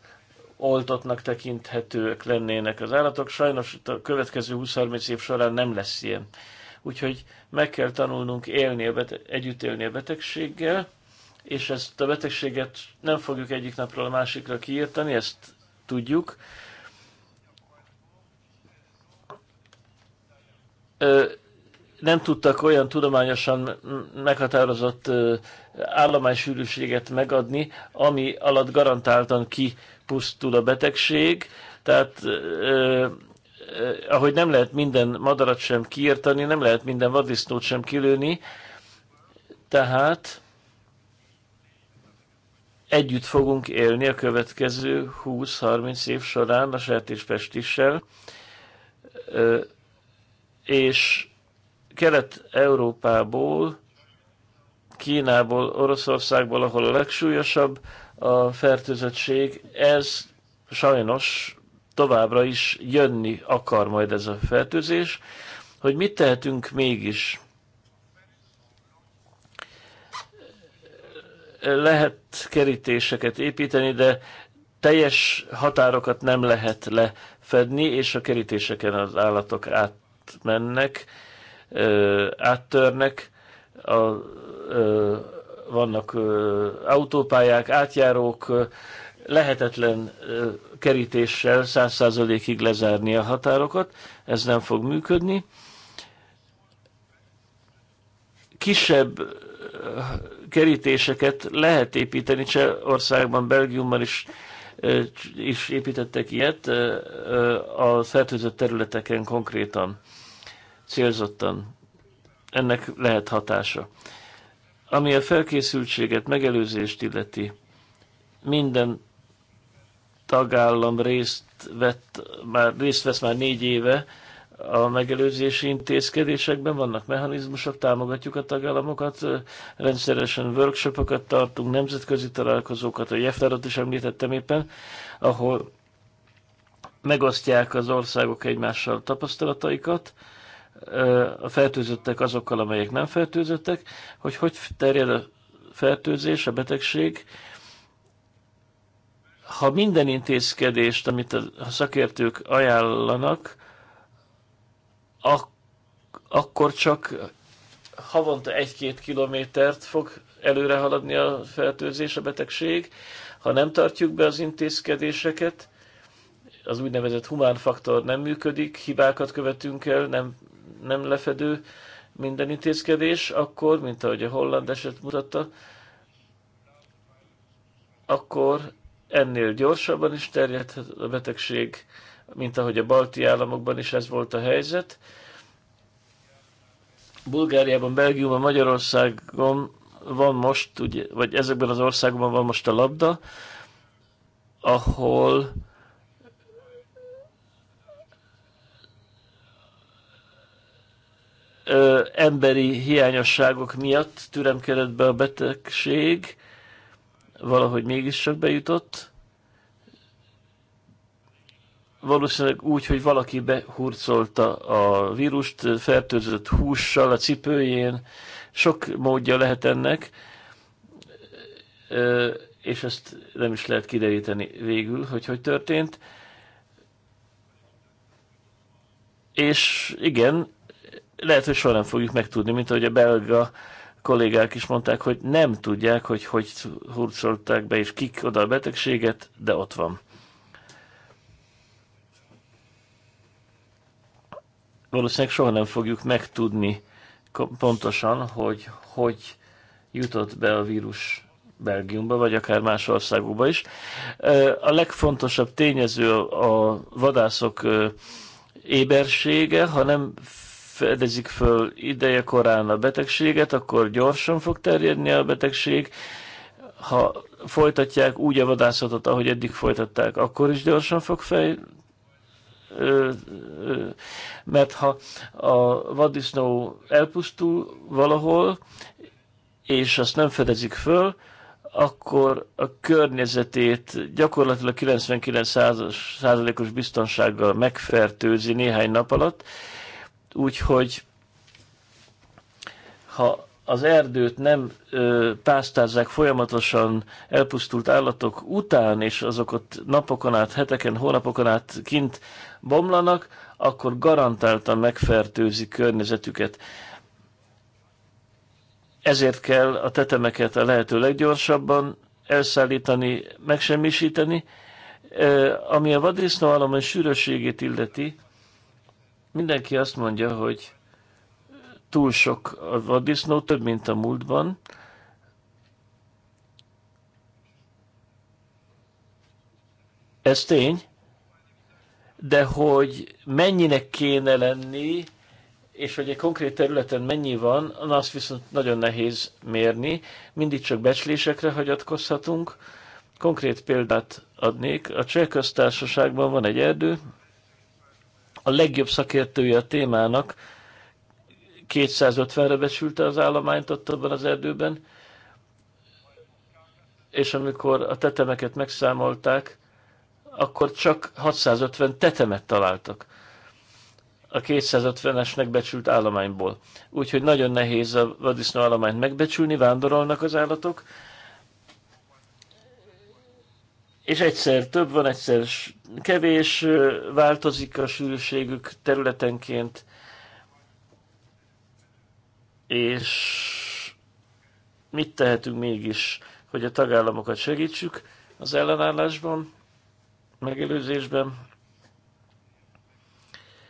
oltottnak tekinthetők lennének az állatok. Sajnos a következő 20-30 év során nem lesz ilyen. Úgyhogy meg kell tanulnunk élni a bete- együtt élni a betegséggel, és ezt a betegséget nem fogjuk egyik napról a másikra kiírtani, ezt tudjuk, nem tudtak olyan tudományosan meghatározott állománysűrűséget megadni, ami alatt garantáltan kipusztul a betegség, tehát ahogy nem lehet minden madarat sem kiirtani, nem lehet minden vadisznót sem kilőni, tehát együtt fogunk élni a következő 20-30 év során a sertéspestissel és Kelet-Európából, Kínából, Oroszországból, ahol a legsúlyosabb a fertőzöttség, ez sajnos továbbra is jönni akar majd ez a fertőzés, hogy mit tehetünk mégis. Lehet kerítéseket építeni, de teljes határokat nem lehet lefedni, és a kerítéseken az állatok át átmennek, ö, áttörnek, a, ö, vannak ö, autópályák, átjárók, ö, lehetetlen ö, kerítéssel 100%-ig lezárni a határokat, ez nem fog működni. Kisebb kerítéseket lehet építeni, Csehországban, Belgiumban is is építettek ilyet a fertőzött területeken konkrétan célzottan. Ennek lehet hatása. Ami a felkészültséget, megelőzést illeti, minden tagállam részt vett, már részt vesz már négy éve a megelőzési intézkedésekben, vannak mechanizmusok, támogatjuk a tagállamokat, rendszeresen workshopokat tartunk, nemzetközi találkozókat, a Jefflerot is említettem éppen, ahol megosztják az országok egymással tapasztalataikat, a fertőzöttek azokkal, amelyek nem fertőzöttek, hogy hogy terjed a fertőzés, a betegség. Ha minden intézkedést, amit a szakértők ajánlanak, akkor csak havonta egy-két kilométert fog előre haladni a fertőzés, a betegség. Ha nem tartjuk be az intézkedéseket, az úgynevezett humán faktor nem működik, hibákat követünk el, nem, nem lefedő minden intézkedés, akkor, mint ahogy a holland eset mutatta, akkor ennél gyorsabban is terjedhet a betegség, mint ahogy a balti államokban is ez volt a helyzet. Bulgáriában, Belgiumban, Magyarországon van most, ugye, vagy ezekben az országokban van most a labda, ahol ö, emberi hiányosságok miatt türemkedett be a betegség, valahogy mégis bejutott. Valószínűleg úgy, hogy valaki behurcolta a vírust, fertőzött hússal a cipőjén, sok módja lehet ennek, ö, és ezt nem is lehet kideríteni végül, hogy hogy történt. És igen, lehet, hogy soha nem fogjuk megtudni, mint ahogy a belga kollégák is mondták, hogy nem tudják, hogy hogy hurcolták be, és kik oda a betegséget, de ott van. Valószínűleg soha nem fogjuk megtudni pontosan, hogy hogy jutott be a vírus Belgiumba, vagy akár más országokba is. A legfontosabb tényező a vadászok ébersége, hanem fedezik föl ideje korán a betegséget, akkor gyorsan fog terjedni a betegség. Ha folytatják úgy a vadászatot, ahogy eddig folytatták, akkor is gyorsan fog fej... Mert ha a vaddisznó elpusztul valahol, és azt nem fedezik föl, akkor a környezetét gyakorlatilag 99%-os biztonsággal megfertőzi néhány nap alatt, Úgyhogy ha az erdőt nem ö, pásztázzák folyamatosan elpusztult állatok után, és azok ott napokon át, heteken, hónapokon át kint bomlanak, akkor garantáltan megfertőzi környezetüket. Ezért kell a tetemeket a lehető leggyorsabban elszállítani, megsemmisíteni. Ö, ami a vaddisznóállomány sűrösségét illeti, Mindenki azt mondja, hogy túl sok a vaddisznó, több, mint a múltban. Ez tény, de hogy mennyinek kéne lenni, és hogy egy konkrét területen mennyi van, azt viszont nagyon nehéz mérni. Mindig csak becslésekre hagyatkozhatunk. Konkrét példát adnék. A cseh köztársaságban van egy erdő, a legjobb szakértője a témának 250-re becsülte az állományt ott abban az erdőben, és amikor a tetemeket megszámolták, akkor csak 650 tetemet találtak a 250-esnek becsült állományból. Úgyhogy nagyon nehéz a vadisznó állományt megbecsülni, vándorolnak az állatok, és egyszer több van, egyszer kevés, változik a sűrűségük területenként, és mit tehetünk mégis, hogy a tagállamokat segítsük az ellenállásban, megelőzésben.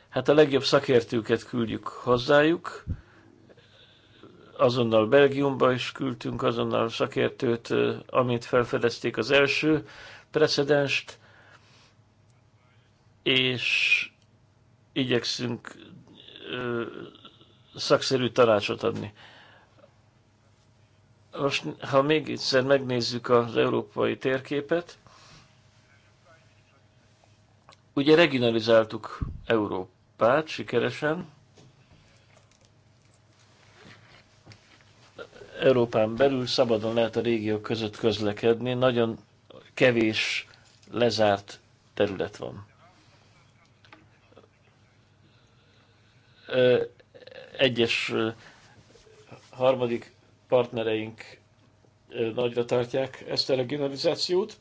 Hát a legjobb szakértőket küldjük hozzájuk, azonnal Belgiumba is küldtünk azonnal szakértőt, amit felfedezték az első precedenst, és igyekszünk ö, szakszerű tanácsot adni. Most, ha még egyszer megnézzük az európai térképet, ugye regionalizáltuk Európát sikeresen, Európán belül szabadon lehet a régiók között közlekedni, nagyon kevés lezárt terület van. Egyes harmadik partnereink nagyra tartják ezt a regionalizációt,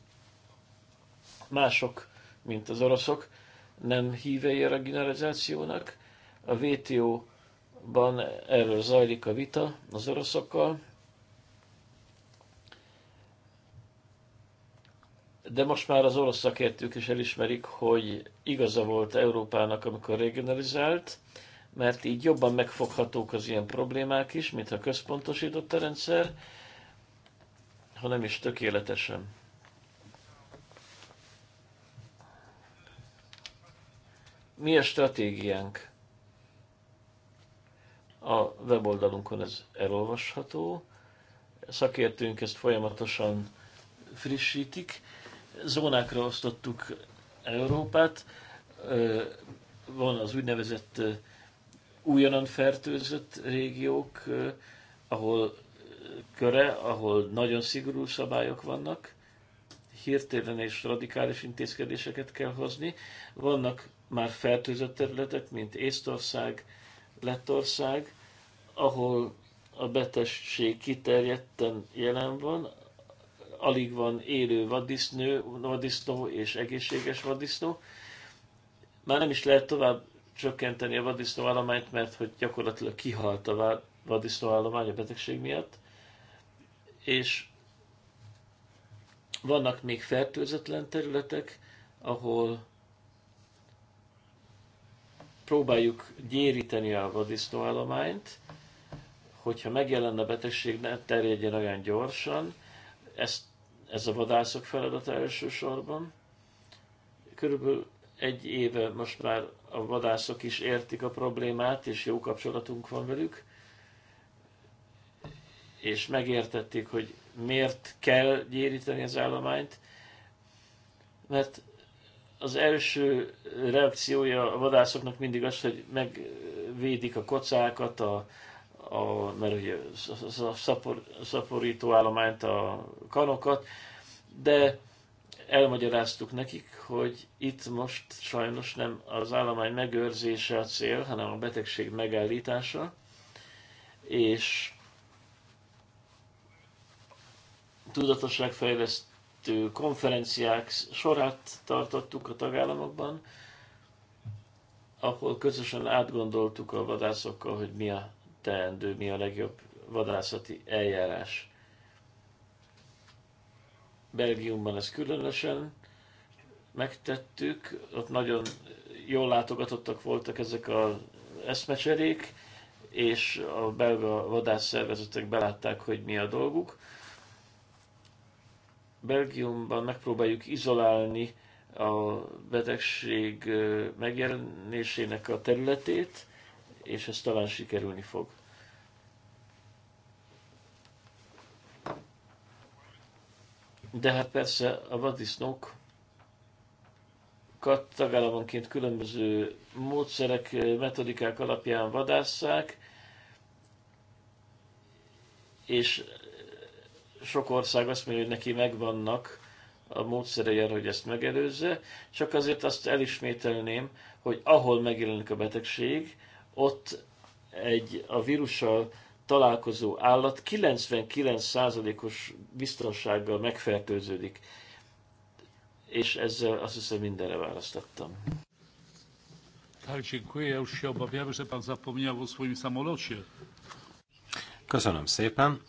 mások, mint az oroszok, nem hívei a regionalizációnak. A WTO-ban erről zajlik a vita az oroszokkal, de most már az orosz szakértők is elismerik, hogy igaza volt Európának, amikor regionalizált, mert így jobban megfoghatók az ilyen problémák is, mintha központosított a rendszer, ha nem is tökéletesen. Mi a stratégiánk? A weboldalunkon ez elolvasható, a szakértőnk ezt folyamatosan frissítik, zónákra osztottuk Európát, van az úgynevezett újonnan fertőzött régiók, ahol köre, ahol nagyon szigorú szabályok vannak, hirtelen és radikális intézkedéseket kell hozni. Vannak már fertőzött területek, mint Észtország, Lettország, ahol a betegség kiterjedten jelen van, alig van élő vaddisznő, vaddisznó és egészséges vaddisznó. Már nem is lehet tovább csökkenteni a állományt, mert hogy gyakorlatilag kihalt a állomány a betegség miatt. És vannak még fertőzetlen területek, ahol próbáljuk gyéríteni a állományt, hogyha megjelenne a betegség, ne terjedjen olyan gyorsan. Ezt ez a vadászok feladata elsősorban. Körülbelül egy éve most már a vadászok is értik a problémát, és jó kapcsolatunk van velük, és megértették, hogy miért kell gyéríteni az állományt, mert az első reakciója a vadászoknak mindig az, hogy megvédik a kocákat, a, a, mert ugye a szapor, szaporító állományt, a kanokat, de elmagyaráztuk nekik, hogy itt most sajnos nem az állomány megőrzése a cél, hanem a betegség megállítása, és tudatosságfejlesztő konferenciák sorát tartottuk a tagállamokban, ahol közösen átgondoltuk a vadászokkal, hogy mi a teendő, mi a legjobb vadászati eljárás. Belgiumban ez különösen megtettük, ott nagyon jól látogatottak voltak ezek az eszmecserék, és a belga vadászszervezetek belátták, hogy mi a dolguk. Belgiumban megpróbáljuk izolálni a betegség megjelenésének a területét, és ez talán sikerülni fog. De hát persze a vadisznók tagállamonként különböző módszerek, metodikák alapján vadásszák, és sok ország azt mondja, hogy neki megvannak a módszerei arra, hogy ezt megelőzze, csak azért azt elismételném, hogy ahol megjelenik a betegség, ott egy a vírussal találkozó állat 99%-os biztonsággal megfertőződik. És ezzel azt hiszem mindenre választottam. Tak, dziękuję. Ja już się że pan zapomniał o swoim samolocie. Köszönöm szépen.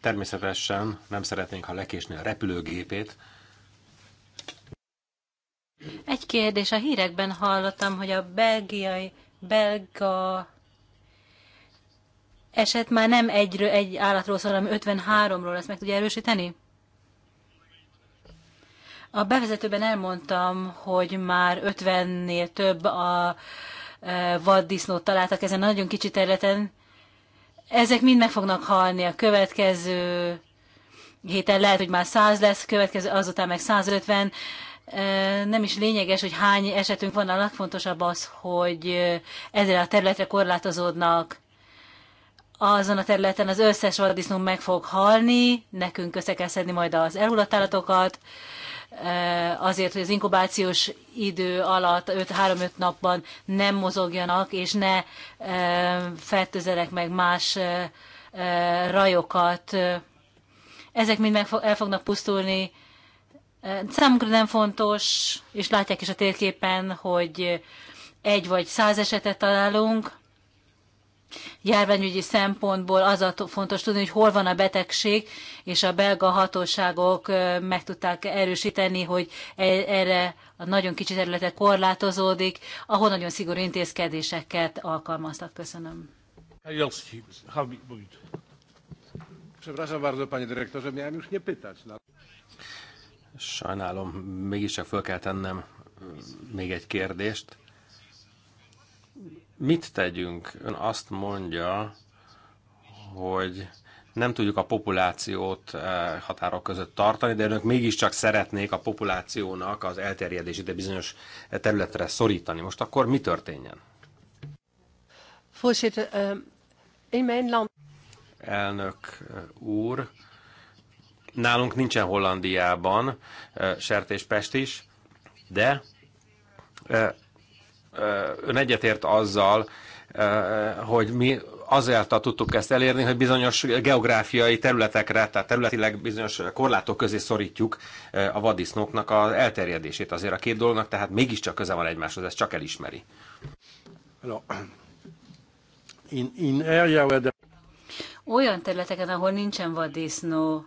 Természetesen nem szeretnénk, ha lekésnél a repülőgépét, egy kérdés, a hírekben hallottam, hogy a belgiai, belga eset már nem egyről, egy állatról szól, hanem 53-ról, ezt meg tudja erősíteni? A bevezetőben elmondtam, hogy már 50-nél több a e, vaddisznót találtak ezen a nagyon kicsi területen. Ezek mind meg fognak halni a következő héten, lehet, hogy már 100 lesz, következő azután meg 150 nem is lényeges, hogy hány esetünk van, a legfontosabb az, hogy ezre a területre korlátozódnak. Azon a területen az összes vaddisznó meg fog halni, nekünk össze kell szedni majd az elhullott állatokat, azért, hogy az inkubációs idő alatt 5-3-5 napban nem mozogjanak, és ne fertőzelek meg más rajokat. Ezek mind meg el fognak pusztulni, Számunkra nem fontos, és látják is a térképen, hogy egy vagy száz esetet találunk. Járványügyi szempontból az a fontos tudni, hogy hol van a betegség, és a belga hatóságok meg tudták erősíteni, hogy e- erre a nagyon kicsi területe korlátozódik, ahol nagyon szigorú intézkedéseket alkalmaztak. Köszönöm. Przepraszam bardzo, panie dyrektorze, miałem już nie pytać. Sajnálom, mégiscsak fel kell tennem még egy kérdést. Mit tegyünk? Ön azt mondja, hogy nem tudjuk a populációt határok között tartani, de önök mégiscsak szeretnék a populációnak az elterjedését de bizonyos területre szorítani. Most akkor mi történjen? Ehm, Elnök úr, Nálunk nincsen Hollandiában sertéspest is, de ön egyetért azzal, hogy mi azért tudtuk ezt elérni, hogy bizonyos geográfiai területekre, tehát területileg bizonyos korlátok közé szorítjuk a vadisznóknak az elterjedését. Azért a két dolognak tehát mégiscsak köze van egymáshoz, ez csak elismeri. Olyan területeken, ahol nincsen vadisznó,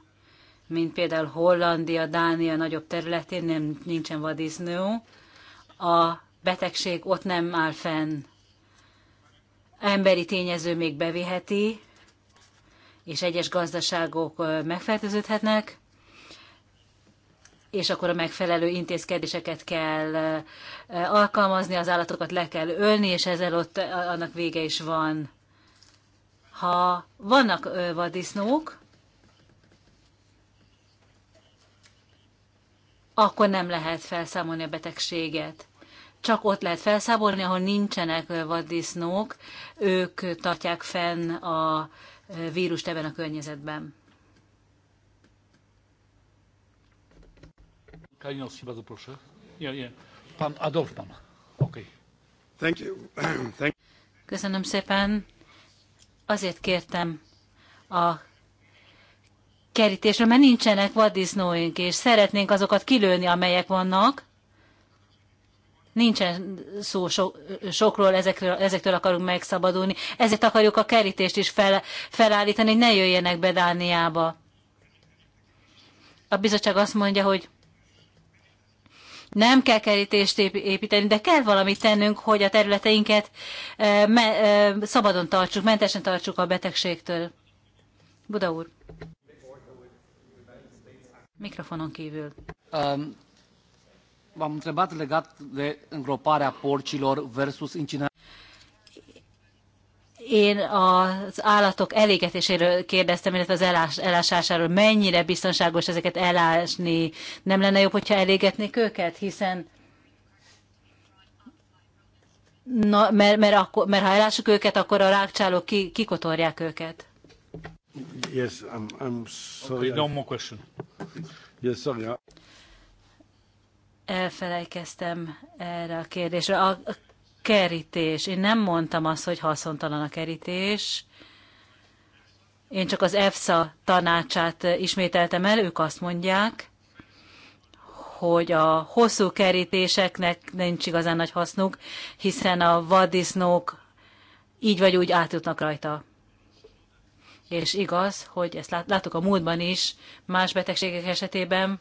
mint például Hollandia, Dánia nagyobb területén nem, nincsen vadisznó, a betegség ott nem áll fenn. Emberi tényező még beviheti, és egyes gazdaságok megfertőződhetnek, és akkor a megfelelő intézkedéseket kell alkalmazni, az állatokat le kell ölni, és ezzel ott annak vége is van. Ha vannak vadisznók, akkor nem lehet felszámolni a betegséget. Csak ott lehet felszámolni, ahol nincsenek vaddisznók, ők tartják fenn a e, vírust ebben a környezetben. Pan Adolf, pan. Thank you. Thank you. Köszönöm szépen. Azért kértem a kerítésre, mert nincsenek vaddisznóink, és szeretnénk azokat kilőni, amelyek vannak. Nincsen szó so, sokról, ezekről, ezektől akarunk megszabadulni. Ezért akarjuk a kerítést is fel, felállítani, hogy ne jöjjenek be Dániába. A bizottság azt mondja, hogy nem kell kerítést építeni, de kell valamit tennünk, hogy a területeinket e, e, szabadon tartsuk, mentesen tartsuk a betegségtől. Buda úr. Mikrofonon kívül. Um, v-am întrebat legat de îngroparea porcilor versus incinerarea. Én az állatok elégetéséről kérdeztem, illetve az elás, elásásáról. Mennyire biztonságos ezeket elásni? Nem lenne jobb, hogyha elégetnék őket? Hiszen Na, mert, mert, akkor, mert ha elássuk őket, akkor a rákcsálók ki, kikotorják őket. Yes, I'm, I'm sorry. Okay, no more question. Yes, sorry. Elfelejkeztem erre a kérdésre. A kerítés. Én nem mondtam azt, hogy haszontalan a kerítés. Én csak az EFSA tanácsát ismételtem el, ők azt mondják, hogy a hosszú kerítéseknek nincs igazán nagy hasznuk, hiszen a vaddisznók így vagy úgy átjutnak rajta és igaz, hogy ezt láttuk a múltban is más betegségek esetében,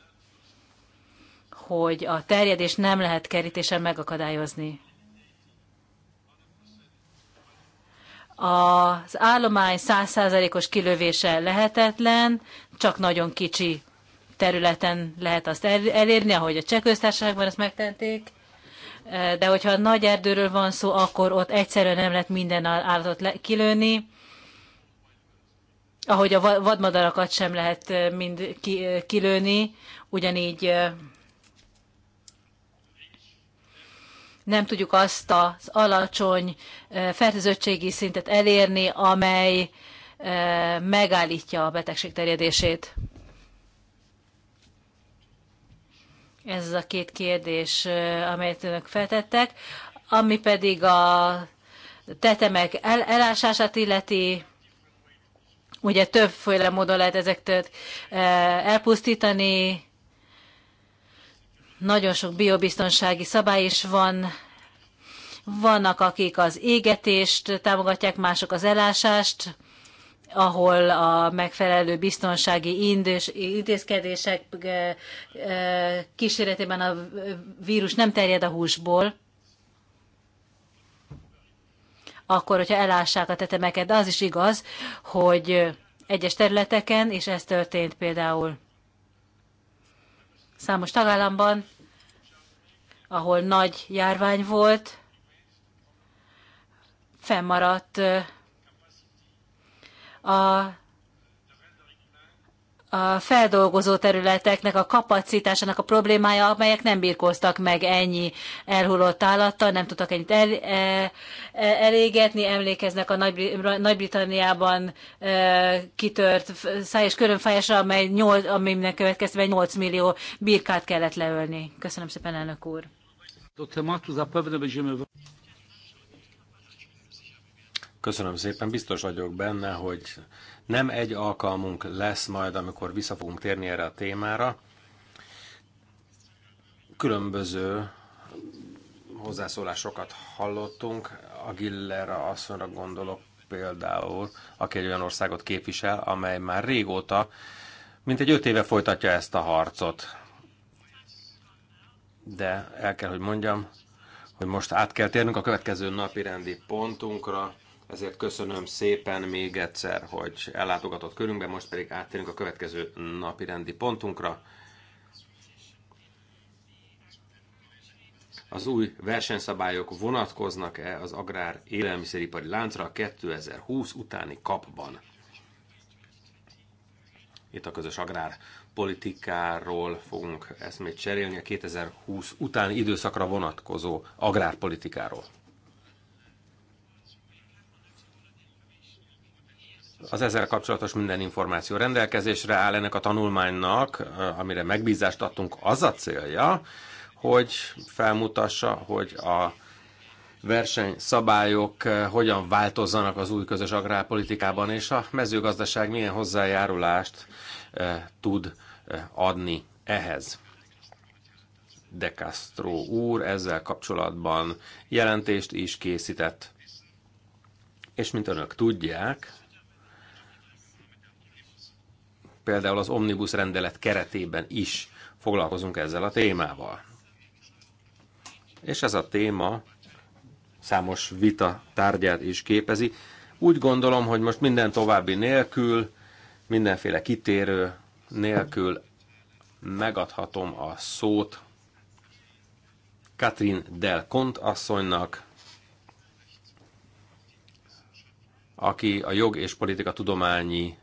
hogy a terjedés nem lehet kerítésen megakadályozni. Az állomány százszázalékos kilövése lehetetlen, csak nagyon kicsi területen lehet azt elérni, ahogy a cseh ezt megtenték, de hogyha nagy erdőről van szó, akkor ott egyszerűen nem lehet minden állatot kilőni, ahogy a vadmadarakat sem lehet mind kilőni, ugyanígy nem tudjuk azt az alacsony fertőzöttségi szintet elérni, amely megállítja a betegség terjedését. Ez az a két kérdés, amelyet önök feltettek. Ami pedig a tetemek el elásását illeti, Ugye többféle módon lehet ezeket eh, elpusztítani, nagyon sok biobiztonsági szabály is van, vannak, akik az égetést támogatják, mások az elásást, ahol a megfelelő biztonsági indős, intézkedések eh, eh, kísérletében a vírus nem terjed a húsból akkor, hogyha elássák a tetemeket. De az is igaz, hogy egyes területeken, és ez történt például számos tagállamban, ahol nagy járvány volt, fennmaradt a a feldolgozó területeknek a kapacitásának a problémája, amelyek nem birkóztak meg ennyi elhullott állattal, nem tudtak ennyit el, el, e, elégetni, emlékeznek a Nagy-Britanniában e, kitört száj- és körönfájásra, amely 8, aminek következtében 8 millió birkát kellett leölni. Köszönöm szépen, elnök úr. Köszönöm szépen, biztos vagyok benne, hogy nem egy alkalmunk lesz majd, amikor vissza fogunk térni erre a témára. Különböző hozzászólásokat hallottunk. A Gillera asszonyra gondolok például, aki egy olyan országot képvisel, amely már régóta, mint egy öt éve folytatja ezt a harcot. De el kell, hogy mondjam, hogy most át kell térnünk a következő napi rendi pontunkra, ezért köszönöm szépen még egyszer, hogy ellátogatott körünkbe, most pedig áttérünk a következő napi rendi pontunkra. Az új versenyszabályok vonatkoznak-e az agrár élelmiszeripari láncra a 2020 utáni kapban? Itt a közös agrár politikáról fogunk eszmét cserélni a 2020 utáni időszakra vonatkozó agrárpolitikáról. Az ezzel kapcsolatos minden információ rendelkezésre áll ennek a tanulmánynak, eh, amire megbízást adtunk, az a célja, hogy felmutassa, hogy a versenyszabályok eh, hogyan változzanak az új közös agrárpolitikában, és a mezőgazdaság milyen hozzájárulást eh, tud adni ehhez. De Castro úr ezzel kapcsolatban jelentést is készített. És mint önök tudják, például az Omnibus rendelet keretében is foglalkozunk ezzel a témával. És ez a téma számos vita tárgyát is képezi. Úgy gondolom, hogy most minden további nélkül, mindenféle kitérő nélkül megadhatom a szót Katrin Del Cont asszonynak, aki a jog és politika tudományi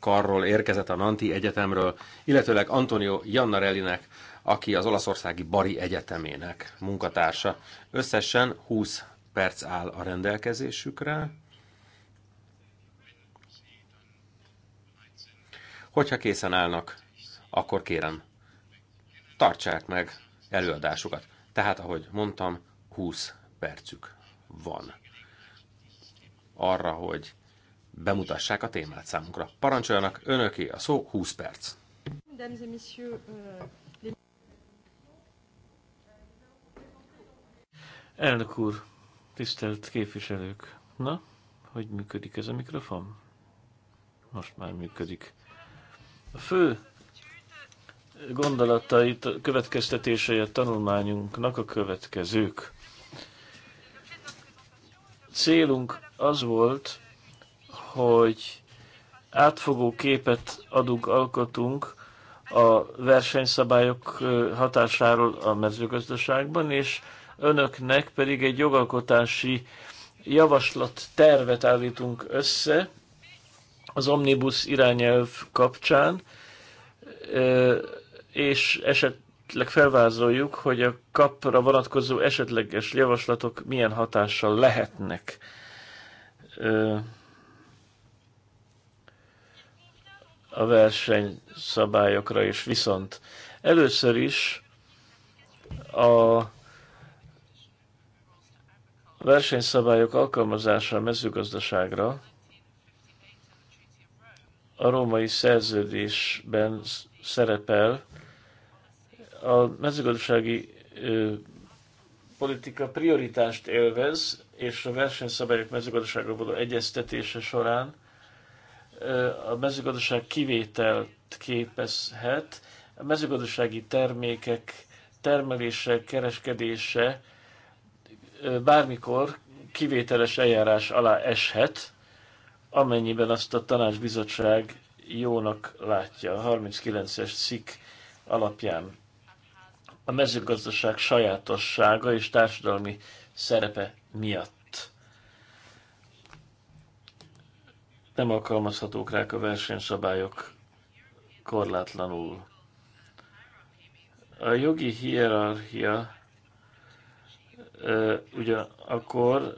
karról érkezett a Nanti Egyetemről, illetőleg Antonio Jannarellinek, aki az Olaszországi Bari Egyetemének munkatársa. Összesen 20 perc áll a rendelkezésükre. Hogyha készen állnak, akkor kérem, tartsák meg előadásukat. Tehát, ahogy mondtam, 20 percük van arra, hogy bemutassák a témát számunkra. Parancsoljanak, önöké a szó 20 perc. Euh, Elnök úr, tisztelt képviselők! Na, hogy működik ez a mikrofon? Most már működik. A fő gondolatait, következtetései a tanulmányunknak a következők. Célunk az volt, hogy átfogó képet adunk, alkotunk a versenyszabályok hatásáról a mezőgazdaságban, és önöknek pedig egy jogalkotási javaslat tervet állítunk össze az omnibus irányelv kapcsán, és esetleg felvázoljuk, hogy a kapra vonatkozó esetleges javaslatok milyen hatással lehetnek a versenyszabályokra is. Viszont először is a versenyszabályok alkalmazása a mezőgazdaságra a római szerződésben szerepel a mezőgazdasági ö, politika prioritást élvez, és a versenyszabályok mezőgazdaságra való egyeztetése során a mezőgazdaság kivételt képezhet. A mezőgazdasági termékek termelése, kereskedése bármikor kivételes eljárás alá eshet, amennyiben azt a tanácsbizottság jónak látja a 39-es cikk alapján. A mezőgazdaság sajátossága és társadalmi szerepe miatt. nem alkalmazhatók rá a versenyszabályok korlátlanul. A jogi hierarchia ugye akkor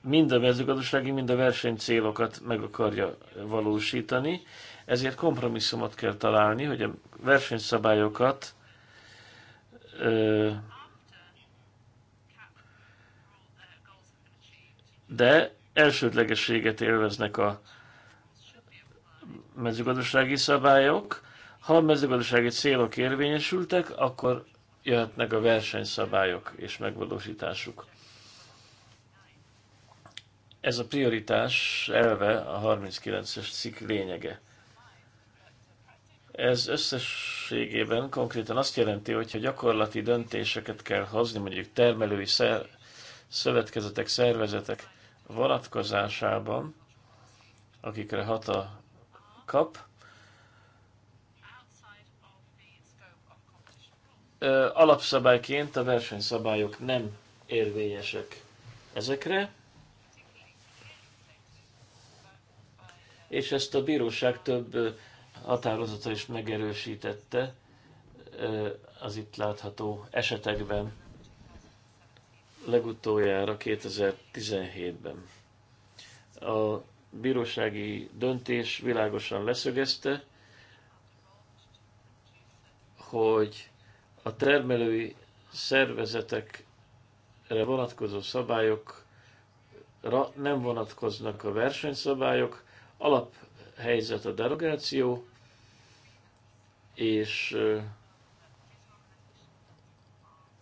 mind a mezőgazdasági, mind a versenycélokat meg akarja valósítani, ezért kompromisszumot kell találni, hogy a versenyszabályokat de elsődlegességet élveznek a mezőgazdasági szabályok. Ha a mezőgazdasági célok érvényesültek, akkor jöhetnek a versenyszabályok és megvalósításuk. Ez a prioritás elve a 39-es cikk lényege. Ez összességében konkrétan azt jelenti, hogy ha gyakorlati döntéseket kell hozni, mondjuk termelői szer, szövetkezetek, szervezetek vonatkozásában, akikre a kap, alapszabályként a versenyszabályok nem érvényesek ezekre, és ezt a bíróság több határozata is megerősítette az itt látható esetekben legutoljára 2017-ben. A bírósági döntés világosan leszögezte, hogy a termelői szervezetekre vonatkozó szabályokra nem vonatkoznak a versenyszabályok, alaphelyzet a derogáció, és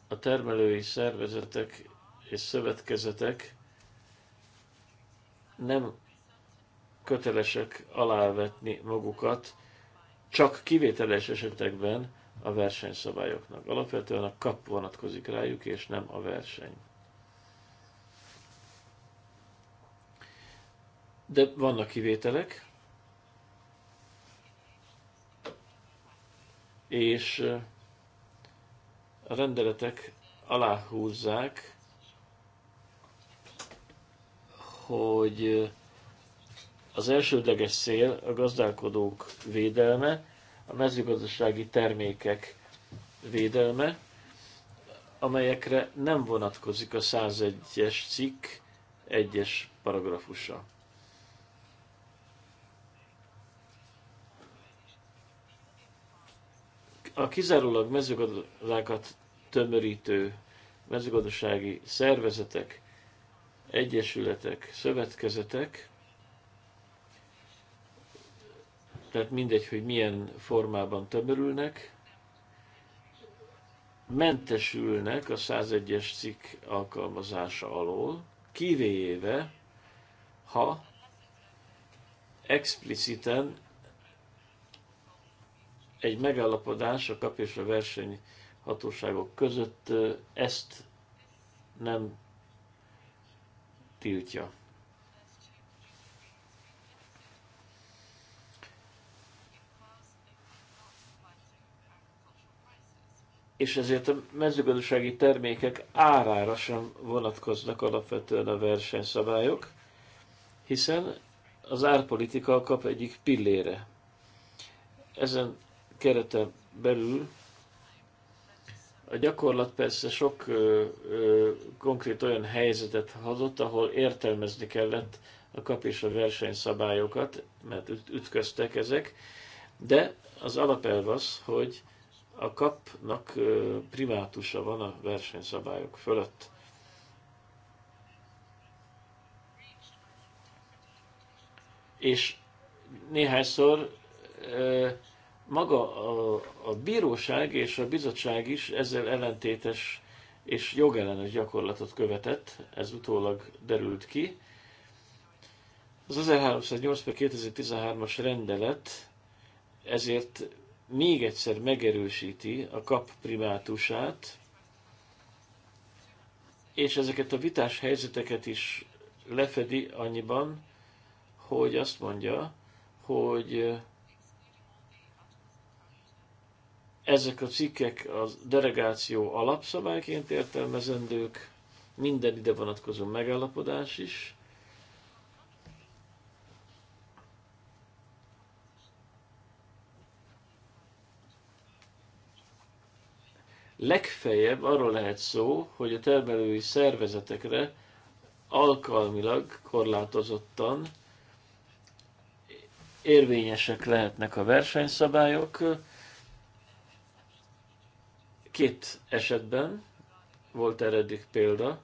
a termelői szervezetek és szövetkezetek nem kötelesek alávetni magukat, csak kivételes esetekben a versenyszabályoknak. Alapvetően a kap vonatkozik rájuk, és nem a verseny. De vannak kivételek, és a rendeletek aláhúzzák hogy az elsődleges cél a gazdálkodók védelme, a mezőgazdasági termékek védelme, amelyekre nem vonatkozik a 101-es cikk egyes paragrafusa. A kizárólag mezőgazdákat tömörítő mezőgazdasági szervezetek egyesületek, szövetkezetek, tehát mindegy, hogy milyen formában tömörülnek, mentesülnek a 101-es cikk alkalmazása alól, kivéve, ha expliciten egy megállapodás a kap és a verseny hatóságok között ezt nem tiltja. És ezért a mezőgazdasági termékek árára sem vonatkoznak alapvetően a versenyszabályok, hiszen az árpolitika kap egyik pillére. Ezen kereten belül a gyakorlat persze sok ö, ö, konkrét olyan helyzetet hozott, ahol értelmezni kellett a kap és a versenyszabályokat, mert ütköztek ezek, de az alapelv az, hogy a kapnak privátusa van a versenyszabályok fölött. És néhányszor maga a, a bíróság és a bizottság is ezzel ellentétes és jogellenes gyakorlatot követett, ez utólag derült ki. Az 1308 2013-as rendelet ezért még egyszer megerősíti a kap primátusát, és ezeket a vitás helyzeteket is lefedi annyiban, hogy azt mondja, hogy Ezek a cikkek a delegáció alapszabályként értelmezendők, minden ide vonatkozó megállapodás is. Legfeljebb arról lehet szó, hogy a termelői szervezetekre alkalmilag, korlátozottan érvényesek lehetnek a versenyszabályok, Két esetben volt eredik példa,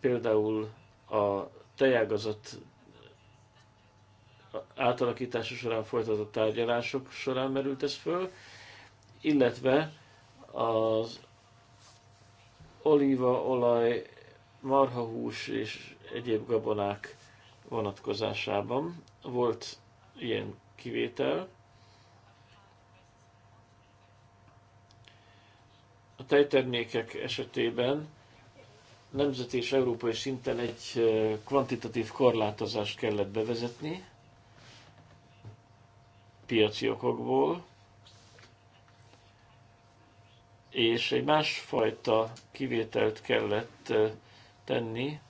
például a tejágazat átalakítása során folytatott tárgyalások során merült ez föl, illetve az olívaolaj, marhahús és egyéb gabonák vonatkozásában volt ilyen kivétel. a tejtermékek esetében nemzeti és európai szinten egy kvantitatív korlátozást kellett bevezetni piaci okokból, és egy másfajta kivételt kellett tenni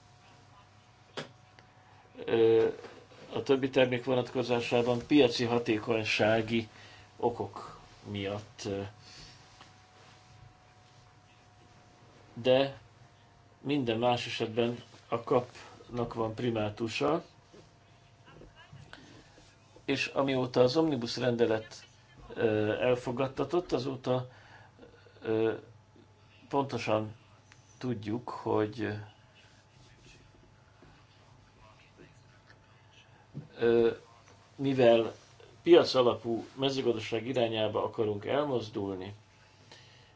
a többi termék vonatkozásában piaci hatékonysági okok miatt de minden más esetben a kapnak van primátusa, és amióta az omnibus rendelet elfogadtatott, azóta pontosan tudjuk, hogy mivel piac alapú mezőgazdaság irányába akarunk elmozdulni,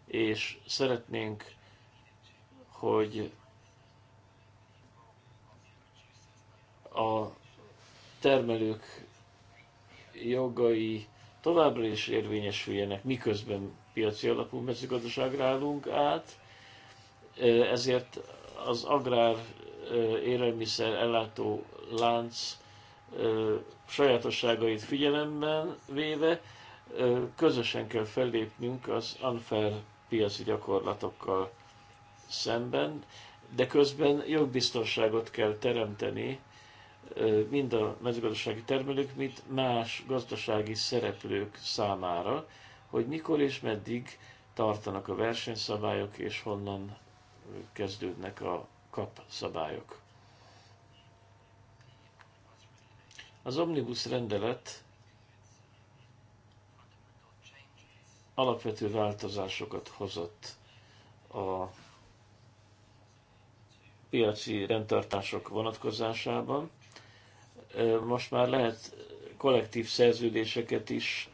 és szeretnénk hogy a termelők jogai továbbra is érvényesüljenek, miközben piaci alapú mezőgazdaságra állunk át, ezért az agrár élelmiszer ellátó lánc sajátosságait figyelemben véve közösen kell fellépnünk az unfair piaci gyakorlatokkal szemben, de közben jogbiztonságot kell teremteni mind a mezőgazdasági termelők, mint más gazdasági szereplők számára, hogy mikor és meddig tartanak a versenyszabályok, és honnan kezdődnek a kap szabályok. Az omnibus rendelet alapvető változásokat hozott a piaci rendtartások vonatkozásában. Most már lehet kollektív szerződéseket is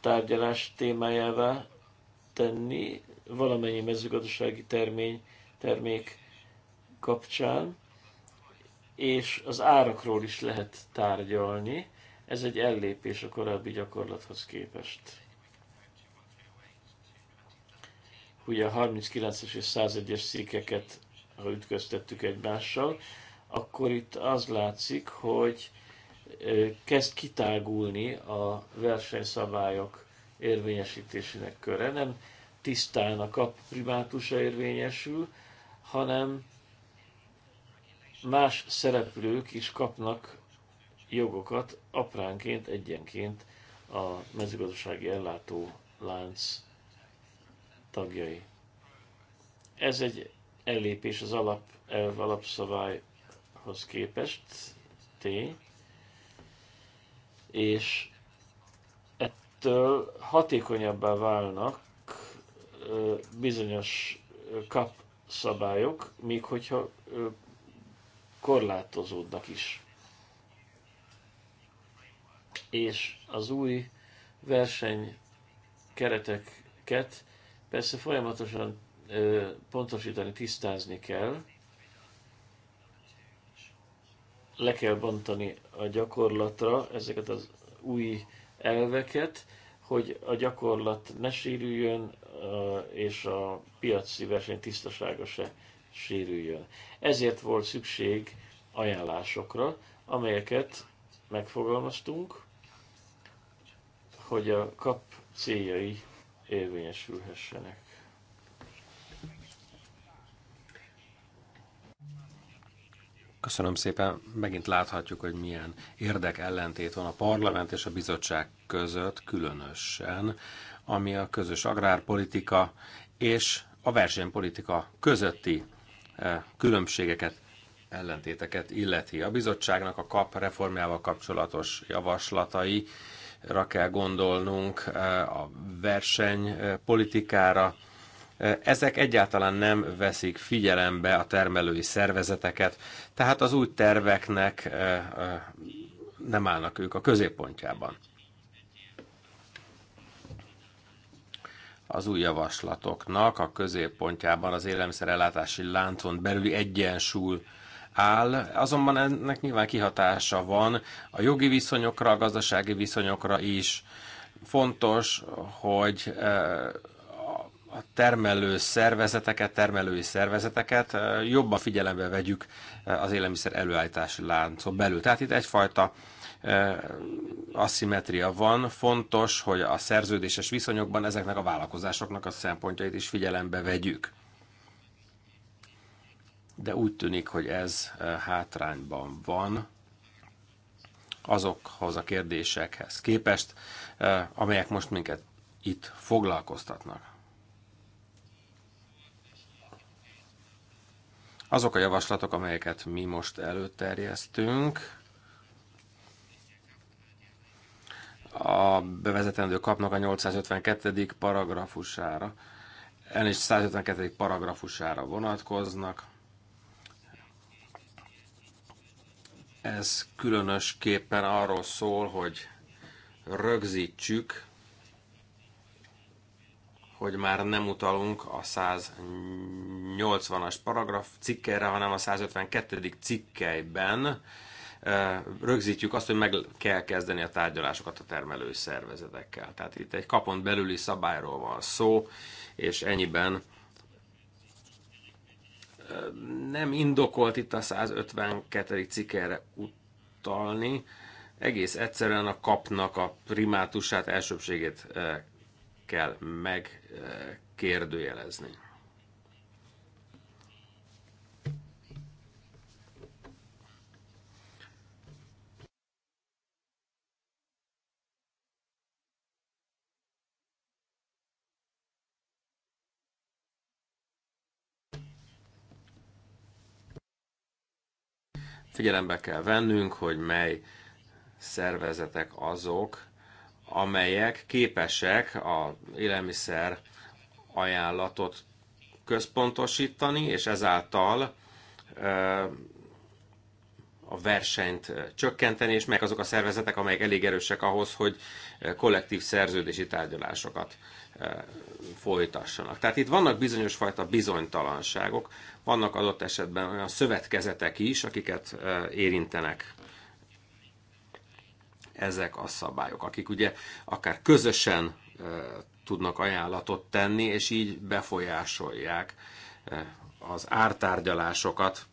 tárgyalás témájává tenni valamennyi mezőgazdasági termény, termék kapcsán, és az árakról is lehet tárgyalni. Ez egy ellépés a korábbi gyakorlathoz képest. Ugye a 39-es és 101-es székeket ha ütköztettük egymással, akkor itt az látszik, hogy kezd kitágulni a versenyszabályok érvényesítésének köre. Nem tisztán a kap primátusa érvényesül, hanem más szereplők is kapnak jogokat apránként, egyenként a mezőgazdasági ellátó lánc tagjai. Ez egy ellépés az alap, elv alapszabályhoz képest, T, és ettől hatékonyabbá válnak bizonyos kap szabályok, még hogyha korlátozódnak is. És az új verseny kereteket persze folyamatosan pontosítani, tisztázni kell, le kell bontani a gyakorlatra ezeket az új elveket, hogy a gyakorlat ne sérüljön, és a piaci verseny tisztasága se sérüljön. Ezért volt szükség ajánlásokra, amelyeket megfogalmaztunk, hogy a kap céljai érvényesülhessenek. Köszönöm szépen. Megint láthatjuk, hogy milyen érdek ellentét van a parlament és a bizottság között, különösen, ami a közös agrárpolitika és a versenypolitika közötti eh, különbségeket, ellentéteket illeti. A bizottságnak a kap reformjával kapcsolatos javaslatai, kell gondolnunk eh, a versenypolitikára, ezek egyáltalán nem veszik figyelembe a termelői szervezeteket, tehát az új terveknek eh, eh, nem állnak ők a középpontjában. az új javaslatoknak a középpontjában az élelmiszerellátási láncon belüli egyensúly áll, azonban ennek nyilván kihatása van a jogi viszonyokra, a gazdasági viszonyokra is. Fontos, hogy eh, a termelő szervezeteket, termelői szervezeteket jobban figyelembe vegyük az élelmiszer előállítási láncon belül. Tehát itt egyfajta aszimetria van. Fontos, hogy a szerződéses viszonyokban ezeknek a vállalkozásoknak a szempontjait is figyelembe vegyük. De úgy tűnik, hogy ez hátrányban van azokhoz a kérdésekhez képest, amelyek most minket itt foglalkoztatnak. Azok a javaslatok, amelyeket mi most előterjesztünk, a bevezetendő kapnak a 852. paragrafusára, is 152. paragrafusára vonatkoznak. Ez különösképpen arról szól, hogy rögzítsük, hogy már nem utalunk a 180-as paragraf cikkelre, hanem a 152. cikkelyben rögzítjük azt, hogy meg kell kezdeni a tárgyalásokat a termelői szervezetekkel. Tehát itt egy kapon belüli szabályról van szó, és ennyiben nem indokolt itt a 152. cikkelre utalni, egész egyszerűen a kapnak a primátusát, elsőbségét kell megkérdőjelezni. Figyelembe kell vennünk, hogy mely szervezetek azok, amelyek képesek a élelmiszer ajánlatot központosítani, és ezáltal a versenyt csökkenteni, és meg azok a szervezetek, amelyek elég erősek ahhoz, hogy kollektív szerződési tárgyalásokat folytassanak. Tehát itt vannak bizonyos fajta bizonytalanságok, vannak adott esetben olyan szövetkezetek is, akiket érintenek ezek a szabályok, akik ugye akár közösen tudnak ajánlatot tenni, és így befolyásolják az ártárgyalásokat,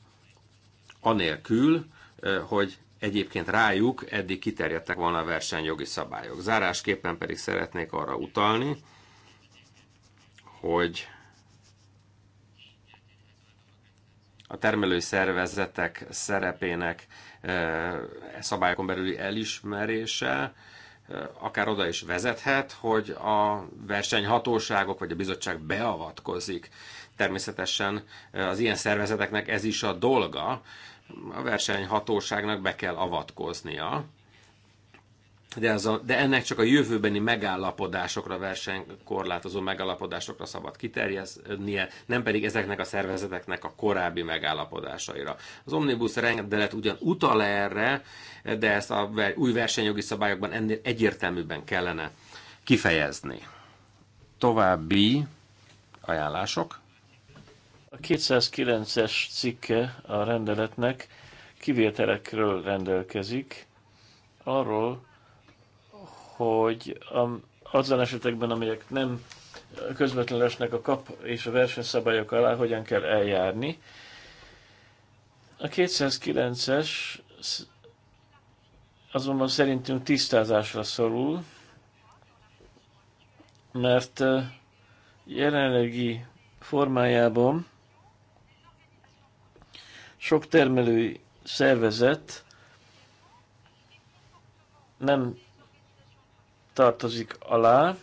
anélkül, hogy egyébként rájuk eddig kiterjedtek volna a versenyjogi szabályok. Zárásképpen pedig szeretnék arra utalni, hogy a termelői szervezetek szerepének szabályokon belüli elismerése akár oda is vezethet, hogy a versenyhatóságok vagy a bizottság beavatkozik. Természetesen az ilyen szervezeteknek ez is a dolga, a versenyhatóságnak be kell avatkoznia de, ez a, de ennek csak a jövőbeni megállapodásokra, versenykorlátozó megállapodásokra szabad kiterjednie, nem pedig ezeknek a szervezeteknek a korábbi megállapodásaira. Az Omnibus rendelet ugyan utal erre, de ezt a új versenyjogi szabályokban ennél egyértelműbben kellene kifejezni. További ajánlások. A 209-es cikke a rendeletnek kivételekről rendelkezik, arról, hogy azon esetekben, amelyek nem közvetlenül esnek a kap és a versenyszabályok alá, hogyan kell eljárni. A 209-es azonban szerintünk tisztázásra szorul, mert jelenlegi formájában sok termelői szervezet nem tartozik alá,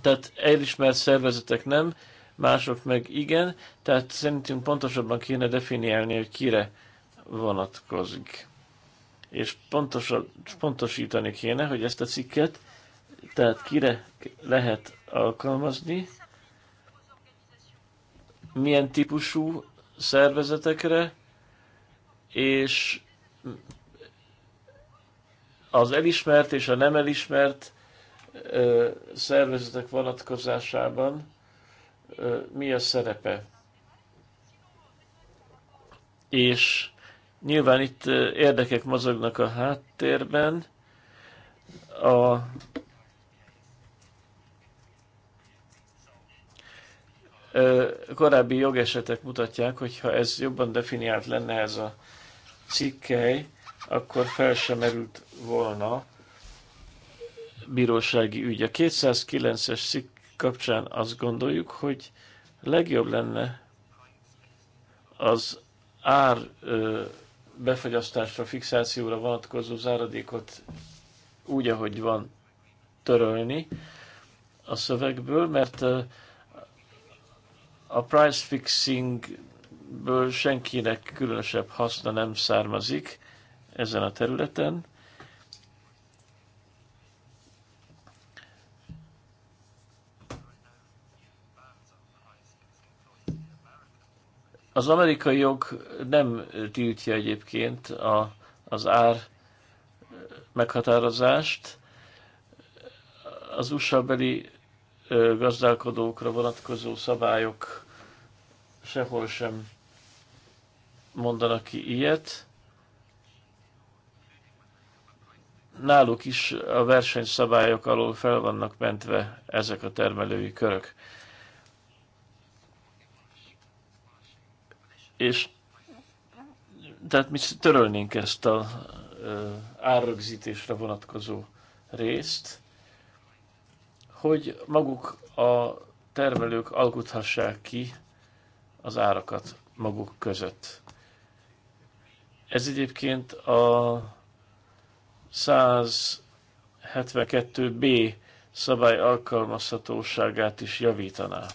tehát elismert szervezetek nem, mások meg igen, tehát szerintünk pontosabban kéne definiálni, hogy kire vonatkozik. És pontosítani kéne, hogy ezt a cikket, tehát kire lehet alkalmazni, milyen típusú szervezetekre, és az elismert és a nem elismert ö, szervezetek vonatkozásában ö, mi a szerepe. És nyilván itt érdekek mozognak a háttérben. A korábbi jogesetek mutatják, hogy ha ez jobban definiált lenne ez a cikkely, akkor fel sem merült volna bírósági ügy. A 209-es szik kapcsán azt gondoljuk, hogy legjobb lenne az ár ö, befagyasztásra, fixációra vonatkozó záradékot úgy, ahogy van törölni a szövegből, mert a price fixingből senkinek különösebb haszna nem származik, ezen a területen. Az amerikai jog nem tiltja egyébként a, az ár meghatározást. Az USA beli gazdálkodókra vonatkozó szabályok sehol sem mondanak ki ilyet. náluk is a versenyszabályok alól fel vannak mentve ezek a termelői körök. És tehát mi törölnénk ezt az árrögzítésre vonatkozó részt, hogy maguk a termelők alkuthassák ki az árakat maguk között. Ez egyébként a 172b szabály alkalmazhatóságát is javítaná.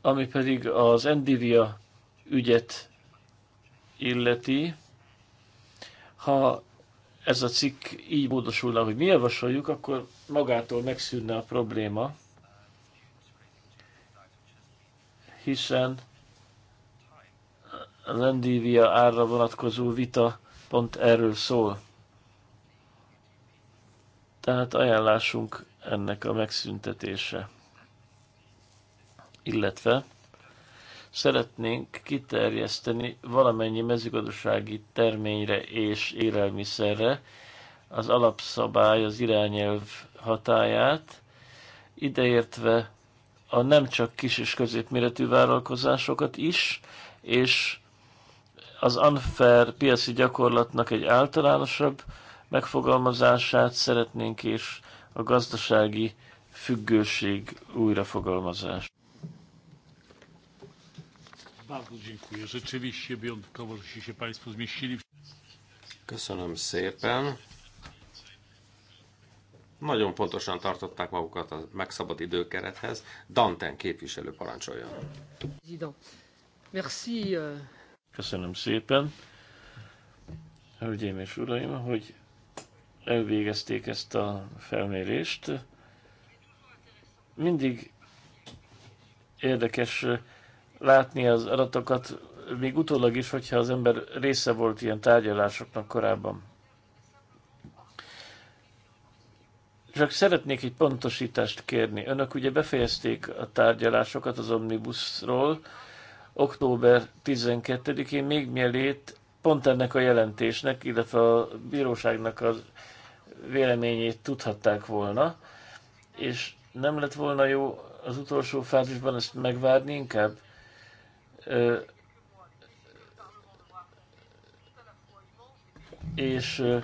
Ami pedig az Endivia ügyet illeti, ha ez a cikk így módosulna, hogy mi javasoljuk, akkor magától megszűnne a probléma, hiszen az Endívia árra vonatkozó vita pont erről szól. Tehát ajánlásunk ennek a megszüntetése. Illetve szeretnénk kiterjeszteni valamennyi mezőgazdasági terményre és élelmiszerre az alapszabály, az irányelv hatáját, ideértve a nem csak kis és középméretű vállalkozásokat is, és az unfair piaci gyakorlatnak egy általánosabb megfogalmazását szeretnénk, és a gazdasági függőség újrafogalmazás. Köszönöm szépen. Nagyon pontosan tartották magukat a megszabad időkerethez. Danten képviselő parancsoljon. Merci. Euh, Köszönöm szépen, hölgyeim és uraim, hogy elvégezték ezt a felmérést. Mindig érdekes látni az adatokat, még utólag is, hogyha az ember része volt ilyen tárgyalásoknak korábban. Csak szeretnék egy pontosítást kérni. Önök ugye befejezték a tárgyalásokat az Omnibusról, október 12-én, még mielőtt pont ennek a jelentésnek, illetve a bíróságnak a véleményét tudhatták volna, és nem lett volna jó az utolsó fázisban ezt megvárni inkább? Ö, és ö,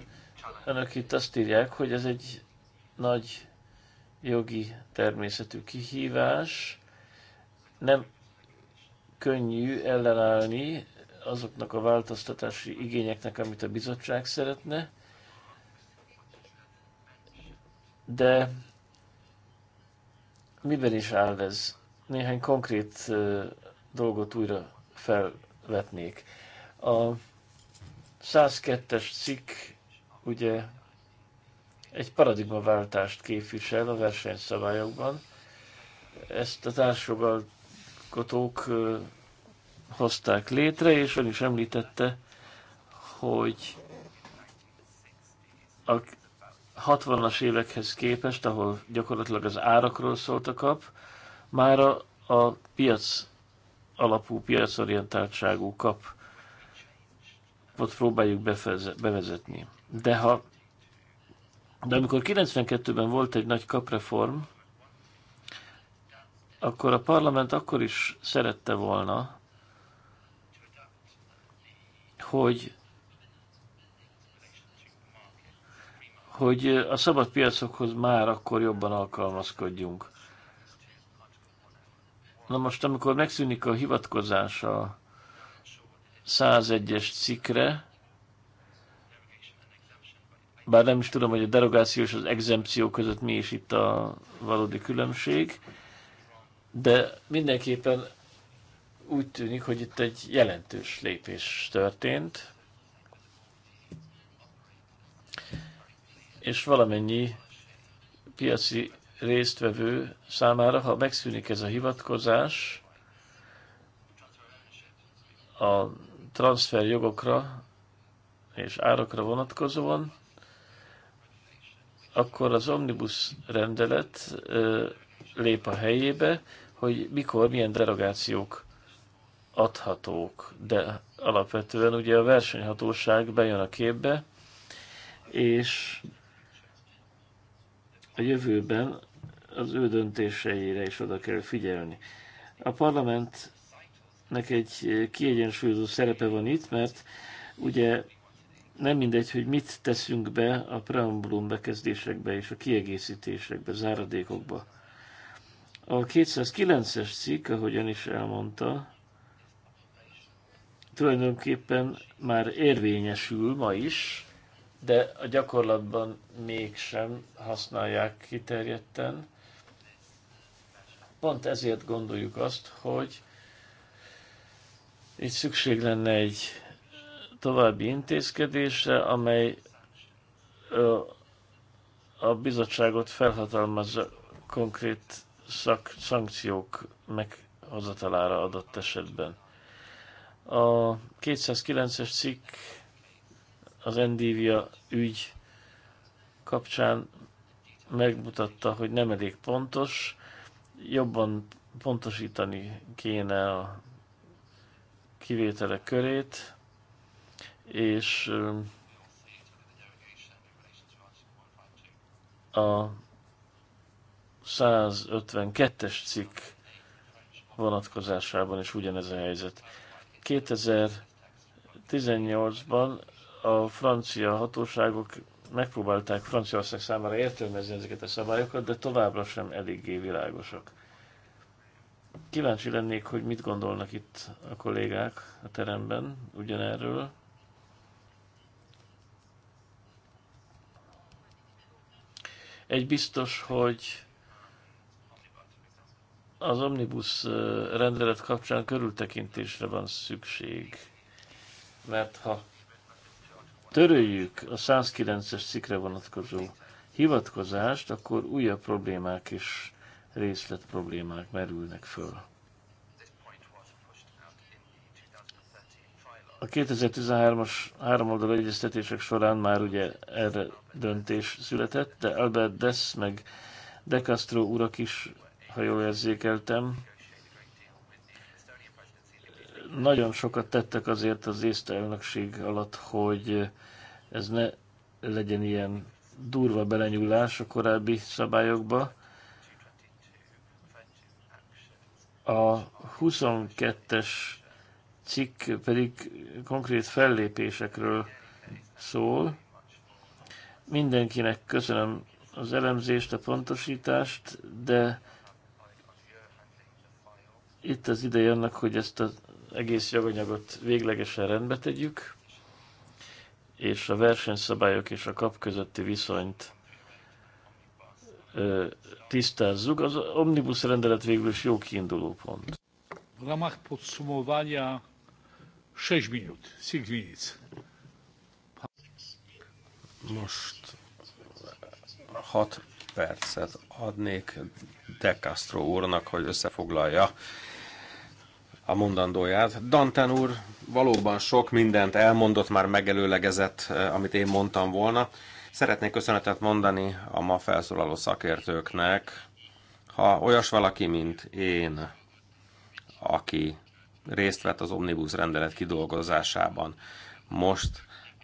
önök itt azt írják, hogy ez egy nagy jogi természetű kihívás, nem könnyű ellenállni azoknak a változtatási igényeknek, amit a bizottság szeretne, de miben is áll ez? Néhány konkrét dolgot újra felvetnék. A 102-es cikk ugye egy paradigmaváltást képvisel a versenyszabályokban. Ezt a társadalmat jogalkotók hozták létre, és ön is említette, hogy a 60-as évekhez képest, ahol gyakorlatilag az árakról szólt a kap, már a, a piac alapú, piacorientáltságú kap, ott próbáljuk bevezetni. De ha de amikor 92-ben volt egy nagy kapreform, akkor a parlament akkor is szerette volna, hogy hogy a szabad piacokhoz már akkor jobban alkalmazkodjunk. Na most, amikor megszűnik a hivatkozás a 101-es cikre, bár nem is tudom, hogy a derogáció és az exempció között mi is itt a valódi különbség, de mindenképpen úgy tűnik, hogy itt egy jelentős lépés történt, és valamennyi piaci résztvevő számára, ha megszűnik ez a hivatkozás a transfer jogokra és árakra vonatkozóan, akkor az omnibus rendelet lép a helyébe, hogy mikor milyen derogációk adhatók, de alapvetően ugye a versenyhatóság bejön a képbe, és a jövőben az ő döntéseire is oda kell figyelni. A parlamentnek egy kiegyensúlyozó szerepe van itt, mert ugye nem mindegy, hogy mit teszünk be a preambulum bekezdésekbe és a kiegészítésekbe, záradékokba. A 209-es cikk, ahogyan is elmondta, tulajdonképpen már érvényesül ma is, de a gyakorlatban mégsem használják kiterjedten. Pont ezért gondoljuk azt, hogy itt szükség lenne egy további intézkedésre, amely a bizottságot felhatalmazza konkrét szak, szankciók meghozatalára adott esetben. A 209-es cikk az Endívia ügy kapcsán megmutatta, hogy nem elég pontos, jobban pontosítani kéne a kivételek körét, és a 152-es cikk vonatkozásában is ugyanez a helyzet. 2018-ban a francia hatóságok megpróbálták Franciaország számára értelmezni ezeket a szabályokat, de továbbra sem eléggé világosak. Kíváncsi lennék, hogy mit gondolnak itt a kollégák a teremben ugyanerről. Egy biztos, hogy az omnibus rendelet kapcsán körültekintésre van szükség, mert ha töröljük a 109-es cikre vonatkozó hivatkozást, akkor újabb problémák és részlet problémák merülnek föl. A 2013-as háromoldalú egyeztetések során már ugye erre döntés született, de Albert Dess meg De Castro urak is ha jól érzékeltem. Nagyon sokat tettek azért az észt elnökség alatt, hogy ez ne legyen ilyen durva belenyúlás a korábbi szabályokba. A 22-es cikk pedig konkrét fellépésekről szól. Mindenkinek köszönöm az elemzést, a pontosítást, de itt az ideje annak, hogy ezt az egész joganyagot véglegesen rendbe tegyük, és a versenyszabályok és a kap közötti viszonyt ö, tisztázzuk. Az omnibus rendelet végül is jó kiinduló pont. W ramach podsumowania 6 minut, 6 minut. Most 6 percet adnék De Castro úrnak, hogy összefoglalja a mondandóját. Dantán úr valóban sok mindent elmondott, már megelőlegezett, eh, amit én mondtam volna. Szeretnék köszönetet mondani a ma felszólaló szakértőknek. Ha olyas valaki, mint én, aki részt vett az Omnibus rendelet kidolgozásában, most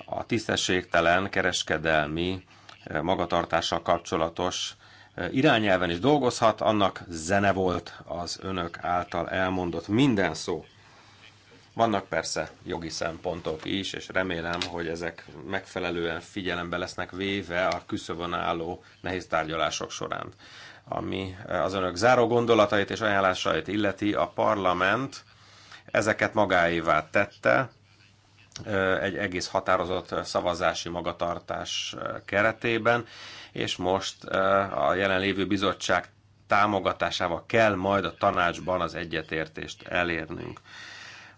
a tisztességtelen kereskedelmi eh, magatartással kapcsolatos irányelven is dolgozhat, annak zene volt az önök által elmondott minden szó. Vannak persze jogi szempontok is, és remélem, hogy ezek megfelelően figyelembe lesznek véve a küszöbön álló nehéz tárgyalások során. Ami az önök záró gondolatait és ajánlásait illeti, a parlament ezeket magáévá tette, egy egész határozott szavazási magatartás keretében, és most a jelenlévő bizottság támogatásával kell majd a tanácsban az egyetértést elérnünk.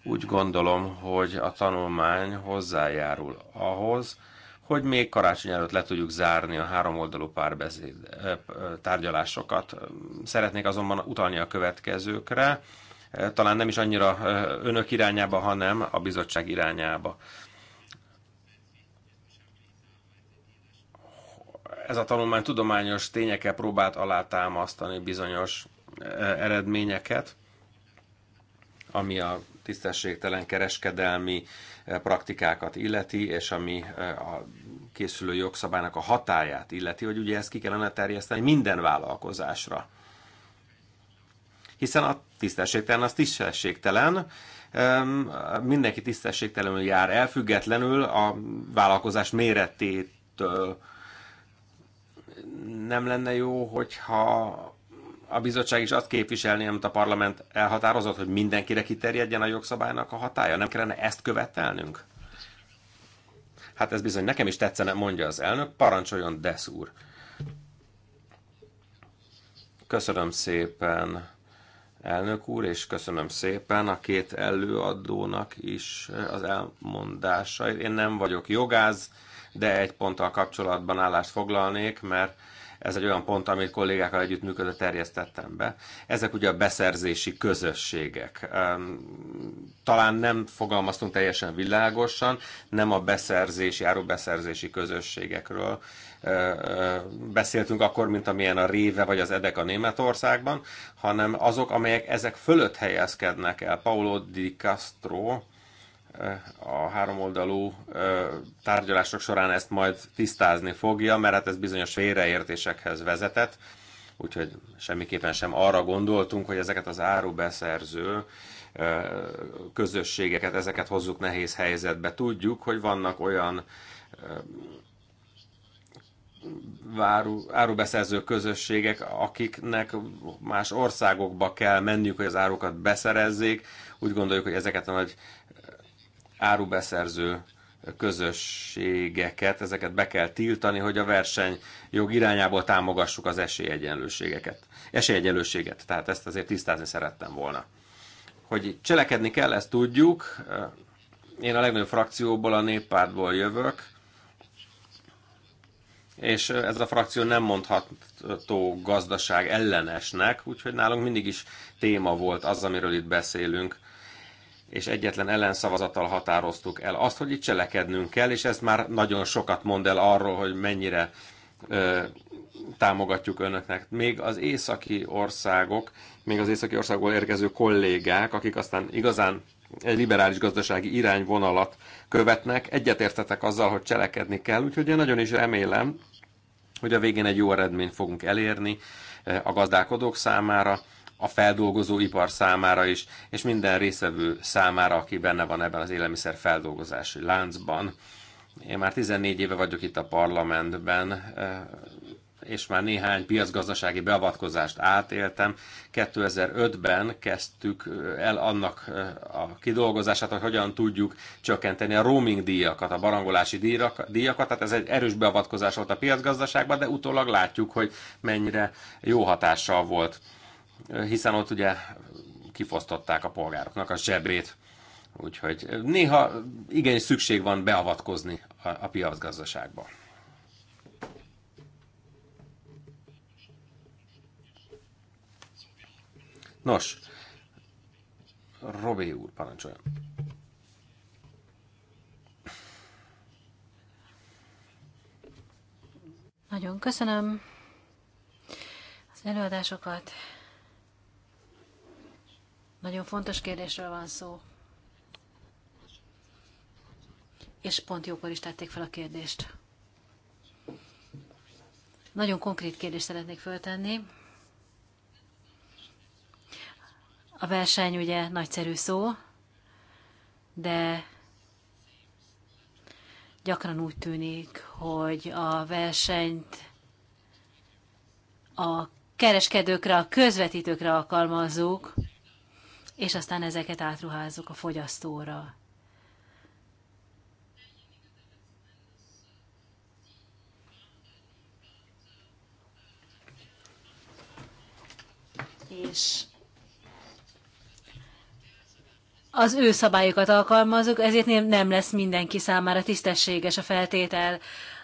Úgy gondolom, hogy a tanulmány hozzájárul ahhoz, hogy még karácsony előtt le tudjuk zárni a háromoldalú párbeszéd tárgyalásokat. Szeretnék azonban utalni a következőkre, talán nem is annyira önök irányába, hanem a bizottság irányába. ez a tanulmány tudományos tényekkel próbált alátámasztani bizonyos e, eredményeket, ami a tisztességtelen kereskedelmi e, praktikákat illeti, és ami e, a készülő jogszabálynak a hatáját illeti, hogy ugye ezt ki kellene terjeszteni minden vállalkozásra. Hiszen a tisztességtelen az tisztességtelen, mindenki tisztességtelenül jár el, függetlenül a vállalkozás méretétől nem lenne jó, hogyha a bizottság is azt képviselni, amit a parlament elhatározott, hogy mindenkire kiterjedjen a jogszabálynak a hatája? Nem kellene ezt követelnünk? Hát ez bizony nekem is tetszene, mondja az elnök. Parancsoljon, Desz úr! Köszönöm szépen, elnök úr, és köszönöm szépen a két előadónak is az elmondásait. Én nem vagyok jogász, de egy ponttal kapcsolatban állást foglalnék, mert ez egy olyan pont, amit kollégákkal együttműködve terjesztettem be. Ezek ugye a beszerzési közösségek. Talán nem fogalmaztunk teljesen világosan, nem a beszerzési, árubeszerzési közösségekről beszéltünk akkor, mint amilyen a Réve vagy az Edek a Németországban, hanem azok, amelyek ezek fölött helyezkednek el. Paulo Di Castro, a háromoldalú tárgyalások során ezt majd tisztázni fogja, mert hát ez bizonyos félreértésekhez vezetett, úgyhogy semmiképpen sem arra gondoltunk, hogy ezeket az árubeszerző közösségeket, ezeket hozzuk nehéz helyzetbe. Tudjuk, hogy vannak olyan váru, árubeszerző közösségek, akiknek más országokba kell menniük, hogy az árukat beszerezzék. Úgy gondoljuk, hogy ezeket a nagy árubeszerző közösségeket, ezeket be kell tiltani, hogy a verseny jog irányából támogassuk az esélyegyenlőségeket. Esélyegyenlőséget, tehát ezt azért tisztázni szerettem volna. Hogy cselekedni kell, ezt tudjuk. Én a legnagyobb frakcióból, a néppártból jövök, és ez a frakció nem mondható gazdaság ellenesnek, úgyhogy nálunk mindig is téma volt az, amiről itt beszélünk és egyetlen ellenszavazattal határoztuk el azt, hogy itt cselekednünk kell, és ez már nagyon sokat mond el arról, hogy mennyire ö, támogatjuk önöknek. Még az északi országok, még az északi országból érkező kollégák, akik aztán igazán egy liberális gazdasági irányvonalat követnek, egyetértetek azzal, hogy cselekedni kell, úgyhogy én nagyon is remélem, hogy a végén egy jó eredményt fogunk elérni a gazdálkodók számára, a feldolgozó ipar számára is, és minden részvevő számára, aki benne van ebben az élelmiszer feldolgozási láncban. Én már 14 éve vagyok itt a parlamentben, eh, és már néhány piacgazdasági beavatkozást átéltem. 2005-ben kezdtük eh, el annak eh, a kidolgozását, hogy hogyan tudjuk csökkenteni a roaming díjakat, a barangolási díjakat, tehát ez egy erős beavatkozás volt a piacgazdaságban, de utólag látjuk, hogy mennyire jó hatással volt hiszen ott ugye kifosztották a polgároknak a zsebét. Úgyhogy néha igenis szükség van beavatkozni a, a piacgazdaságba. Nos, Robé úr, parancsoljon. Nagyon köszönöm az előadásokat. Nagyon fontos kérdésről van szó. És pont jókor is tették fel a kérdést. Nagyon konkrét kérdést szeretnék föltenni. A verseny ugye nagyszerű szó, de gyakran úgy tűnik, hogy a versenyt a kereskedőkre, a közvetítőkre alkalmazzuk, és aztán ezeket átruházzuk a fogyasztóra. És az ő szabályokat alkalmazunk, ezért nem lesz mindenki számára tisztességes a feltétel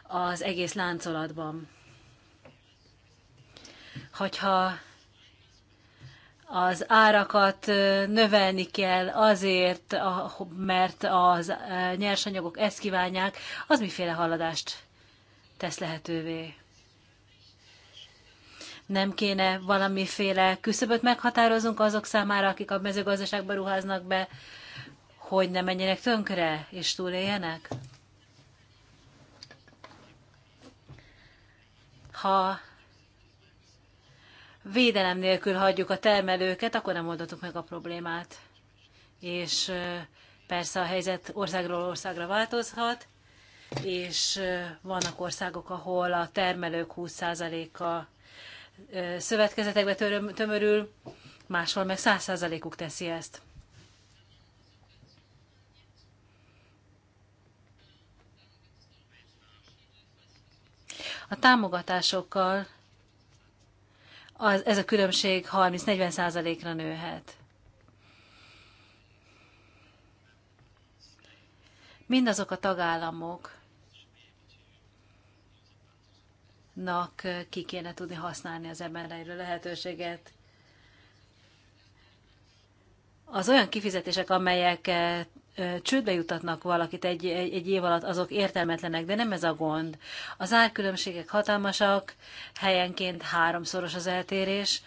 az egész láncolatban. Hogyha az árakat növelni kell azért, mert az nyersanyagok ezt kívánják, az miféle haladást tesz lehetővé? Nem kéne valamiféle küszöböt meghatározunk azok számára, akik a mezőgazdaságba ruháznak be, hogy ne menjenek tönkre és túléljenek? Ha védelem nélkül hagyjuk a termelőket, akkor nem oldottuk meg a problémát. És persze a helyzet országról országra változhat, és vannak országok, ahol a termelők 20%-a szövetkezetekbe tömörül, máshol meg 100%-uk teszi ezt. A támogatásokkal az, ez a különbség 30-40 százalékra nőhet. Mindazok a tagállamok, nak eh, ki kéne tudni használni az ebben lehetőséget. Az olyan kifizetések, amelyeket csődbe jutatnak valakit egy, egy, egy év alatt, azok értelmetlenek, de nem ez a gond. Az árkülönbségek hatalmasak, helyenként háromszoros az eltérés.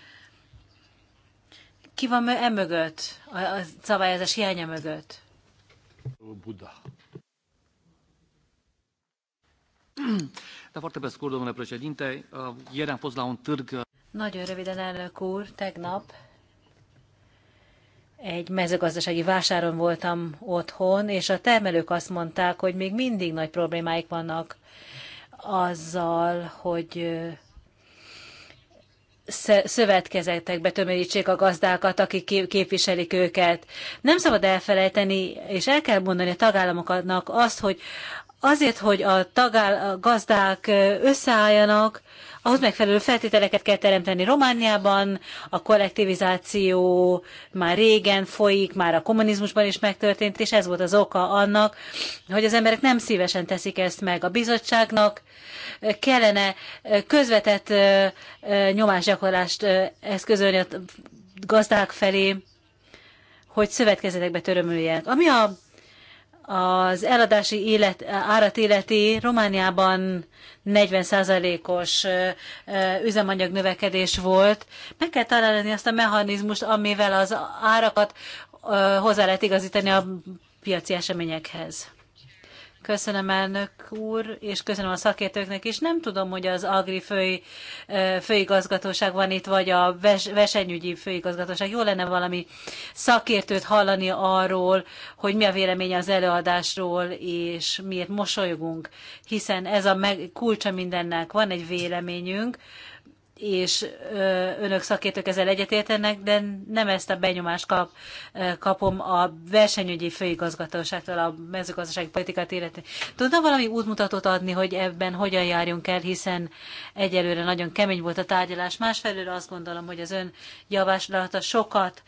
Ki van e mögött? a, a szabályozás hiánya mögött? Buddha. De foarte pe scurt, domnule președinte, ieri fost la un târg. Nagyon röviden, elnök úr, tegnap egy mezőgazdasági vásáron voltam otthon, és a termelők azt mondták, hogy még mindig nagy problémáik vannak azzal, hogy szövetkezetekbe tömörítsék a gazdákat, akik képviselik őket. Nem szabad elfelejteni, és el kell mondani a tagállamoknak azt, hogy azért, hogy a, tagáll- a gazdák összeálljanak, ahhoz megfelelő feltételeket kell teremteni Romániában, a kollektivizáció már régen folyik, már a kommunizmusban is megtörtént, és ez volt az oka annak, hogy az emberek nem szívesen teszik ezt meg. A bizottságnak eh, kellene eh, közvetett eh, nyomásgyakorlást eszközölni a gazdák felé, hogy szövetkezetekbe törömüljenek. Ami a az eladási élet, árat életi Romániában 40%-os üzemanyag növekedés volt. Meg kell találni azt a mechanizmust, amivel az árakat hozzá lehet igazítani a piaci eseményekhez. Köszönöm elnök úr, és köszönöm a szakértőknek is. Nem tudom, hogy az Agri fő, eh, főigazgatóság van itt, vagy a ves, Vesenyügyi főigazgatóság. Jó lenne valami szakértőt hallani arról, hogy mi a vélemény az előadásról, és miért mosolygunk, hiszen ez a meg, kulcsa mindennek. Van egy véleményünk, és önök szakértők ezzel egyetértenek, de nem ezt a benyomást kap, kapom a versenyügyi főigazgatóságtól, a mezőgazdasági politikát életén. Tudna valami útmutatót adni, hogy ebben hogyan járjunk el, hiszen egyelőre nagyon kemény volt a tárgyalás. Másfelől azt gondolom, hogy az ön javaslata sokat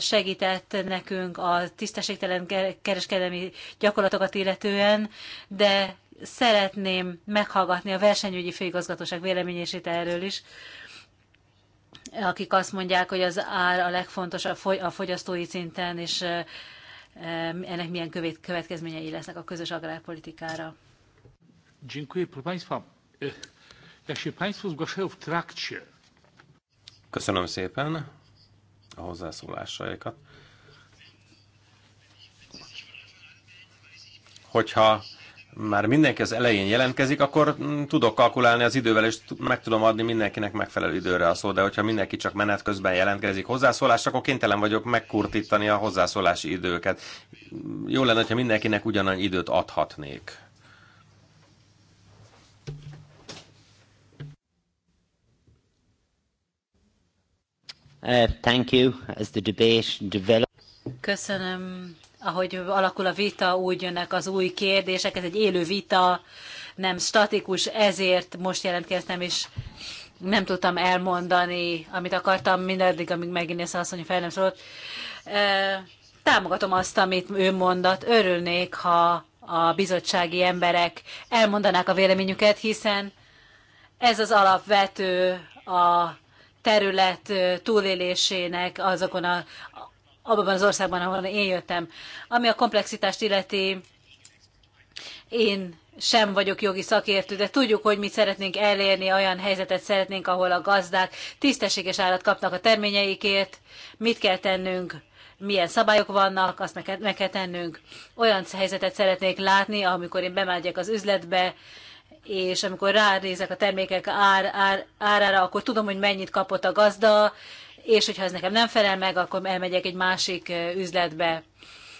segített nekünk a tisztességtelen kereskedelmi gyakorlatokat illetően, de szeretném meghallgatni a versenyügyi főigazgatóság véleményését erről is, akik azt mondják, hogy az ár a legfontosabb a fogyasztói szinten, és ennek milyen következményei lesznek a közös agrárpolitikára. E, Köszönöm szépen a hozzászólásaikat. Hogyha már mindenki az elején jelentkezik, akkor mm, tudok kalkulálni az idővel, és meg tudom adni mindenkinek megfelelő időre a szó, de hogyha mindenki csak menet közben jelentkezik hozzászólás, akkor kénytelen vagyok megkurtítani a hozzászólási időket. Jó lenne, ha mindenkinek ugyanannyi időt adhatnék. Uh, thank you. As the debate develops. Köszönöm ahogy alakul a vita, úgy jönnek az új kérdések, ez egy élő vita, nem statikus, ezért most jelentkeztem, és nem tudtam elmondani, amit akartam, mindaddig, amíg megint ezt mondja, fel nem szólt. E, támogatom azt, amit ő mondott, örülnék, ha a bizottsági emberek elmondanák a véleményüket, hiszen ez az alapvető a terület túlélésének azokon a, abban az országban, ahol én jöttem. Ami a komplexitást illeti, én sem vagyok jogi szakértő, de tudjuk, hogy mit szeretnénk elérni, olyan helyzetet szeretnénk, ahol a gazdák tisztességes árat kapnak a terményeikért, mit kell tennünk, milyen szabályok vannak, azt meg kell, meg kell tennünk. Olyan helyzetet szeretnék látni, amikor én bemegyek az üzletbe, és amikor ránézek a termékek ár, ár, árára, akkor tudom, hogy mennyit kapott a gazda, és hogyha ez nekem nem felel meg, akkor elmegyek egy másik üzletbe,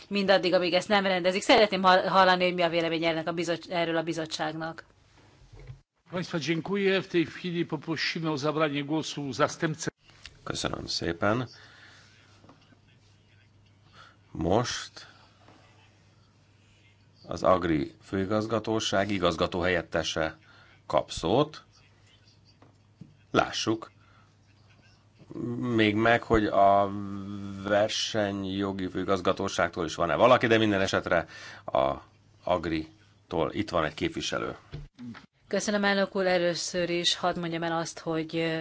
mindaddig, amíg ezt nem rendezik. Szeretném hallani, hogy mi a vélemény ennek a bizot- erről a bizottságnak. Państwa, dziękuję. W tej chwili poprosimy o zabranie głosu zastępcę. Köszönöm szépen. Most az Agri főigazgatóság igazgató helyettese kap szót. Lássuk, még meg, hogy a versenyjogi főigazgatóságtól is van-e valaki, de minden esetre a Agri-tól itt van egy képviselő. Köszönöm, elnök úr, először is hadd mondjam el azt, hogy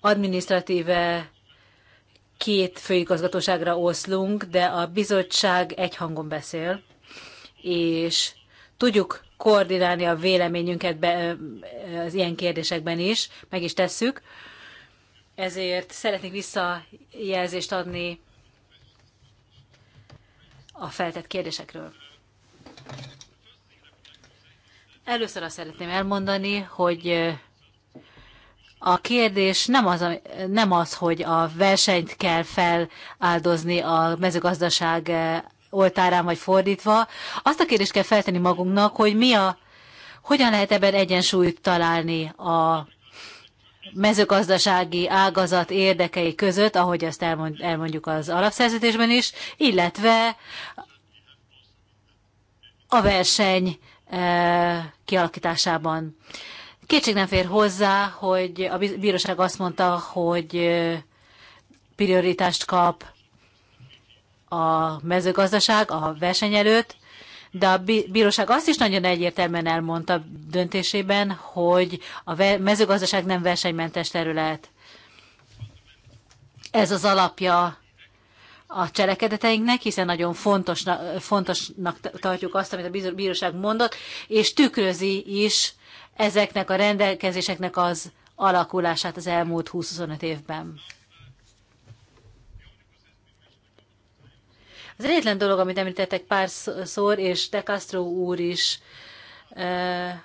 administratíve két főigazgatóságra oszlunk, de a bizottság egy hangon beszél, és tudjuk koordinálni a véleményünket be, az ilyen kérdésekben is, meg is tesszük. Ezért szeretnék visszajelzést adni a feltett kérdésekről. Először azt szeretném elmondani, hogy a kérdés nem az, nem az, hogy a versenyt kell feláldozni a mezőgazdaság oltárán, vagy fordítva. Azt a kérdést kell feltenni magunknak, hogy mi a, hogyan lehet ebben egyensúlyt találni a mezőgazdasági ágazat érdekei között, ahogy azt elmond, elmondjuk az alapszerződésben is, illetve a verseny e, kialakításában. Kétség nem fér hozzá, hogy a bíróság azt mondta, hogy e, prioritást kap a mezőgazdaság a versenyelőt, de a bíróság azt is nagyon egyértelműen elmondta döntésében, hogy a mezőgazdaság nem versenymentes terület. Ez az alapja a cselekedeteinknek, hiszen nagyon fontosnak, fontosnak tartjuk azt, amit a bíróság mondott, és tükrözi is ezeknek a rendelkezéseknek az alakulását az elmúlt 20-25 évben. Az egyetlen dolog, amit említettek párszor, és De Castro úr is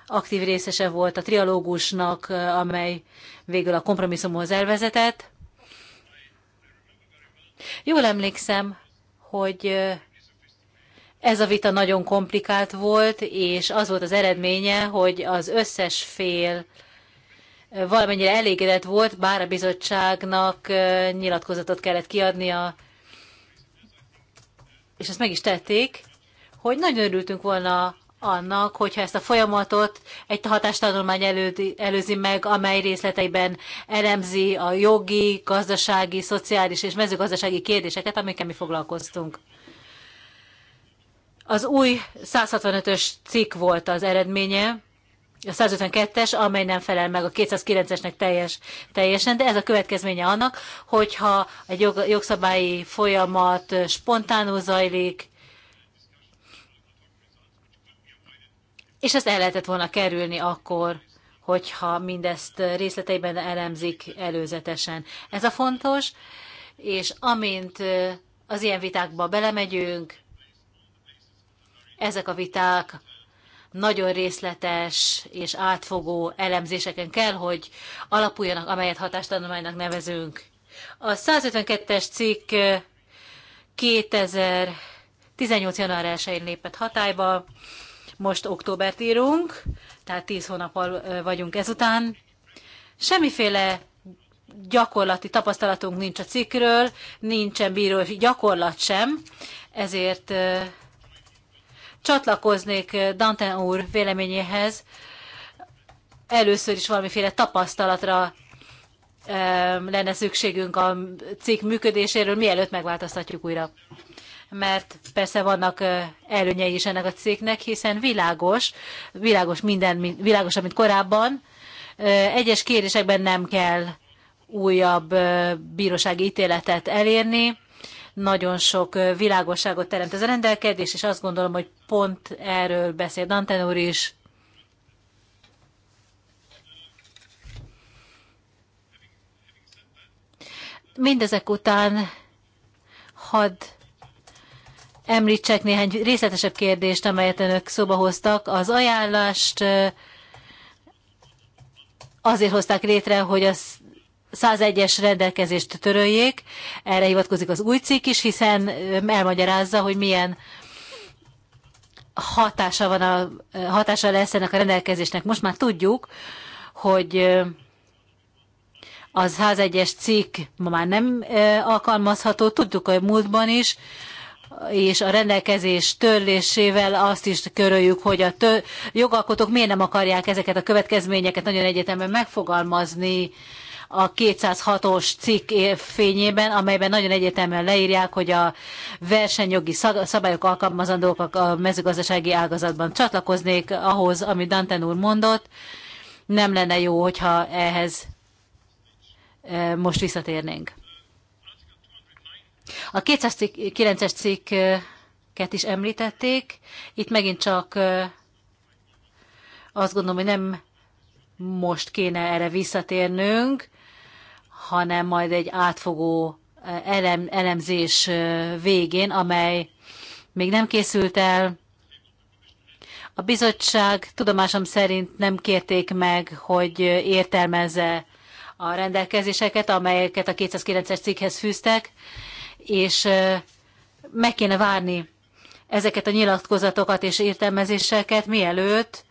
aktív részese volt a trialógusnak, amely végül a kompromisszumhoz elvezetett. Jól emlékszem, hogy ez a vita nagyon komplikált volt, és az volt az eredménye, hogy az összes fél valamennyire elégedett volt, bár a bizottságnak nyilatkozatot kellett kiadnia és ezt meg is tették, hogy nagyon örültünk volna annak, hogyha ezt a folyamatot egy hatástanulmány előzi meg, amely részleteiben elemzi a jogi, gazdasági, szociális és mezőgazdasági kérdéseket, amikkel mi foglalkoztunk. Az új 165-ös cikk volt az eredménye, a 152-es, amely nem felel meg a 209-esnek teljes, teljesen, de ez a következménye annak, hogyha egy jog, jogszabályi folyamat spontánul zajlik, és ezt el lehetett volna kerülni akkor, hogyha mindezt részleteiben elemzik előzetesen. Ez a fontos, és amint az ilyen vitákba belemegyünk, ezek a viták nagyon részletes és átfogó elemzéseken kell, hogy alapuljanak, amelyet hatástanulmánynak nevezünk. A 152-es cikk 2018. január 1-én lépett hatályba, most októbert írunk, tehát 10 hónappal vagyunk ezután. Semmiféle gyakorlati tapasztalatunk nincs a cikkről, nincsen bírói gyakorlat sem, ezért csatlakoznék eh, Dante úr véleményéhez. Először is valamiféle tapasztalatra lenne szükségünk a cikk működéséről, mielőtt megváltoztatjuk újra. Mert persze vannak eh, előnyei is ennek a cikknek, hiszen világos, világos minden, világosabb, mint korábban. Eh, egyes kérdésekben nem kell újabb bírósági ítéletet elérni, nagyon sok világosságot teremt ez a rendelkezés, és azt gondolom, hogy pont erről beszél Danten úr is. Mindezek után had említsek néhány részletesebb kérdést, amelyet önök szóba hoztak. Az ajánlást azért hozták létre, hogy az 101-es rendelkezést töröljék, erre hivatkozik az új cikk is, hiszen elmagyarázza, hogy milyen hatása, van a, hatása lesz ennek a rendelkezésnek. Most már tudjuk, hogy az 101-es cikk ma már nem alkalmazható, tudtuk a múltban is, és a rendelkezés törlésével azt is köröljük, hogy a tő, jogalkotók miért nem akarják ezeket a következményeket nagyon egyetemben megfogalmazni, a 206-os cikk fényében, amelyben nagyon egyetemen leírják, hogy a versenyjogi szabályok alkalmazandók a mezőgazdasági ágazatban. Csatlakoznék ahhoz, amit Danten úr mondott, nem lenne jó, hogyha ehhez e, most visszatérnénk. A 209-es cikket is említették. Itt megint csak e, azt gondolom, hogy nem most kéne erre visszatérnünk, hanem majd egy átfogó eh, elem, elemzés eh, végén, amely még nem készült el. A bizottság tudomásom szerint nem kérték meg, hogy eh, értelmezze a rendelkezéseket, amelyeket a 209-es cikkhez fűztek, és meg kéne várni ezeket a nyilatkozatokat és értelmezéseket, mielőtt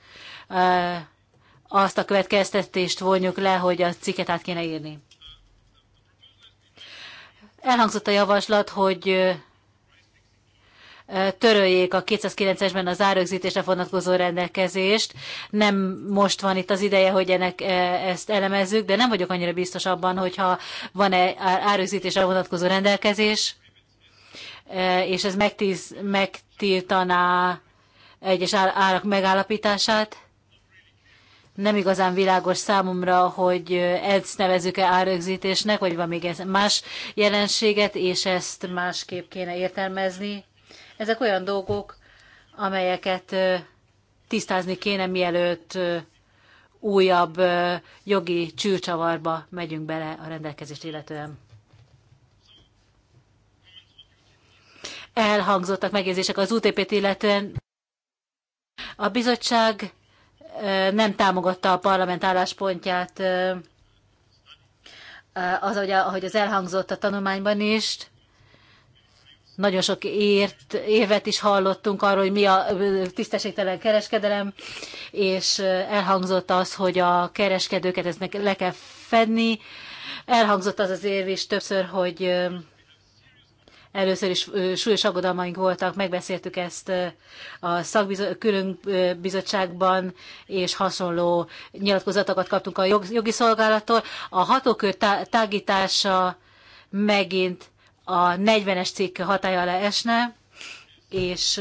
azt a következtetést vonjuk le, hogy a cikket át kéne írni. Elhangzott a javaslat, hogy töröljék a 209-esben az árögzítésre vonatkozó rendelkezést. Nem most van itt az ideje, hogy ennek ezt elemezzük, de nem vagyok annyira biztos abban, hogyha van-e árögzítésre vonatkozó rendelkezés, és ez megtíz, megtiltaná egyes árak megállapítását nem igazán világos számomra, hogy ezt nevezük-e árögzítésnek, vagy van még ez más jelenséget, és ezt másképp kéne értelmezni. Ezek olyan dolgok, amelyeket tisztázni kéne, mielőtt újabb jogi csűrcsavarba megyünk bele a rendelkezést illetően. Elhangzottak megjegyzések az UTP-t illetően. A bizottság nem támogatta a parlament álláspontját az, ahogy az elhangzott a tanulmányban is. Nagyon sok ért, évet is hallottunk arról, hogy mi a tisztességtelen kereskedelem, és elhangzott az, hogy a kereskedőket ezt le kell fedni. Elhangzott az az érv is többször, hogy Először is súlyos aggodalmaink voltak, megbeszéltük ezt a szakbizottságban, és hasonló nyilatkozatokat kaptunk a jogi szolgálattól. A hatókör tágítása megint a 40-es cikk hatája alá esne, és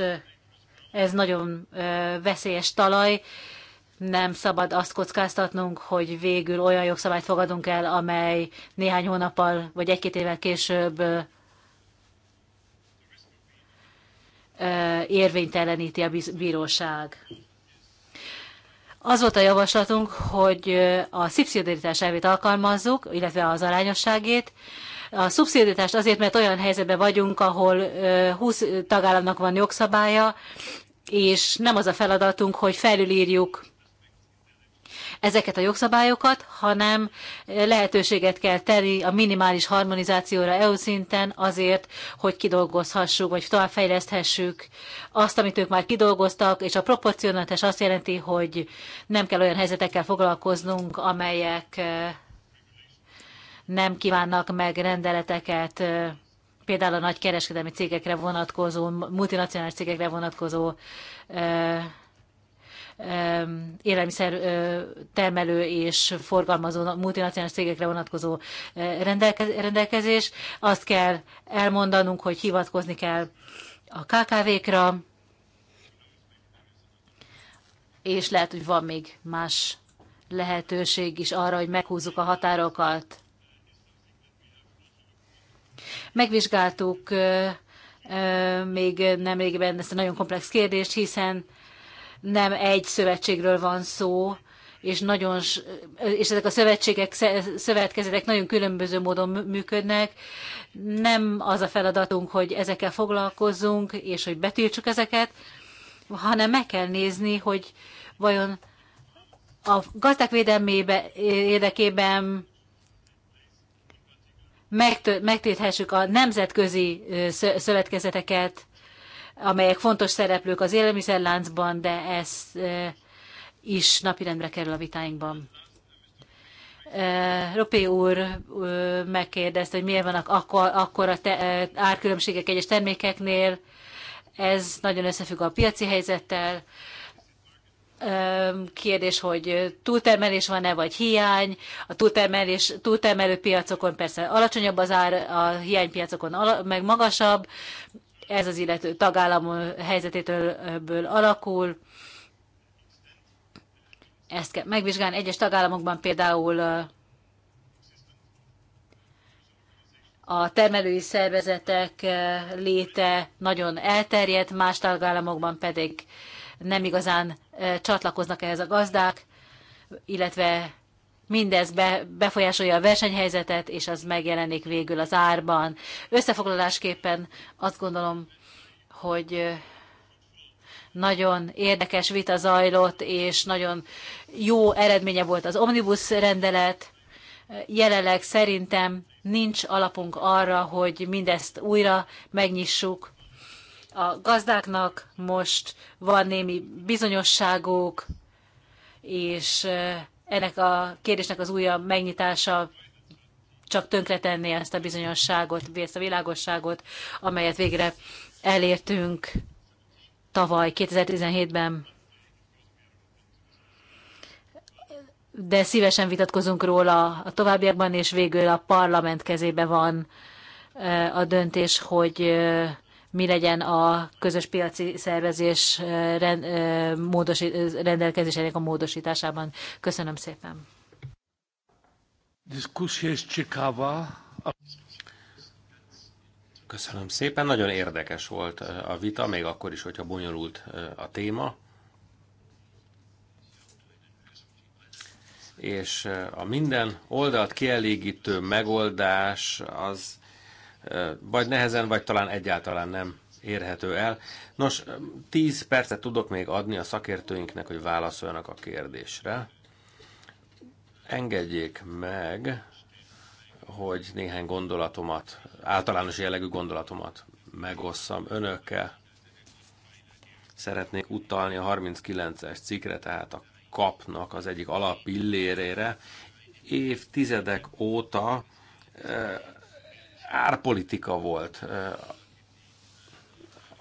ez nagyon veszélyes talaj. Nem szabad azt kockáztatnunk, hogy végül olyan jogszabályt fogadunk el, amely néhány hónappal vagy egy-két évvel később érvényteleníti a bíróság. Az volt a javaslatunk, hogy a szubszidiaritás elvét alkalmazzuk, illetve az arányosságét. A szubszidiaritást azért, mert olyan helyzetben vagyunk, ahol 20 tagállamnak van jogszabálya, és nem az a feladatunk, hogy felülírjuk ezeket a jogszabályokat, hanem eh, lehetőséget kell tenni a minimális harmonizációra EU szinten azért, hogy kidolgozhassuk, vagy továbbfejleszthessük azt, amit ők már kidolgoztak, és a proporcionalitás azt jelenti, hogy nem kell olyan helyzetekkel foglalkoznunk, amelyek eh, nem kívánnak meg rendeleteket, eh, például a nagy kereskedelmi cégekre vonatkozó, multinacionális cégekre vonatkozó élelmiszer termelő és forgalmazó multinacionális cégekre vonatkozó rendelkezés. Azt kell elmondanunk, hogy hivatkozni kell a KKV-kra, és lehet, hogy van még más lehetőség is arra, hogy meghúzzuk a határokat. Megvizsgáltuk még nemrégiben ezt a nagyon komplex kérdést, hiszen nem egy szövetségről van szó, és, nagyon, és ezek a szövetségek, szövetkezetek nagyon különböző módon működnek. Nem az a feladatunk, hogy ezekkel foglalkozzunk, és hogy betiltsuk ezeket, hanem meg kell nézni, hogy vajon a gazdák védelmébe érdekében megtörthessük a nemzetközi szövetkezeteket, amelyek fontos szereplők az élelmiszerláncban, de ez is napirendre kerül a vitáinkban. Ropé úr megkérdezte, hogy miért vannak akkor, a árkülönbségek egyes termékeknél. Ez nagyon összefügg a piaci helyzettel. Kérdés, hogy túltermelés van-e, vagy hiány. A túltermelés, túltermelő piacokon persze alacsonyabb az ár, a hiánypiacokon meg magasabb ez az illető tagállam helyzetétől alakul. Ezt kell megvizsgálni. Egyes tagállamokban például a termelői szervezetek léte nagyon elterjedt, más tagállamokban pedig nem igazán csatlakoznak ehhez a gazdák, illetve mindez be, befolyásolja a versenyhelyzetet, és az megjelenik végül az árban. Összefoglalásképpen azt gondolom, hogy nagyon érdekes vita zajlott, és nagyon jó eredménye volt az omnibus rendelet. Jelenleg szerintem nincs alapunk arra, hogy mindezt újra megnyissuk. A gazdáknak most van némi bizonyosságuk, és ennek a kérdésnek az újabb megnyitása csak tönkretenné ezt a bizonyosságot, ezt a világosságot, amelyet végre elértünk tavaly, 2017-ben. De szívesen vitatkozunk róla a továbbiakban, és végül a parlament kezébe van eh, a döntés, hogy eh, mi legyen a közös piaci szervezés eh, eh, eh, rendelkezésének a módosításában. Köszönöm szépen. Köszönöm szépen, nagyon érdekes volt a vita, még akkor is, hogyha bonyolult a téma. És a minden oldalt kielégítő megoldás az vagy nehezen, vagy talán egyáltalán nem érhető el. Nos, 10 percet tudok még adni a szakértőinknek, hogy válaszoljanak a kérdésre. Engedjék meg, hogy néhány gondolatomat, általános jellegű gondolatomat megosszam önökkel. Szeretnék utalni a 39-es cikre, tehát a kapnak az egyik alapillérére. Évtizedek óta eh, árpolitika volt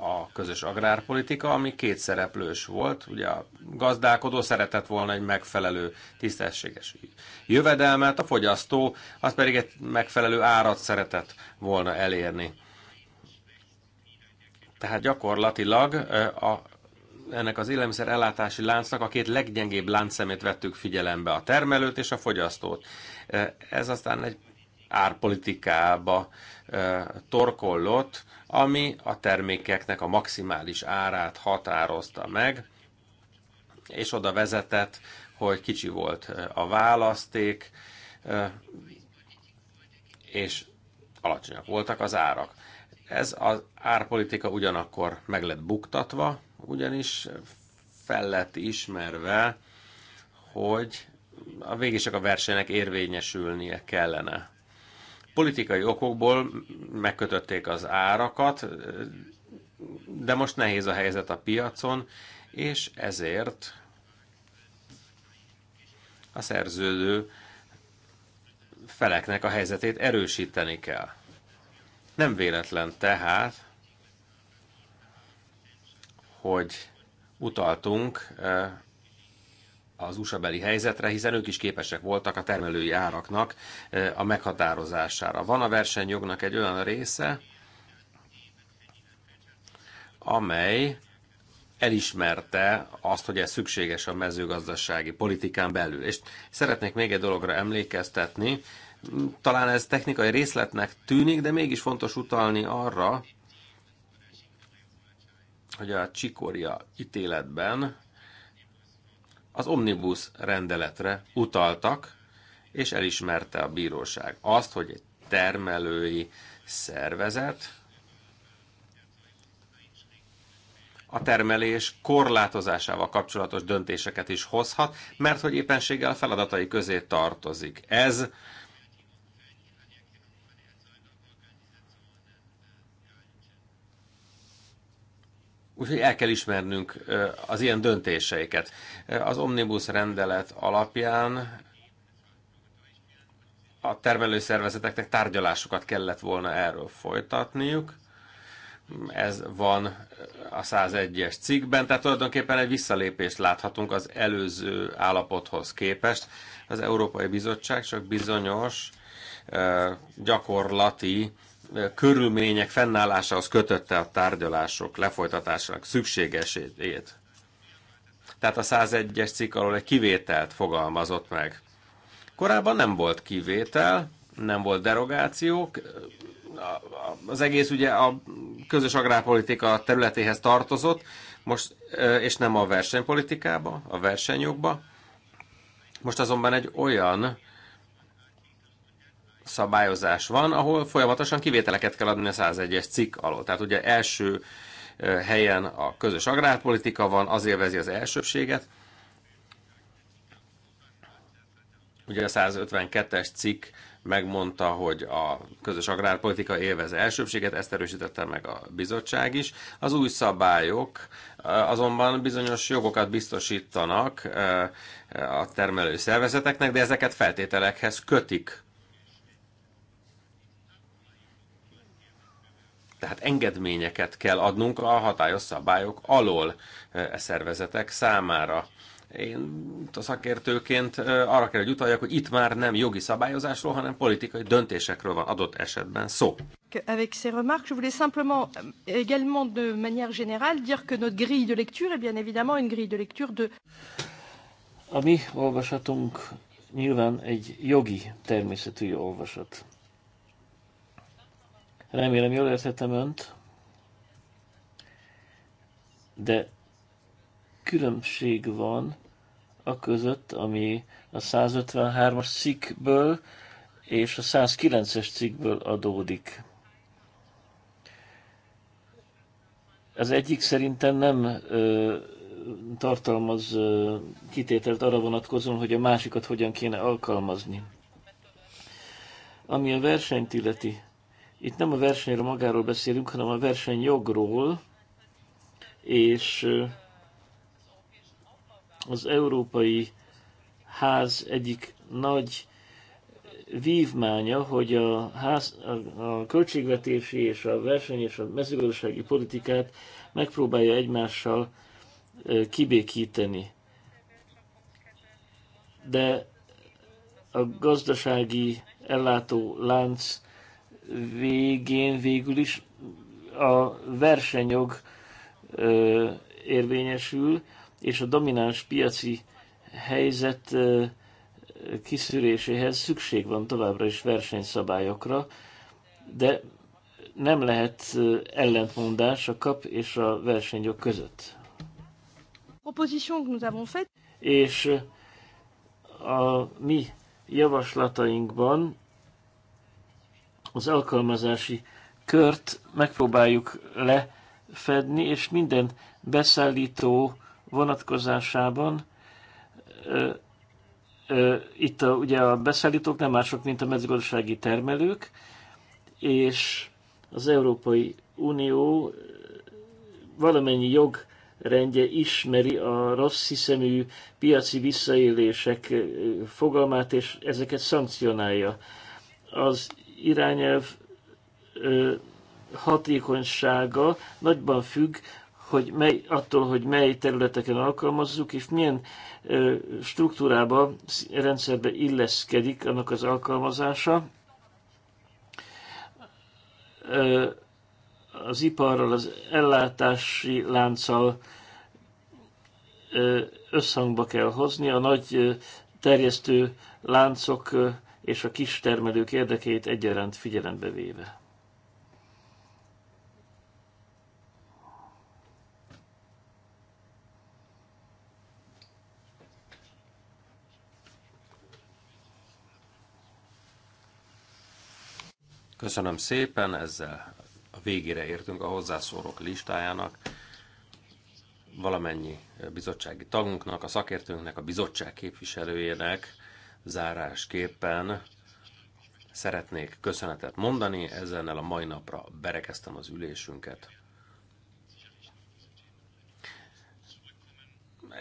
a közös agrárpolitika, ami két szereplős volt. Ugye a gazdálkodó szeretett volna egy megfelelő, tisztességes jövedelmet, a fogyasztó az pedig egy megfelelő árat szeretett volna elérni. Tehát gyakorlatilag a, ennek az élelmiszer ellátási láncnak a két leggyengébb láncszemét vettük figyelembe, a termelőt és a fogyasztót. Ez aztán egy árpolitikába torkollott, ami a termékeknek a maximális árát határozta meg, és oda vezetett, hogy kicsi volt a választék, és alacsonyak voltak az árak. Ez az árpolitika ugyanakkor meg lett buktatva, ugyanis fel lett ismerve, hogy a végések csak a versenynek érvényesülnie kellene. Politikai okokból megkötötték az árakat, de most nehéz a helyzet a piacon, és ezért a szerződő feleknek a helyzetét erősíteni kell. Nem véletlen tehát, hogy utaltunk eh, az USA beli helyzetre, hiszen ők is képesek voltak a termelői áraknak eh, a meghatározására. Van a versenyjognak egy olyan része, amely elismerte azt, hogy ez szükséges a mezőgazdasági politikán belül. És szeretnék még egy dologra emlékeztetni, talán ez technikai részletnek tűnik, de mégis fontos utalni arra, hogy a Csikoria ítéletben az omnibus rendeletre utaltak, és elismerte a bíróság azt, hogy egy termelői szervezet a termelés korlátozásával kapcsolatos döntéseket is hozhat, mert hogy éppenséggel feladatai közé tartozik. Ez Úgyhogy el kell ismernünk az ilyen döntéseiket. Az omnibus rendelet alapján a termelőszervezeteknek tárgyalásokat kellett volna erről folytatniuk. Ez van a 101-es cikkben, tehát tulajdonképpen egy visszalépést láthatunk az előző állapothoz képest. Az Európai Bizottság csak bizonyos gyakorlati körülmények fennállásához kötötte a tárgyalások lefolytatásának szükségességét. Tehát a 101-es cikk alól egy kivételt fogalmazott meg. Korábban nem volt kivétel, nem volt derogációk, az egész ugye a közös agrárpolitika területéhez tartozott, most, és nem a versenypolitikába, a versenyjogba. Most azonban egy olyan szabályozás van, ahol folyamatosan kivételeket kell adni a 101-es cikk alól. Tehát ugye első helyen a közös agrárpolitika van, az élvezi az elsőbséget. Ugye a 152-es cikk megmondta, hogy a közös agrárpolitika élvez elsőbséget, ezt erősítette meg a bizottság is. Az új szabályok azonban bizonyos jogokat biztosítanak a termelői szervezeteknek, de ezeket feltételekhez kötik. tehát engedményeket kell adnunk a hatályos szabályok alól e, e szervezetek számára. Én a szakértőként e, arra kell, hogy utaljak, hogy itt már nem jogi szabályozásról, hanem politikai döntésekről van adott esetben szó. Avec ces remarques, je voulais simplement euh, également de manière générale dire que notre grille de lecture est bien évidemment une grille de lecture de... A mi olvasatunk nyilván egy jogi természetű olvasat. Remélem jól értettem önt, de különbség van a között, ami a 153-as cikkből és a 109-es cikkből adódik. Az egyik szerintem nem ö, tartalmaz ö, kitételt arra vonatkozóan, hogy a másikat hogyan kéne alkalmazni. Ami a versenyt illeti, itt nem a versenyről magáról beszélünk, hanem a versenyjogról, és az európai ház egyik nagy vívmánya, hogy a, ház, a, a költségvetési és a verseny és a mezőgazdasági politikát megpróbálja egymással kibékíteni. De a gazdasági ellátó lánc végén végül is a versenyjog ö, érvényesül, és a domináns piaci helyzet ö, kiszűréséhez szükség van továbbra is versenyszabályokra, de nem lehet ellentmondás a kap és a versenyjog között. És a mi javaslatainkban az alkalmazási kört megpróbáljuk lefedni, és minden beszállító vonatkozásában itt a, ugye a beszállítók nem mások, mint a mezőgazdasági termelők, és az Európai Unió valamennyi jogrendje ismeri a rossz hiszemű piaci visszaélések fogalmát, és ezeket szankcionálja. Az irányelv hatékonysága nagyban függ hogy mely, attól, hogy mely területeken alkalmazzuk, és milyen struktúrába, rendszerbe illeszkedik annak az alkalmazása. Az iparral, az ellátási lánccal összhangba kell hozni, a nagy terjesztő láncok és a kis termelők érdekeit egyaránt figyelembe véve. Köszönöm szépen, ezzel a végére értünk a hozzászólók listájának. Valamennyi bizottsági tagunknak, a szakértőnknek, a bizottság képviselőjének zárásképpen szeretnék köszönetet mondani, ezzel a mai napra berekeztem az ülésünket.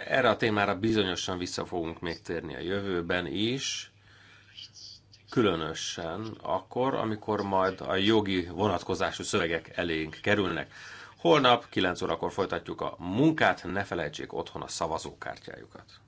Erre a témára bizonyosan vissza fogunk még térni a jövőben is, különösen akkor, amikor majd a jogi vonatkozású szövegek elénk kerülnek. Holnap 9 órakor folytatjuk a munkát, ne felejtsék otthon a szavazókártyájukat.